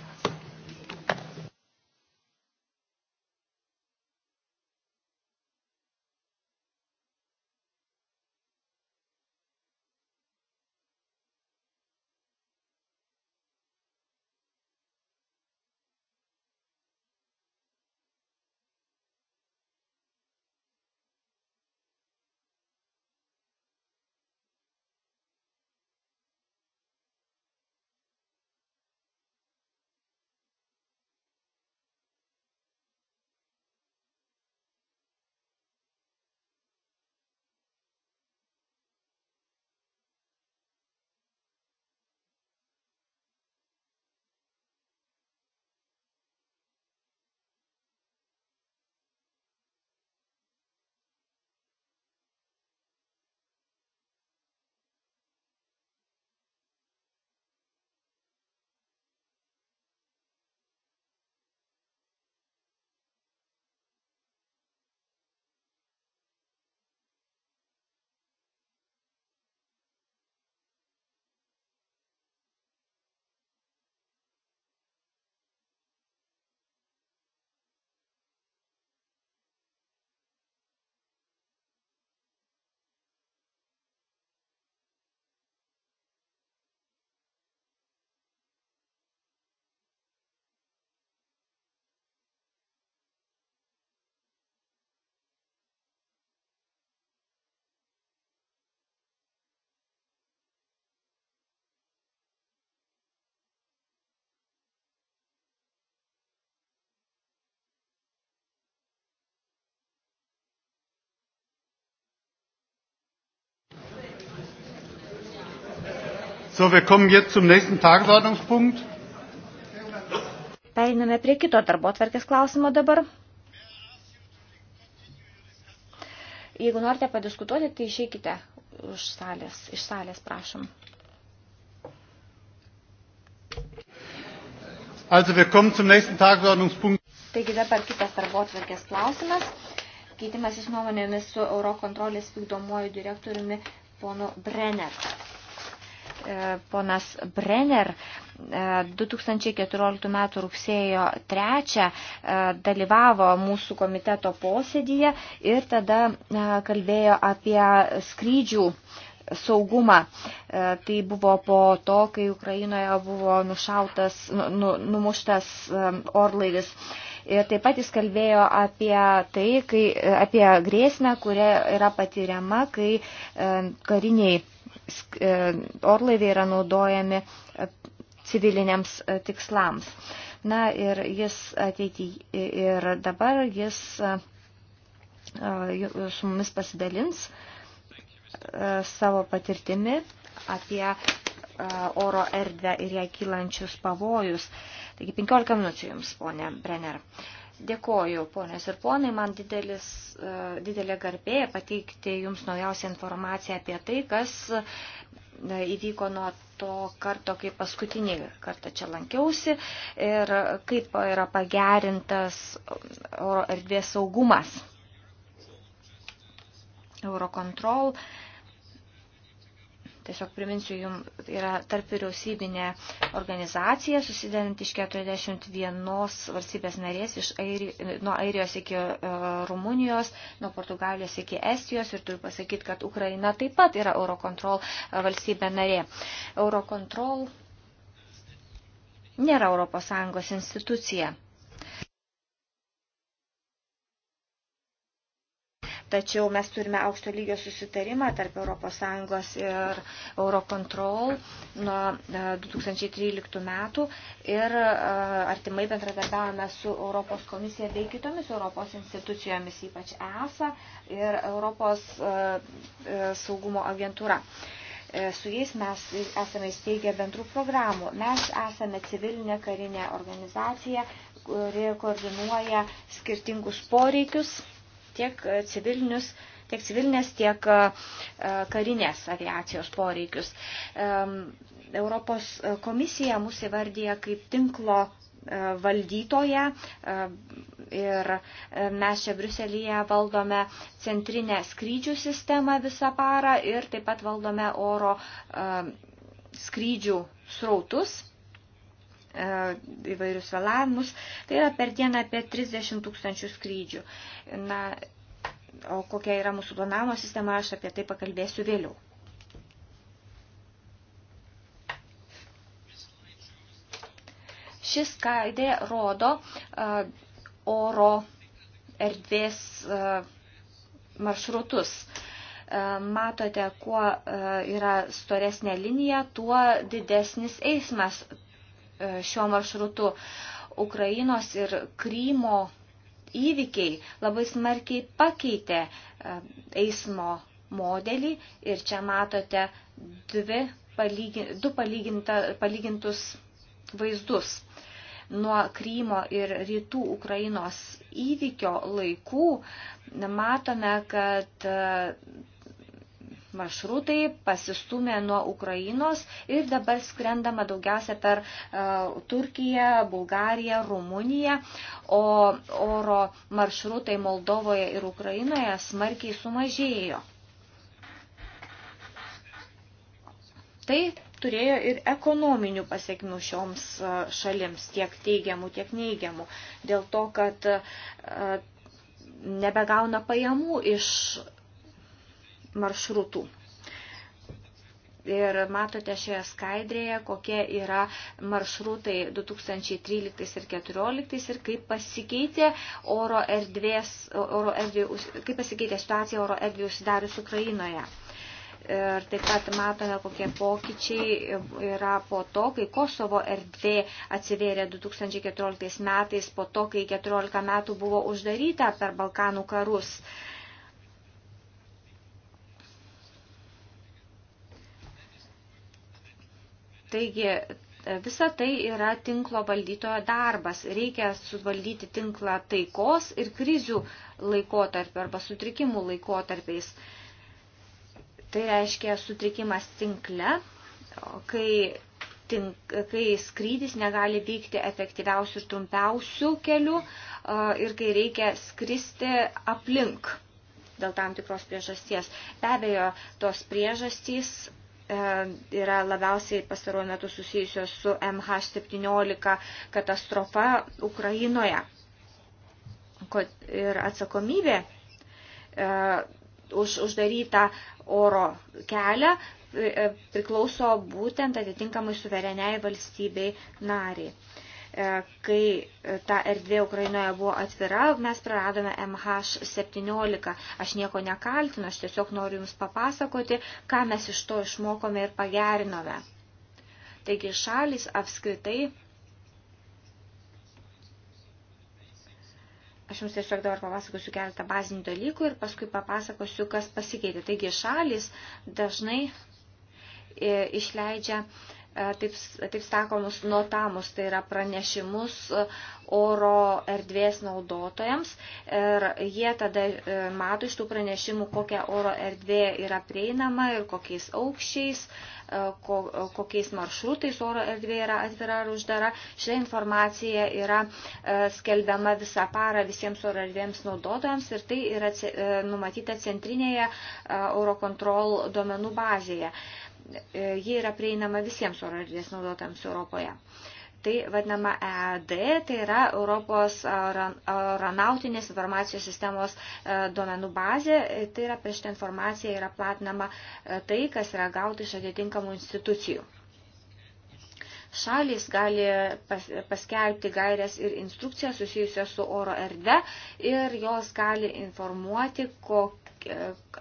Speaker 1: So, wir kommen jetzt zum nächsten Tagesordnungspunkt. Periname
Speaker 2: prie kito darbo tvarkės klausimo dabar. Jeigu norite padiskutuoti, tai išeikite už salės, iš salės, prašom.
Speaker 1: Also, wir kommen zum nächsten Tagesordnungspunkt.
Speaker 2: Taigi dabar kitas darbo tvarkės klausimas. Keitimas iš nuomonėmis su Eurokontrolės vykdomuoju direktoriumi ponu Brenner. E, ponas Brenner 2014 e, m. rugsėjo 3 e, dalyvavo mūsų komiteto posėdyje ir tada kalbėjo apie skrydžių saugumą. Tai buvo po to, kai Ukrainoje buvo nušautas, nu, nu numuštas orlaivis. Ir taip pat jis kalbėjo apie tai, kai, apie grėsmę, kuria yra patiriama, kai kariniai E, orlaiviai yra naudojami e, civiliniams e, tikslams. Na ir jis ateityje ir dabar jis su mumis pasidalins savo patirtimi apie oro erdvę ir ją kylančius pavojus. Taigi 15 minučių jums, ponė Brenner. Dėkoju, ponės ir ponai, man didelis, e, didelė garbė pateikti Jums naujausią informaciją apie tai, kas e, įvyko nuo to karto, kai paskutinį kartą čia lankiausi ir kaip yra pagerintas oro erdvės saugumas. Eurocontrol uh, Tiesiog priminsiu, jums yra tarp vyriausybinė organizacija, susidedanti iš 41 valstybės narės, iš Airi, nuo Airijos iki uh, Rumunijos, nuo Portugalijos iki Estijos ir turiu pasakyti, kad Ukraina taip pat yra Eurocontrol e, valstybė narė. Eurocontrol nėra ES institucija. Tačiau mes turime aukšto lygio susitarimą tarp ES ir Eurocontrol nuo 2013 e, metų ir e, artimai bendradarbiavame su Europos komisija bei kitomis Europos institucijomis, ypač ESA ir Europos e, saugumo agentūra su jais mes esame įsteigę bendrų programų. Mes esame civilinė karinė organizacija, kuri koordinuoja skirtingus poreikius tiek, e, tiek civilinės, tiek e, e, karinės aviacijos poreikius. Europos komisija mus įvardyja kaip tinklo valdytoja ir mes čia Bruselėje valdome centrinę skrydžių sistemą visą parą ir taip pat valdome oro skrydžių srautus E, įvairius vėlavimus. Tai yra per dieną apie 30 tūkstančių skrydžių. Na, o kokia yra mūsų planavimo sistema, aš apie tai pakalbėsiu vėliau. Šis skaidė rodo uh, oro erdvės uh, maršrutus. Uh, matote, kuo yra storesnė linija, tuo didesnis eismas šiuo maršrutu. Ukrainos ir Krymo įvykiai labai smarkiai pakeitė e, eismo modelį ir čia matote dvi, palygin, du palyginta, palygintus vaizdus. Nuo Krymo ir rytų Ukrainos įvykio laikų matome, kad e, maršrutai pasistumė nuo Ukrainos ir dabar skrendama daugiausia per uh, Turkiją, Bulgariją, Rumuniją, o oro maršrutai Moldovoje ir Ukrainoje smarkiai sumažėjo. Tai turėjo ir ekonominių pasiekmių šioms e, šalims, tiek teigiamų, tiek neigiamų, dėl to, kad uh, nebegauna pajamų iš maršrutų. Ir matote šioje skaidrėje, kokie yra maršrutai 2013 ir 2014 ir kaip pasikeitė, oro erdvės, oro erdvė, kaip pasikeitė situacija oro erdvė užsidarius Ukrainoje. Ir taip pat matome, kokie pokyčiai yra po to, kai Kosovo erdvė atsivėrė 2014 metais, po to, kai 14 metų buvo uždaryta per Balkanų karus. Uh, Taigi e, visa tai yra tinklo valdytojo darbas. Reikia suvaldyti tinklą taikos ir krizių laikotarpio arba sutrikimų laikotarpiais. Tai reiškia sutrikimas tinkle, kai, tink, kai skrydis negali vykti efektyviausių ir trumpiausių kelių e, ir kai reikia skristi aplink dėl tam tikros priežasties. Be abejo, tos priežastys E, yra labiausiai pastaruoju metu susijusios su MH17 katastrofa Ukrainoje. Ir atsakomybė e, už uždarytą oro kelią e, priklauso būtent atitinkamai suvereniai valstybei nariai. E, kai e, ta erdvė Ukrainoje buvo atvira, mes praradome MH17. Aš nieko nekaltinu, aš tiesiog noriu Jums papasakoti, ką mes iš to išmokome ir pagerinome. Taigi šalis apskritai. Aš jums tiesiog dabar papasakosiu keletą bazinių dalykų ir paskui papasakosiu, kas pasikeitė. Taigi šalis dažnai e, išleidžia E, taip, taip sakomus notamus, tai yra pranešimus e, oro erdvės naudotojams ir jie tada e, mato iš tų pranešimų, kokia oro erdvė yra prieinama ir kokiais aukščiais, kokiais maršrutais oro erdvė yra atvira ar uždara. Šią informaciją yra skelbiama visą parą visiems oro erdvėms naudotojams ir tai yra numatyta centrinėje Eurocontrol duomenų bazėje. E, ji yra prieinama visiems oro erdvės naudotams Europoje. Tai vadinama EAD, tai yra Europos aeronautinės informacijos sistemos e, duomenų bazė. E, tai yra prieš tą informaciją yra platinama tai, kas yra gauta iš atitinkamų institucijų šalys gali pas, paskelbti gairias ir instrukcijas susijusios su oro erdve ir jos gali informuoti, kok,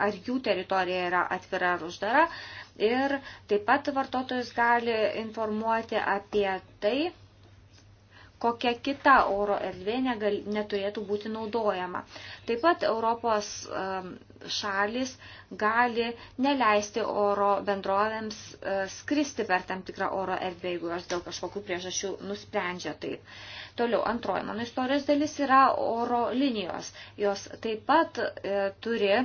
Speaker 2: ar jų teritorija yra atvira ar uždara, Ir taip pat vartotojus gali informuoti apie tai, kokia kita oro erdvė negal, neturėtų būti naudojama. Taip pat Europos um, šalis gali neleisti oro bendrovėms uh, skristi per tam tikrą oro erdvę, jeigu jos dėl kažkokių priežasčių nusprendžia taip. Toliau, antroji mano istorijos dalis yra oro linijos. Jos taip pat e, turi e,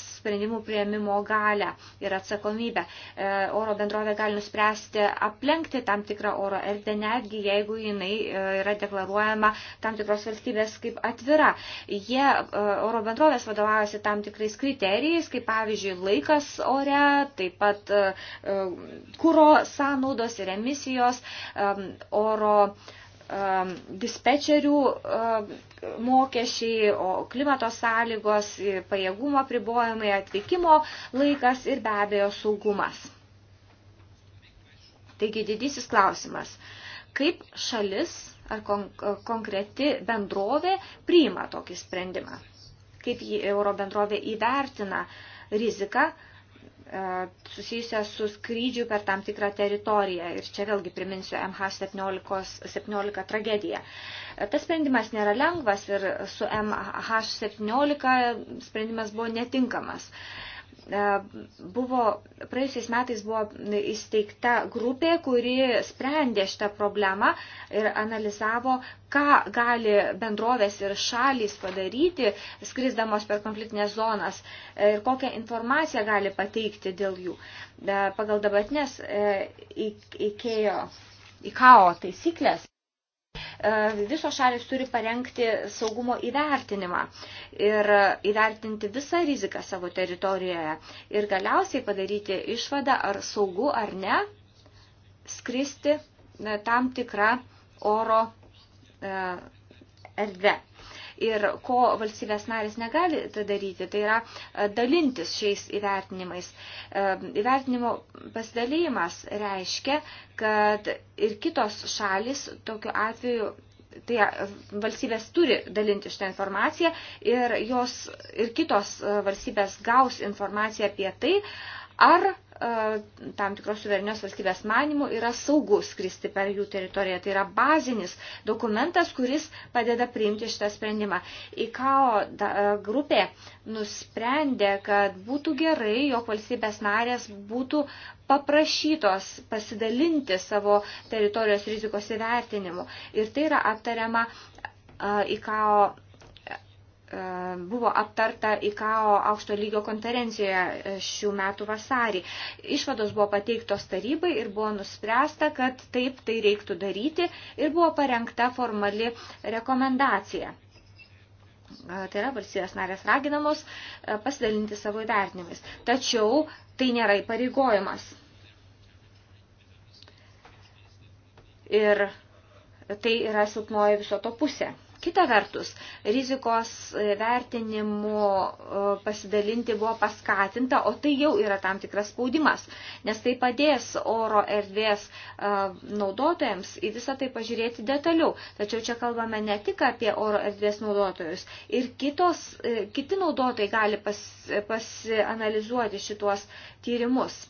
Speaker 2: sprendimų prieimimo galę ir atsakomybę. E, oro bendrovė gali nuspręsti aplenkti tam tikrą oro erdvę, netgi jeigu jinai e, yra deklaruojama tam tikros valstybės kaip atvira. Jie, e, oro bendrovės vadovaujasi tam tikrais kriterijais, kaip pavyzdžiui laikas ore, taip pat e, e kūro sąnaudos ir emisijos, e, oro. E, Um, dispečerių um, mokesčiai, o klimato sąlygos, pajėgumo pribojimai, atvykimo laikas ir be abejo saugumas. Taigi didysis klausimas, kaip šalis ar kon konkreti bendrovė priima tokį sprendimą? Kaip jį euro bendrovė įvertina riziką, uh, E, susijusią su skrydžiu per tam tikrą teritoriją. Ir čia vėlgi priminsiu MH17 tragediją. E, tas sprendimas nėra lengvas ir su MH17 sprendimas buvo netinkamas. Uh, E, buvo, praėjusiais metais buvo įsteigta grupė, kuri sprendė šitą problemą ir analizavo, ką gali bendrovės ir šalys padaryti, skrisdamos per konfliktinės zonas e, ir kokią informaciją gali pateikti dėl jų. E, pagal dabartinės IKEO taisyklės E, visos šalis turi parengti saugumo įvertinimą ir įvertinti visą riziką savo teritorijoje ir galiausiai padaryti išvadą, ar saugu ar ne skristi e, tam tikrą oro e, erdvę ir ko valstybės narės negali tai daryti, tai yra e, dalintis šiais įvertinimais. E, įvertinimo pasidalymas reiškia, kad ir kitos šalis tokiu atveju tai e, valstybės turi dalinti šitą informaciją ir, jos, ir kitos valstybės gaus informaciją apie tai, ar E, tam tikros suverenios valstybės manimų yra saugus skristi per jų teritoriją. Tai yra bazinis dokumentas, kuris padeda priimti šitą sprendimą. IKAO e, grupė nusprendė, kad būtų gerai, jog valstybės narės būtų paprašytos pasidalinti savo teritorijos rizikos įvertinimu. Ir tai yra aptariama e, IKAO E, buvo aptarta IKAO aukšto lygio konferencijoje e, šių metų vasarį. Išvados buvo pateiktos tarybai ir buvo nuspręsta, kad taip tai reiktų daryti ir buvo parengta formali rekomendacija. E, tai yra valstybės narės raginamos pasidalinti savo įvertinimais. Tačiau tai nėra įpareigojimas. Ir tai yra silpnoji viso to pusė. Kita vertus, rizikos e, vertinimu e, pasidalinti buvo paskatinta, o tai jau yra tam tikras spaudimas, nes tai padės oro erdvės e, naudotojams į visą tai pažiūrėti detaliau. Tačiau čia kalbame ne tik apie oro erdvės naudotojus. Ir kitos, kiti naudotojai gali pas, pasianalizuoti šituos tyrimus.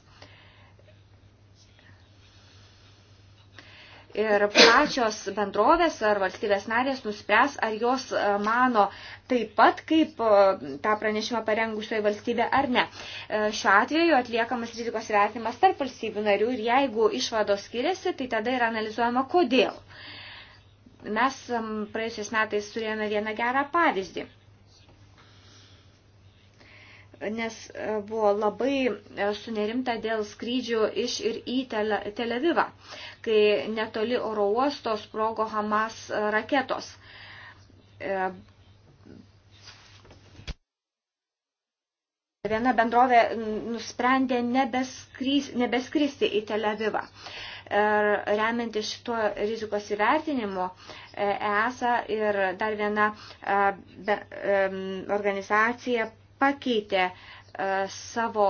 Speaker 2: Ir plačios bendrovės ar valstybės narės nuspręs, ar jos e, mano taip pat, kaip e, tą pranešimą parengusioji valstybė ar ne. E, šiuo atveju atliekamas rizikos vertinimas tarp valstybių narių ir jeigu išvados skiriasi, tai tada yra analizuojama kodėl. Mes praėjusiais metais turėjome vieną gerą pavyzdį nes buvo labai sunerimta dėl skrydžių iš ir į Tel Avivą kai netoli oro uosto sprogo Hamas raketos. E, viena bendrovė nusprendė nebeskris, nebeskristi į Tel Avivą. Ir e, remianti šituo rizikos įvertinimu, ESA e ir dar viena organizacija pakeitė savo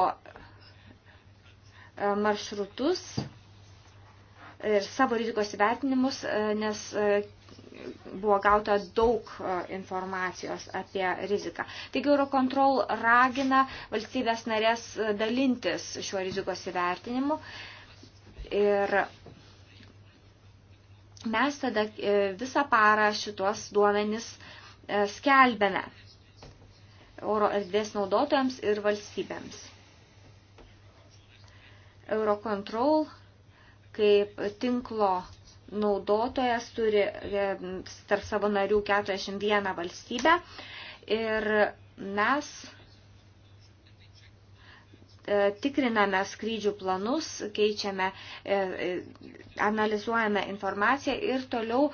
Speaker 2: maršrutus ir savo rizikos įvertinimus, e, nes e, buvo gauta daug e, informacijos apie riziką. Taigi Eurocontrol ragina valstybės narės dalintis šiuo rizikos įvertinimu ir mes tada visą parą šitos duomenis skelbėme oro erdvės naudotojams ir valstybėms. Eurocontrol kaip tinklo naudotojas turi e, tarp savo narių 41 valstybę ir mes e, tikriname skrydžių planus, keičiame, e, analizuojame informaciją ir toliau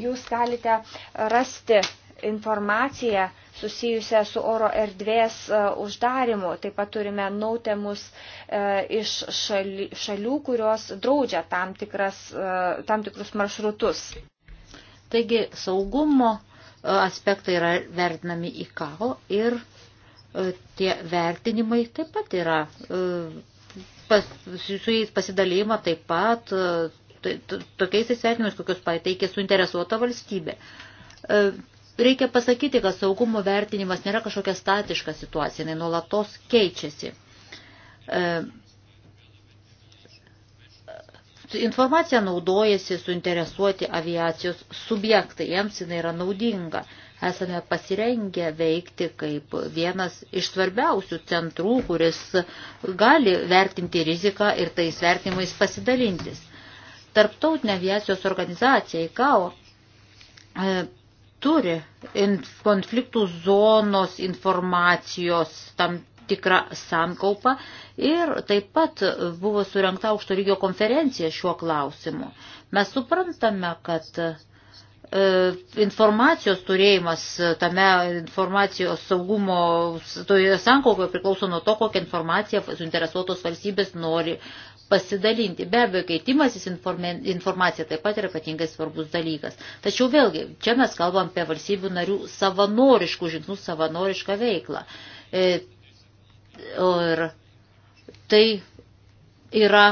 Speaker 2: jūs galite rasti informaciją susijusią su oro erdvės e, uždarimu. Taip pat turime nautemus e, iš šali, šalių, kurios draudžia tam, tikras, e, tam tikrus maršrutus. Taigi
Speaker 3: saugumo aspektai yra vertinami į kavo ir tie vertinimai taip pat yra, pas, su jais pasidalyma taip pat tokiais įsvertinimais, kokius pateikė suinteresuota valstybė. Reikia pasakyti, kad saugumo vertinimas nėra kažkokia statiška situacija, jinai nuolatos keičiasi. E, informacija naudojasi suinteresuoti aviacijos subjektai, jiems jinai yra naudinga. Esame pasirengę veikti kaip vienas iš svarbiausių centrų, kuris gali vertinti riziką ir tais vertimais pasidalintis. Tarptautinė aviacijos organizacija ICAO e, turi konfliktų zonos informacijos tam tikrą sankaupą ir taip pat buvo surinkta aukšto lygio konferencija šiuo klausimu. Mes suprantame, kad e, informacijos turėjimas tame informacijos saugumo toje sankaupoje priklauso nuo to, kokią informaciją suinteresuotos valstybės nori pasidalinti. Be abejo, keitimasis informacija taip pat yra ypatingai svarbus dalykas. Tačiau vėlgi, čia mes kalbam apie valstybių narių savanoriškų žingsnių, savanorišką veiklą. E, ir tai yra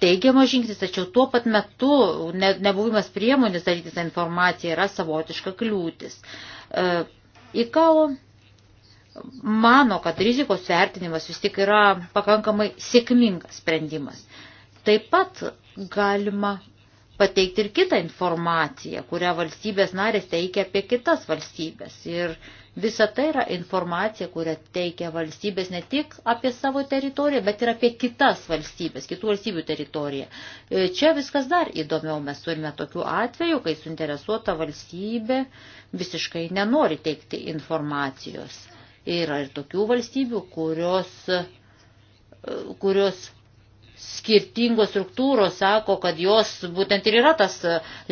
Speaker 3: teigiamas žingsnis, tačiau tuo pat metu ne, nebuvimas priemonės daryti tą informaciją yra savotiška kliūtis. E, ICAO mano, kad rizikos vertinimas vis tik yra pakankamai sėkmingas sprendimas. Taip pat galima pateikti ir kitą informaciją, kurią valstybės narės teikia apie kitas valstybės. Ir visa tai yra informacija, kurią teikia valstybės ne tik apie savo teritoriją, bet ir apie kitas valstybės, kitų valstybių teritoriją. E, čia viskas dar įdomiau. Mes turime tokių atvejų, kai suinteresuota valstybė visiškai nenori teikti informacijos Yra ir tokių valstybių, kurios, kurios skirtingos struktūros sako, kad jos būtent ir yra tas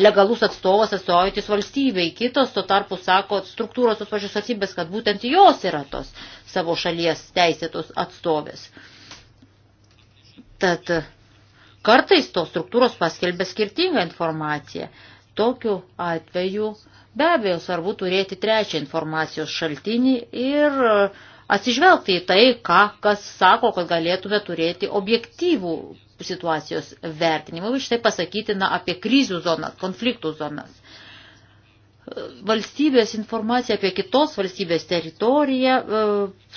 Speaker 3: legalus atstovas atstovaujantis valstybei. Kitos tuo tarpu sako struktūros tos pačios valstybės, kad būtent jos yra tos savo šalies teisėtos atstovės. Tad kartais tos struktūros paskelbia skirtingą informaciją. Tokiu atveju Be abejo, svarbu turėti trečią informacijos šaltinį ir e, atsižvelgti į tai, ką kas sako, kad galėtume turėti objektyvų situacijos vertinimą. Iš tai pasakytina apie krizių zonas, konfliktų zonas. E, valstybės informacija apie kitos valstybės teritoriją e,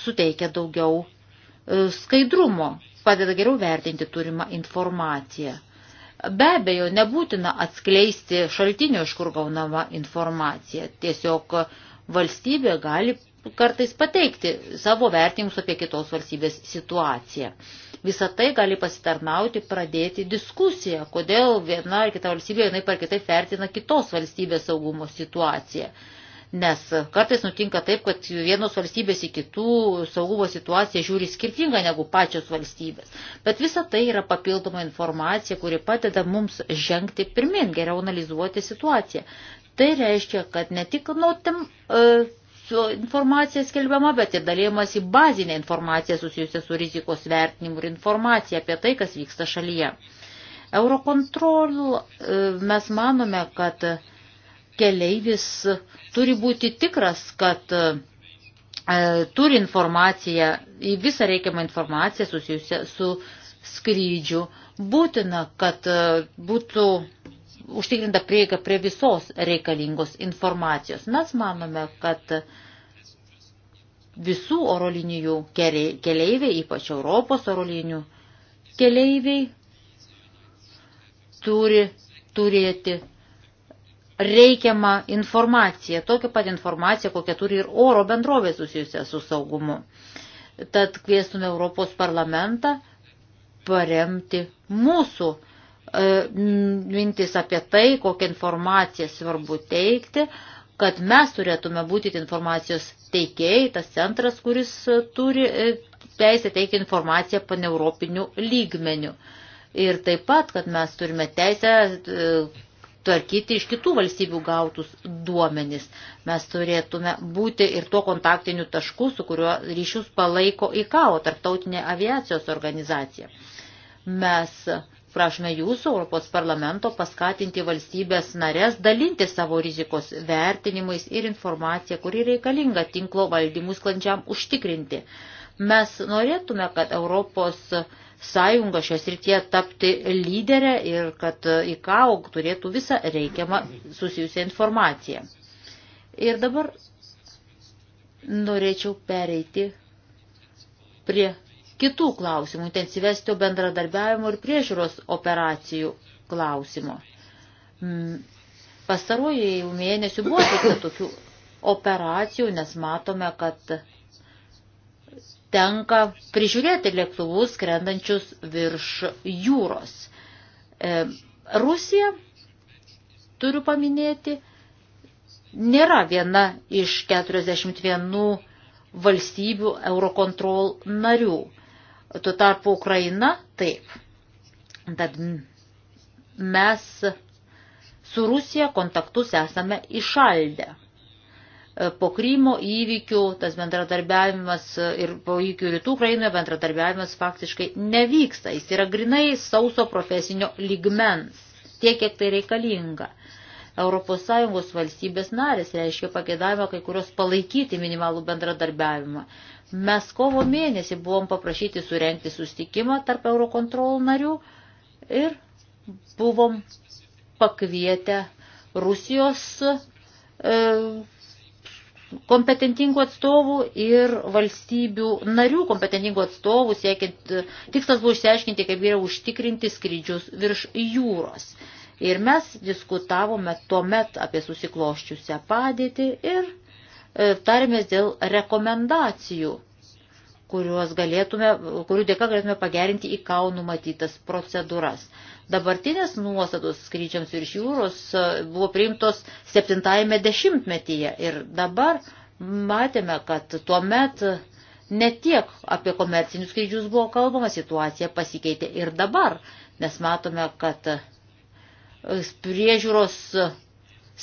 Speaker 3: suteikia daugiau e, skaidrumo, padeda geriau vertinti turimą informaciją. Be abejo, nebūtina atskleisti šaltinio, iš kur gaunama informacija. Tiesiog valstybė gali kartais pateikti savo vertinimus apie kitos valstybės situaciją. Visą tai gali pasitarnauti pradėti diskusiją, kodėl viena ar kita valstybė vienai par kitaip vertina kitos valstybės saugumo situaciją. Nes kartais nutinka taip, kad vienos valstybės į kitų saugumo situaciją žiūri skirtingai negu pačios valstybės. Bet visa tai yra papildoma informacija, kuri padeda mums žengti pirmin, geriau analizuoti situaciją. Tai reiškia, kad ne tik notim e, informacija skelbiama, bet ir dalyjamas į bazinę informaciją susijusią su rizikos vertinimu ir informacija apie tai, kas vyksta šalyje. Eurokontrol e, mes manome, kad e, keleivis turi būti tikras, kad e, turi informaciją, į visą reikiamą informaciją susijusią su skrydžiu. Būtina, kad e, būtų užtikrinta prieiga prie visos reikalingos informacijos. Mes manome, kad visų oro linijų keleiviai, ypač Europos oro linijų keleiviai, turi turėti reikiamą informaciją, tokią pat informaciją, kokią turi ir oro bendrovė susijusia su saugumu. Tad kviestume Europos parlamentą paremti mūsų e, mintis apie tai, kokią informaciją svarbu teikti, kad mes turėtume būti informacijos teikėjai, tas centras, kuris e, turi e, teisę teikti informaciją paneuropinių lygmenių. Ir taip pat, kad mes turime teisę e, tvarkyti iš kitų valstybių gautus duomenis. Mes turėtume būti ir tuo kontaktiniu tašku, su kuriuo ryšius palaiko ICAO, tarptautinė aviacijos organizacija. Mes prašome jūsų Europos parlamento paskatinti valstybės narės dalinti savo rizikos vertinimais ir informaciją, kuri reikalinga tinklo valdymų sklandžiam užtikrinti. Mes norėtume, kad Europos uh, sąjunga šios rytie tapti lyderę ir kad IKAO turėtų visą reikiamą susijusią informaciją. Ir dabar norėčiau pereiti prie kitų klausimų, intensyvesnio bendradarbiavimo ir priežiūros operacijų klausimo. Mm, pastaruoju mėnesiu buvo tokių operacijų, nes matome, kad tenka prižiūrėti lėktuvus skrendančius virš jūros. E, Rusija, turiu paminėti, nėra viena iš 41 valstybių Eurocontrol narių. Tuo tarpu Ukraina taip. Tad mes su Rusija kontaktus esame išaldę. E, po Krymo įvykių tas bendradarbiavimas e, ir po įvykių rytų Ukrainoje bendradarbiavimas faktiškai nevyksta. Jis yra grinai sauso profesinio ligmens, tiek kiek tai reikalinga. ES valstybės narės reiškia pagėdavimą kai kurios palaikyti minimalų bendradarbiavimą. Mes kovo mėnesį buvom paprašyti surenkti sustikimą tarp Eurokontrol narių ir buvom pakvietę Rusijos e, kompetentingų atstovų ir valstybių narių kompetentingų atstovų, siekiant, tikslas buvo išsiaiškinti, kaip geriau užtikrinti skrydžius virš jūros. Ir mes diskutavome tuo met apie susikloščiusią padėtį ir e, tarėmės dėl rekomendacijų, kuriuos galėtume, kurių dėka galėtume pagerinti į kau numatytas procedūras. Dabartinės nuostatos skrydžiams virš jūros e, buvo priimtos 70-ame dešimtmetyje ir dabar matėme, kad tuo met ne tiek apie komercinius skrydžius buvo kalbama, situacija pasikeitė ir dabar, nes matome, kad e, priežiūros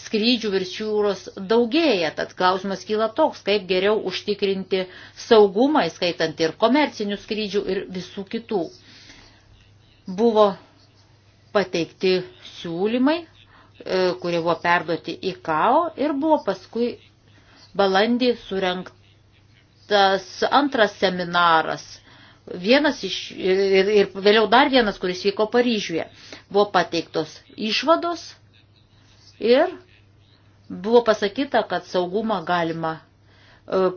Speaker 3: skrydžių virš jūros daugėja, tad klausimas kyla toks, kaip geriau užtikrinti saugumą, įskaitant ir komercinių skrydžių ir visų kitų. Buvo pateikti siūlymai, e, kurie buvo perduoti į KAO ir buvo paskui balandį surenktas antras seminaras. Vienas iš, ir, ir vėliau dar vienas, kuris vyko Paryžiuje. Buvo pateiktos išvados ir buvo pasakyta, kad saugumą galima e,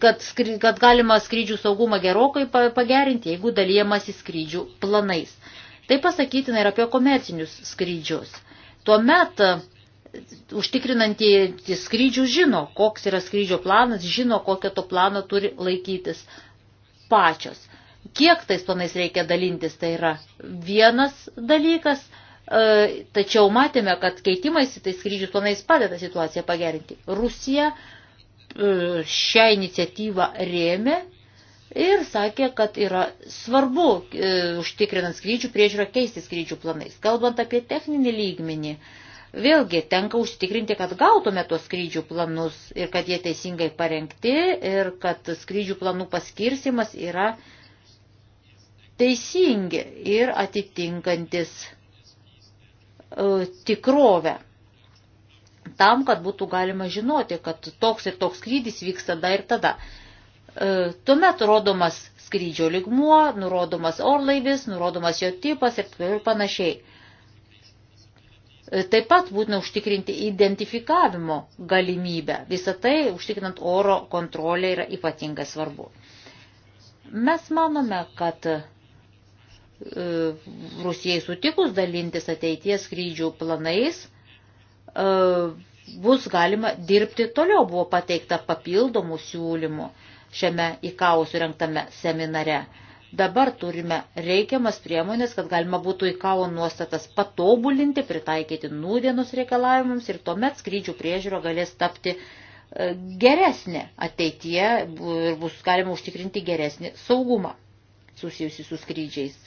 Speaker 3: kad, skry, kad galima skrydžių saugumą gerokai pagerinti, jeigu dalyjamas į skrydžių planais. Tai pasakytina ir apie komercinius skrydžius. Tuomet e, užtikrinantieji skrydžių žino, koks yra skrydžio planas, žino, kokio to plano turi laikytis pačios. Kiek tais planais reikia dalintis, tai yra vienas dalykas, e, tačiau matėme, kad keitimais į tai skrydžių planais padeda situaciją pagerinti. Rusija E, šią iniciatyvą rėmė ir sakė, kad yra svarbu e, užtikrinant skrydžių priežiūrą keisti skrydžių planais. Kalbant apie techninį lygmenį, vėlgi tenka užtikrinti, kad gautume tuos skrydžių planus ir kad jie teisingai parengti ir kad skrydžių planų paskirsimas yra teisingi ir atitinkantis e, tikrovę tam, kad būtų galima žinoti, kad toks ir toks skrydis vyks tada ir tada. E, tuomet rodomas skrydžio ligmuo, nurodomas orlaivis, nurodomas jo tipas ir panašiai. E, taip pat būtina užtikrinti identifikavimo galimybę. Visą tai užtikrinant oro kontrolę yra ypatingai svarbu. Mes manome, kad e, Rusijai sutikus dalintis ateities skrydžių planais, E, bus galima dirbti toliau. Buvo pateikta papildomų siūlymų šiame įkau surinktame seminare. Dabar turime reikiamas priemonės, kad galima būtų įkau nuostatas patobulinti, pritaikyti nūdienos reikalavimams ir tuomet skrydžių priežiūro galės tapti e, geresnė ateityje ir bus galima užtikrinti geresnį saugumą susijusi su skrydžiais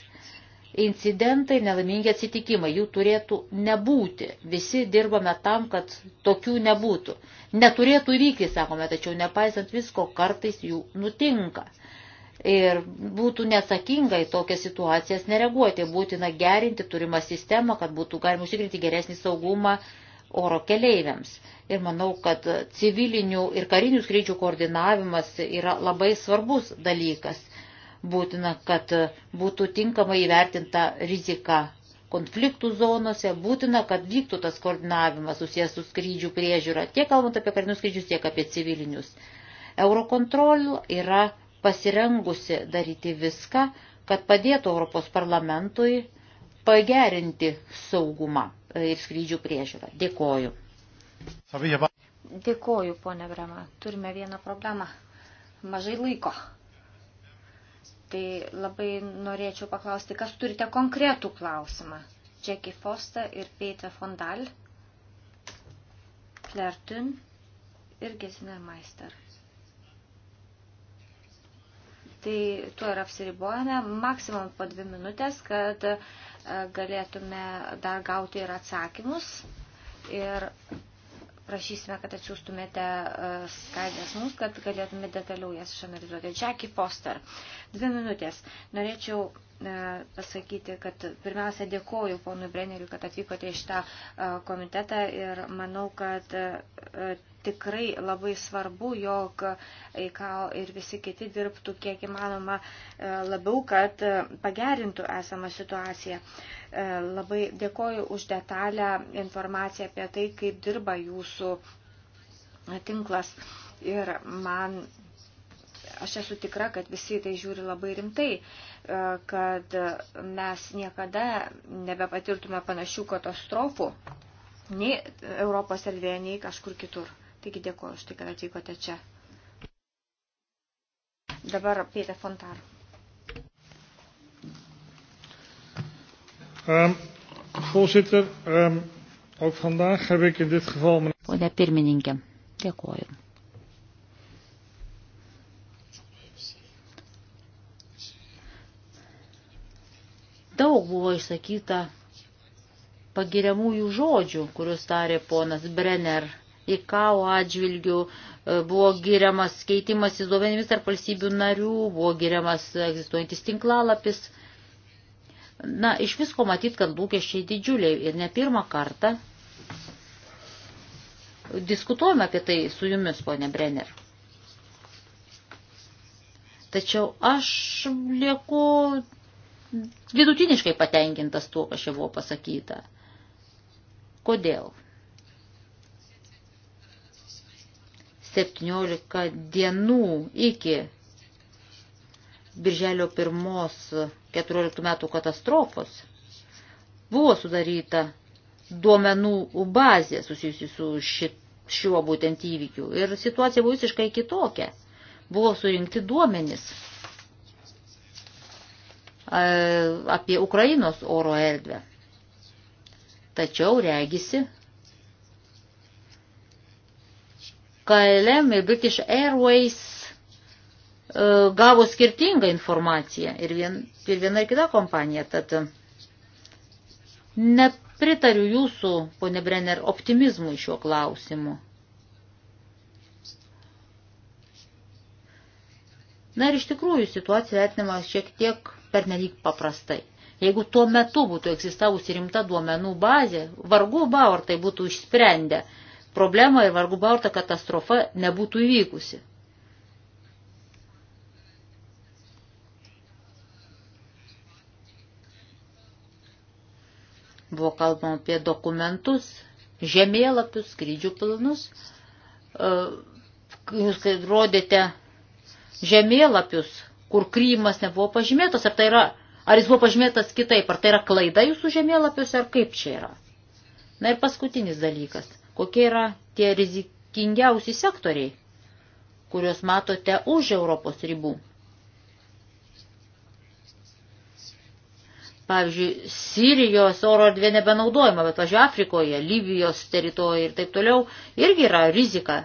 Speaker 3: incidentai, nelaimingi atsitikimai, jų turėtų nebūti. Visi dirbame tam, kad tokių nebūtų. Neturėtų įvykti, sakome, tačiau nepaisant visko, kartais jų nutinka. Ir būtų neatsakinga į tokias situacijas nereaguoti, būtina gerinti turimą sistemą, kad būtų galima užtikrinti geresnį saugumą oro keleiviams. Ir manau, kad civilinių ir karinių skrydžių koordinavimas yra labai svarbus dalykas būtina, kad būtų tinkamai įvertinta rizika konfliktų zonose, būtina, kad vyktų tas koordinavimas susijęs su skrydžių priežiūra, tiek kalbant apie karinius skrydžius, tiek apie civilinius. Eurokontrol yra pasirengusi daryti viską, kad padėtų Europos parlamentui pagerinti saugumą ir skrydžių priežiūrą. Dėkoju.
Speaker 2: Dėkoju, ponė Brema. Turime vieną problemą. Mažai laiko. Tai labai norėčiau paklausti, kas turite konkretų klausimą? Jackie Foster ir Peter Fondal, Flertun ir Gesiner Meister. Tai tuo ir apsiribojame, maksimum po dvi minutės, kad e, galėtume dar gauti ir atsakymus. Ir prašysime, kad atsiųstumėte e, skaidrės mums, kad galėtume detaliau jas išanalizuoti. Jackie Foster, dvi minutės. Norėčiau e, pasakyti, kad pirmiausia dėkoju ponui Breneriui, kad atvykote į šitą e, komitetą ir manau, kad tikrai labai svarbu, jog ICAO ir visi kiti dirbtų kiek įmanoma e, labiau, kad e, pagerintų esamą situaciją. E, labai dėkoju už detalę informaciją apie tai, kaip dirba jūsų tinklas. Ir man aš esu tikra, kad visi tai žiūri labai rimtai, kad mes niekada nebepatirtume panašių katastrofų nei Europos erdvėje, nei kažkur kitur. Taigi dėkuoju už tai, kad atvykote čia. Dabar Pėtė Fontar.
Speaker 1: Um, voorzitter, um, ook vandaag heb ik in dit geval...
Speaker 3: Pone pirmininkė, dėkuoju. daug buvo išsakyta pagiriamųjų žodžių, kuriuos tarė ponas Brenner į KAO atžvilgių e, buvo giriamas keitimasis duomenimis tarp valstybių narių, buvo giriamas egzistuojantis tinklalapis. Na, iš visko matyt, kad lūkesčiai didžiuliai ir ne pirmą kartą diskutuojame apie tai su jumis, ponė Brenner. Tačiau aš lieku vidutiniškai patenkintas tuo, kas čia buvo pasakyta. Kodėl? 17 dienų iki Birželio 1-14 metų katastrofos buvo sudaryta duomenų bazė susijusi su šit, šiuo būtent įvykiu. Ir situacija buvo visiškai kitokia. Buvo surinkti duomenys e, apie Ukrainos oro erdvę. Tačiau regisi, KLM ir British Airways e, gavo skirtingą informaciją ir, vien, ir viena ir kita kompanija. Tad nepritariu jūsų, ponė Brenner, optimizmui šiuo klausimu. Na ir iš tikrųjų situacija vertinama šiek tiek pernelyg paprastai. Jeigu tuo metu būtų egzistavusi rimta duomenų bazė, vargu ba, ar tai būtų išsprendę uh, problemą ir vargu baurta katastrofa nebūtų įvykusi. Buvo kalbama apie dokumentus, žemėlapius, skrydžių planus. E, jūs rodėte žemėlapius, kur Krymas nebuvo pažymėtas, ar tai yra, ar jis buvo pažymėtas kitaip, ar tai yra klaida jūsų žemėlapiuose, ar kaip čia yra. Na ir paskutinis dalykas kokie yra tie rizikingiausi sektoriai, kuriuos matote už Europos ribų. Pavyzdžiui, Sirijos oro erdvė nebenaudojama, bet, pavyzdžiui, Afrikoje, Libijos teritorijoje ir taip toliau irgi yra rizika,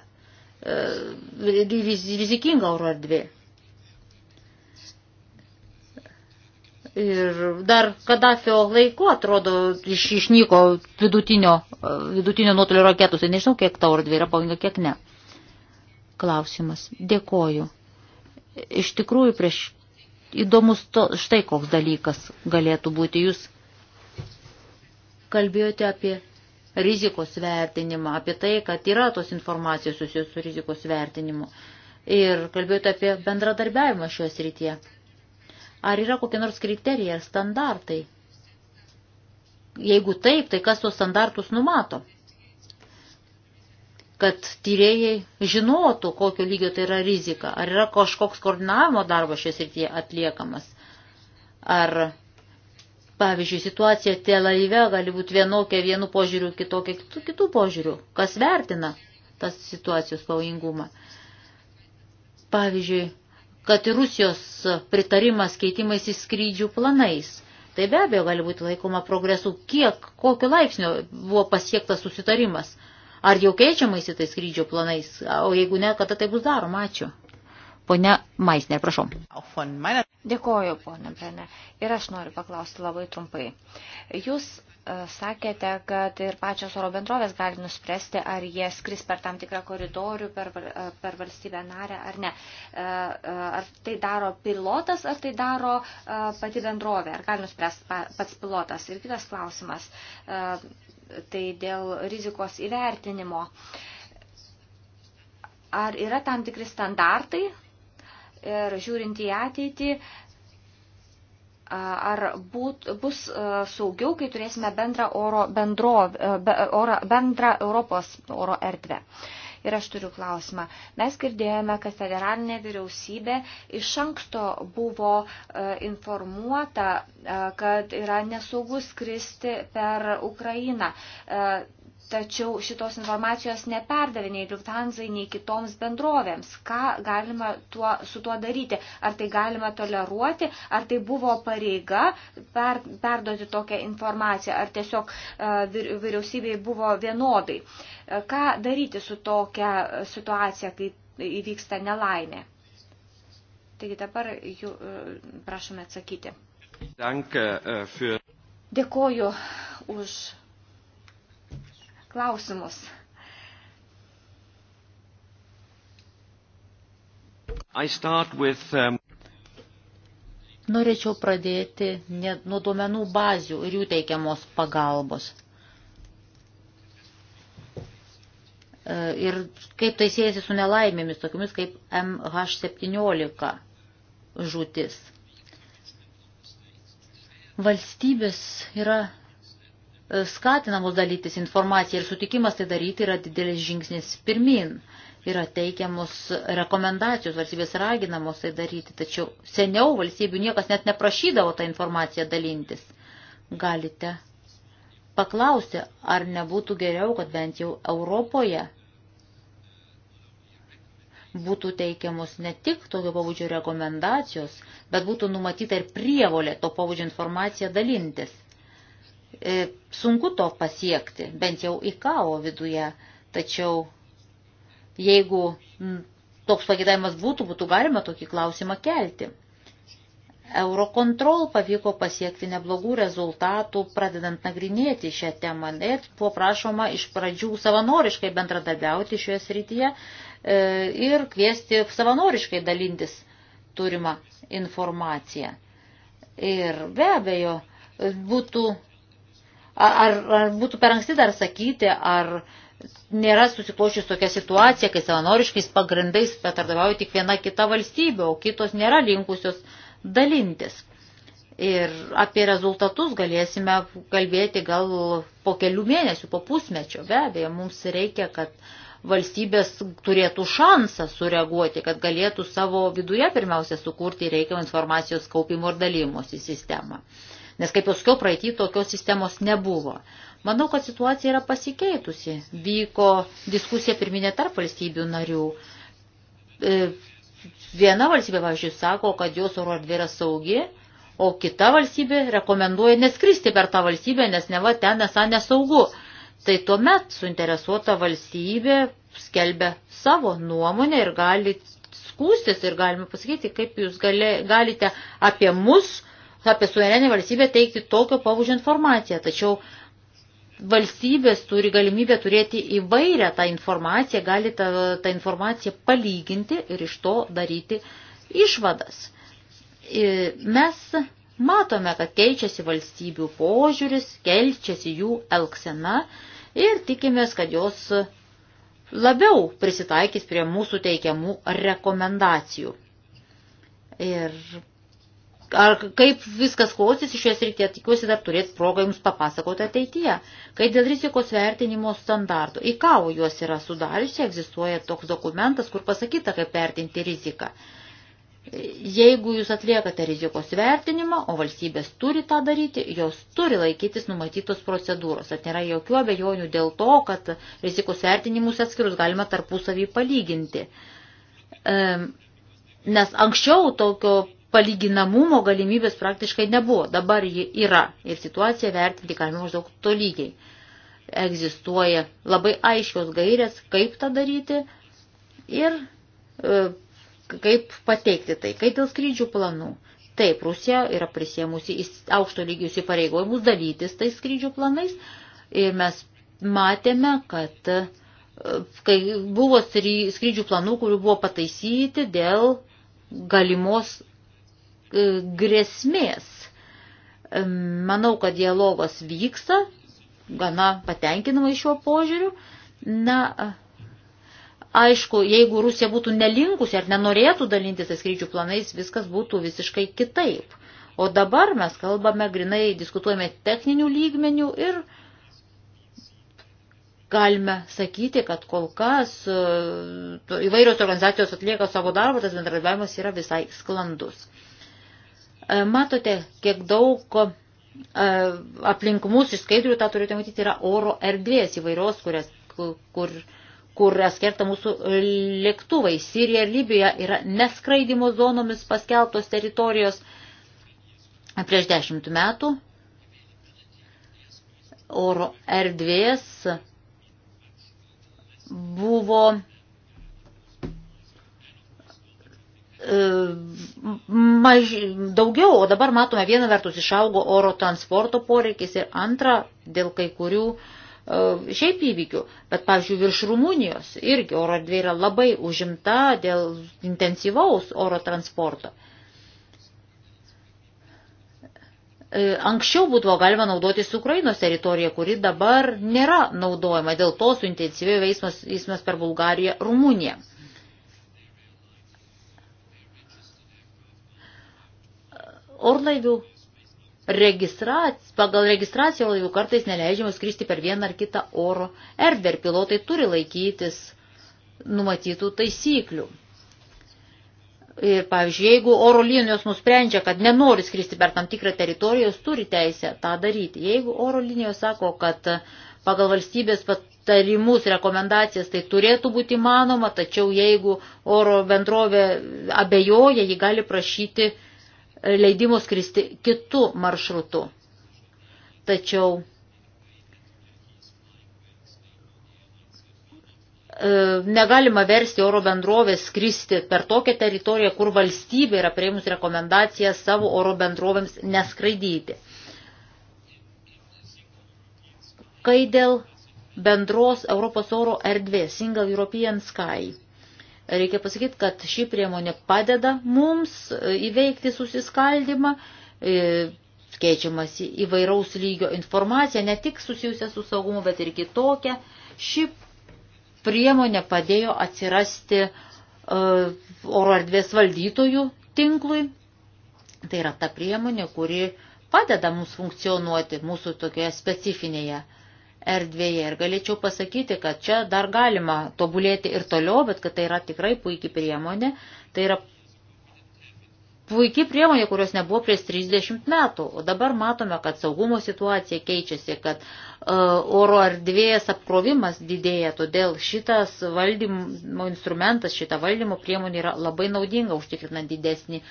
Speaker 3: e, rizikinga oro erdvė. Ir dar Kadafio laiku, atrodo, iš, išnyko vidutinio, e, vidutinio nuotolio raketus. Tai nežinau, kiek ta ordvė yra pavojinga, kiek ne. Klausimas. Dėkoju. Iš tikrųjų, prieš įdomus to, štai koks dalykas galėtų būti. Jūs kalbėjote apie rizikos vertinimą, apie tai, kad yra tos informacijos susijusios su rizikos vertinimu. Ir kalbėjote apie bendradarbiavimą šioje srityje Ar yra kokie nors kriterijai ar standartai? Jeigu taip, tai kas tuos standartus numato? Kad tyrėjai žinotų, kokio lygio tai yra rizika. Ar yra kažkoks koordinavimo darbas šios rytyje atliekamas? Ar, pavyzdžiui, situacija Telaive gali būti vienokia vienu požiūriu, kitokia kitų, kitų požiūrių? Kas vertina tas situacijos pavojingumą? Pavyzdžiui, kad ir Rusijos pritarimas keitimais į skrydžių planais. Tai be abejo gali būti laikoma progresu, kiek, kokio laipsnio buvo pasiektas susitarimas. Ar jau keičiamais į tai skrydžio planais, o jeigu ne, kada tai bus daroma, ačiū. Pone Maisner, prašom.
Speaker 2: Dėkoju, ponė Brene. Ir aš noriu paklausti labai trumpai. Jūs sakėte, kad ir pačios oro bendrovės gali nuspręsti, ar jie skris per tam tikrą koridorių, per, per valstybę narę ar ne. E, e, ar tai daro pilotas, ar tai daro e, pati bendrovė, ar gali nuspręsti pats pilotas. Ir kitas klausimas, tai dėl rizikos įvertinimo. Ar yra tam tikri standartai ir žiūrint į ateitį, ar būt, bus e, saugiau, kai turėsime bendrą, oro bendro, e, be, oro, bendrą Europos oro erdvę. Ir aš turiu klausimą. Mes girdėjome, kad federalinė vyriausybė iš anksto buvo e, informuota, kad yra nesaugus kristi per Ukrainą tačiau šitos informacijos neperdavė nei Lufthansa, nei kitoms bendrovėms. Ką galima tuo, su tuo daryti? Ar tai galima toleruoti, ar tai buvo pareiga per, perduoti tokią informaciją, ar tiesiog uh, vyriausybei buvo vienodai. E, ką daryti su tokia situacija, kai įvyksta nelaimė? Taigi dabar jų, e, prašome atsakyti.
Speaker 1: Danke, uh, für...
Speaker 2: Dėkoju už klausimus.
Speaker 1: With, um...
Speaker 3: Norėčiau pradėti ne, nuo duomenų bazių ir jų teikiamos pagalbos. E, ir kaip tai siejasi su nelaimėmis, tokiamis kaip MH17 žūtis. Valstybės yra skatinamos dalytis informacija ir sutikimas tai daryti yra didelis žingsnis pirmin. Yra teikiamos rekomendacijos, valstybės raginamos tai daryti, tačiau seniau valstybių niekas net neprašydavo tą informaciją dalintis. Galite paklausti, ar nebūtų geriau, kad bent jau Europoje būtų teikiamos ne tik tokio pavudžio rekomendacijos, bet būtų numatyta ir prievolė to pavudžio informaciją dalintis. E, sunku to pasiekti, bent jau IKAO viduje. Tačiau jeigu toks pagėdavimas būtų, būtų galima tokį klausimą kelti. Eurocontrol pavyko pasiekti neblogų rezultatų, pradedant nagrinėti šią temą. Ir buvo prašoma iš pradžių savanoriškai bendradarbiauti šioje srityje e, ir kviesti savanoriškai dalintis turimą informaciją. Ir be abejo, būtų ar, ar būtų per anksti dar sakyti, ar nėra susiklošius tokia situacija, kai savanoriškais pagrindais petardavauja tik viena kita valstybė, o kitos nėra linkusios dalintis. Ir apie rezultatus galėsime kalbėti gal po kelių mėnesių, po pusmečio. Be abejo, mums reikia, kad valstybės turėtų šansą sureaguoti, kad galėtų savo viduje pirmiausia sukurti reikiamą informacijos kaupimo ir dalymosi sistemą. Uh, Nes, kaip jau sakiau, praeitį tokios sistemos nebuvo. Manau, kad situacija yra pasikeitusi. Vyko diskusija pirminė tarp valstybių narių. E, viena valstybė, pavyzdžiui, sako, kad jos oro erdvė yra saugi, o kita valstybė rekomenduoja neskristi per tą valstybę, nes neva ten esą nesaugu. Tai tuomet suinteresuota valstybė skelbia savo nuomonę ir gali skūstis ir galime pasakyti, kaip jūs gali, galite apie mus apie suverenę valstybę teikti tokio pavūdžio informaciją. Tačiau valstybės turi galimybę turėti įvairią tą informaciją, gali tą, tą informaciją palyginti ir iš to daryti išvadas. Mes matome, kad keičiasi valstybių požiūris, keičiasi jų elksena ir tikimės, kad jos labiau prisitaikys prie mūsų teikiamų rekomendacijų. Ir Ar kaip viskas klostys iš šios rytie, tikiuosi dar turės progą jums papasakoti ateityje. Kai dėl rizikos vertinimo standartų, į ką juos yra sudariusi, egzistuoja toks dokumentas, kur pasakyta, kaip vertinti riziką. Jeigu jūs atliekate rizikos vertinimą, o valstybės turi tą daryti, jos turi laikytis numatytos procedūros. At nėra jokių abejonių dėl to, kad rizikos vertinimus atskirus galima tarpusavį palyginti. Nes anksčiau tokio palyginamumo galimybės praktiškai nebuvo. Dabar ji yra ir situaciją vertinti galima maždaug tolygiai. Egzistuoja labai aiškios gairės, kaip tą daryti ir e, kaip pateikti tai, kaip dėl skrydžių planų. Taip, Rusija yra prisėmusi aukšto lygių įsipareigojimus dalytis tais skrydžių planais ir mes matėme, kad e, kai buvo skrydžių planų, kurių buvo pataisyti dėl galimos E, grėsmės. E, manau, kad dialogas vyksta, gana patenkinamai šiuo požiūriu. Na, aišku, jeigu Rusija būtų nelinkusi ar nenorėtų dalintis skrydžių planais, viskas būtų visiškai kitaip. O dabar mes kalbame, grinai diskutuojame techninių lygmenių ir galime sakyti, kad kol kas e, įvairios organizacijos atlieka savo darbą, tas bendradarbiavimas yra visai sklandus. E, matote, kiek daug e, aplink mūsų išskaidrių, tą turite matyti, yra oro erdvės įvairios, kurias, kur, kurias kerta mūsų lėktuvai. Sirija ir Libija yra neskraidimo zonomis paskeltos teritorijos prieš dešimt metų. Oro erdvės buvo E, maž, daugiau, o dabar matome vieną vertus išaugo oro transporto poreikis ir antrą dėl kai kurių e, šiaip įvykių. Bet, pavyzdžiui, virš Rumunijos irgi oro erdvė yra labai užimta dėl intensyvaus oro transporto. E, anksčiau būdavo galima naudotis Ukrainos teritoriją, kuri dabar nėra naudojama, dėl to suintensyvėjo eismas, eismas per Bulgariją, Rumuniją. Orlaivių registrac, pagal registraciją orlaivių kartais neleidžiama skristi per vieną ar kitą oro erdvę ir pilotai turi laikytis numatytų taisyklių. Ir, pavyzdžiui, jeigu oro linijos nusprendžia, kad nenori skristi per tam tikrą teritoriją, jos turi teisę tą daryti. Jeigu oro linijos sako, kad pagal valstybės patarimus, rekomendacijas tai turėtų būti manoma, tačiau jeigu oro bendrovė abejoja, ji gali prašyti uh, leidimų skristi kitų maršrutų. Tačiau e, negalima versti oro bendrovės skristi per tokią teritoriją, kur valstybė yra prieimus rekomendaciją savo oro bendrovėms neskraidyti. Kai dėl bendros Europos oro erdvės Single European Sky – Reikia pasakyti, kad ši priemonė padeda mums e, įveikti susiskaldimą, e, keičiamasi įvairaus lygio informacija, ne tik susijusia su saugumu, bet ir kitokia. Ši priemonė padėjo atsirasti e, oro erdvės valdytojų tinklui. Tai yra ta priemonė, kuri padeda mums funkcionuoti mūsų tokioje specifinėje uh, erdvėje. Ir galėčiau pasakyti, kad čia dar galima tobulėti ir toliau, bet kad tai yra tikrai puikia priemonė. Tai yra puikia priemonė, kurios nebuvo prieš 30 metų. O dabar matome, kad saugumo situacija keičiasi, kad uh, oro erdvės apkrovimas didėja, todėl šitas valdymo instrumentas, šita valdymo priemonė yra labai naudinga, užtikrinant didesnį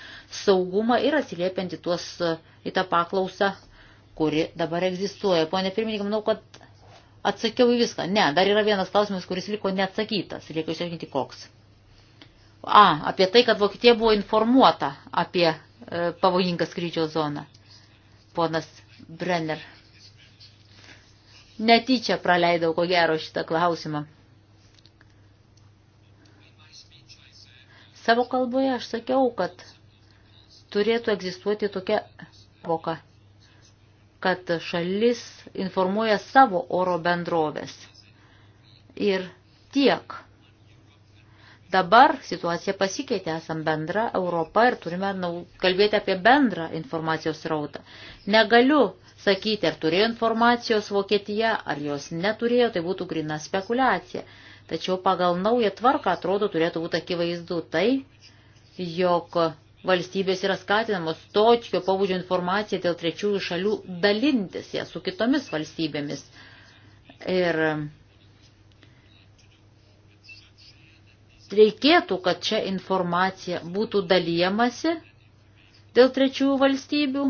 Speaker 3: saugumą ir atsiliepiant į, tuos, į tą paklausą kuri dabar egzistuoja. Pone pirmininkai, manau, kad atsakiau į viską. Ne, dar yra vienas klausimas, kuris liko neatsakytas. Reikia išsiaiškinti koks. A, apie tai, kad Vokietija buvo informuota apie e, pavojingą skrydžio zoną. Ponas Brenner. Netyčia praleidau ko gero šitą klausimą. Savo kalboje aš sakiau, kad turėtų egzistuoti tokia voka kad šalis informuoja savo oro bendrovės. Ir tiek. Dabar situacija pasikeitė, esam bendra Europa ir turime nau, kalbėti apie bendrą informacijos rautą. Negaliu sakyti, ar turėjo informacijos Vokietija, ar jos neturėjo, tai būtų grina spekulacija. Tačiau pagal naują tvarką atrodo turėtų būti akivaizdu tai, jog valstybės yra skatinamos točio pabudžio informaciją dėl trečiųjų šalių dalintis ją su kitomis valstybėmis. Ir reikėtų, kad čia informacija būtų dalyjamasi dėl trečiųjų valstybių,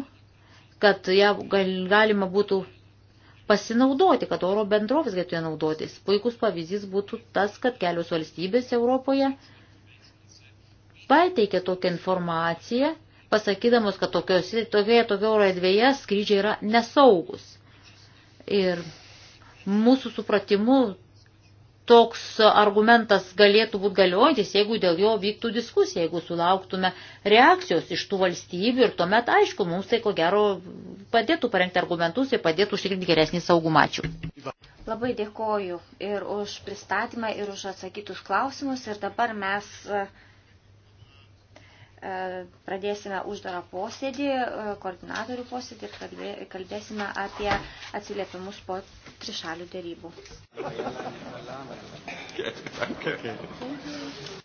Speaker 3: kad ją galima būtų pasinaudoti, kad oro bendrovės galėtų ją naudotis. Puikus pavyzdys būtų tas, kad kelios valstybės Europoje – pateikė tokią informaciją, pasakydamos, kad tokios, tokioje tokio oro erdvėje skrydžiai yra nesaugus. Ir mūsų supratimu toks argumentas galėtų būti galiojantis, jeigu dėl jo vyktų diskusija, jeigu sulauktume reakcijos iš tų valstybių ir tuomet, aišku, mums tai ko gero padėtų parengti argumentus ir padėtų užtikrinti geresnį saugumą. Ačiū.
Speaker 2: Labai dėkoju ir už pristatymą, ir už atsakytus klausimus. Ir dabar mes uh, E, pradėsime uždarą posėdį, e, koordinatorių posėdį ir kalbėsime apie atsiliepimus po trišalių dėrybų.
Speaker 1: Okay, okay. Okay.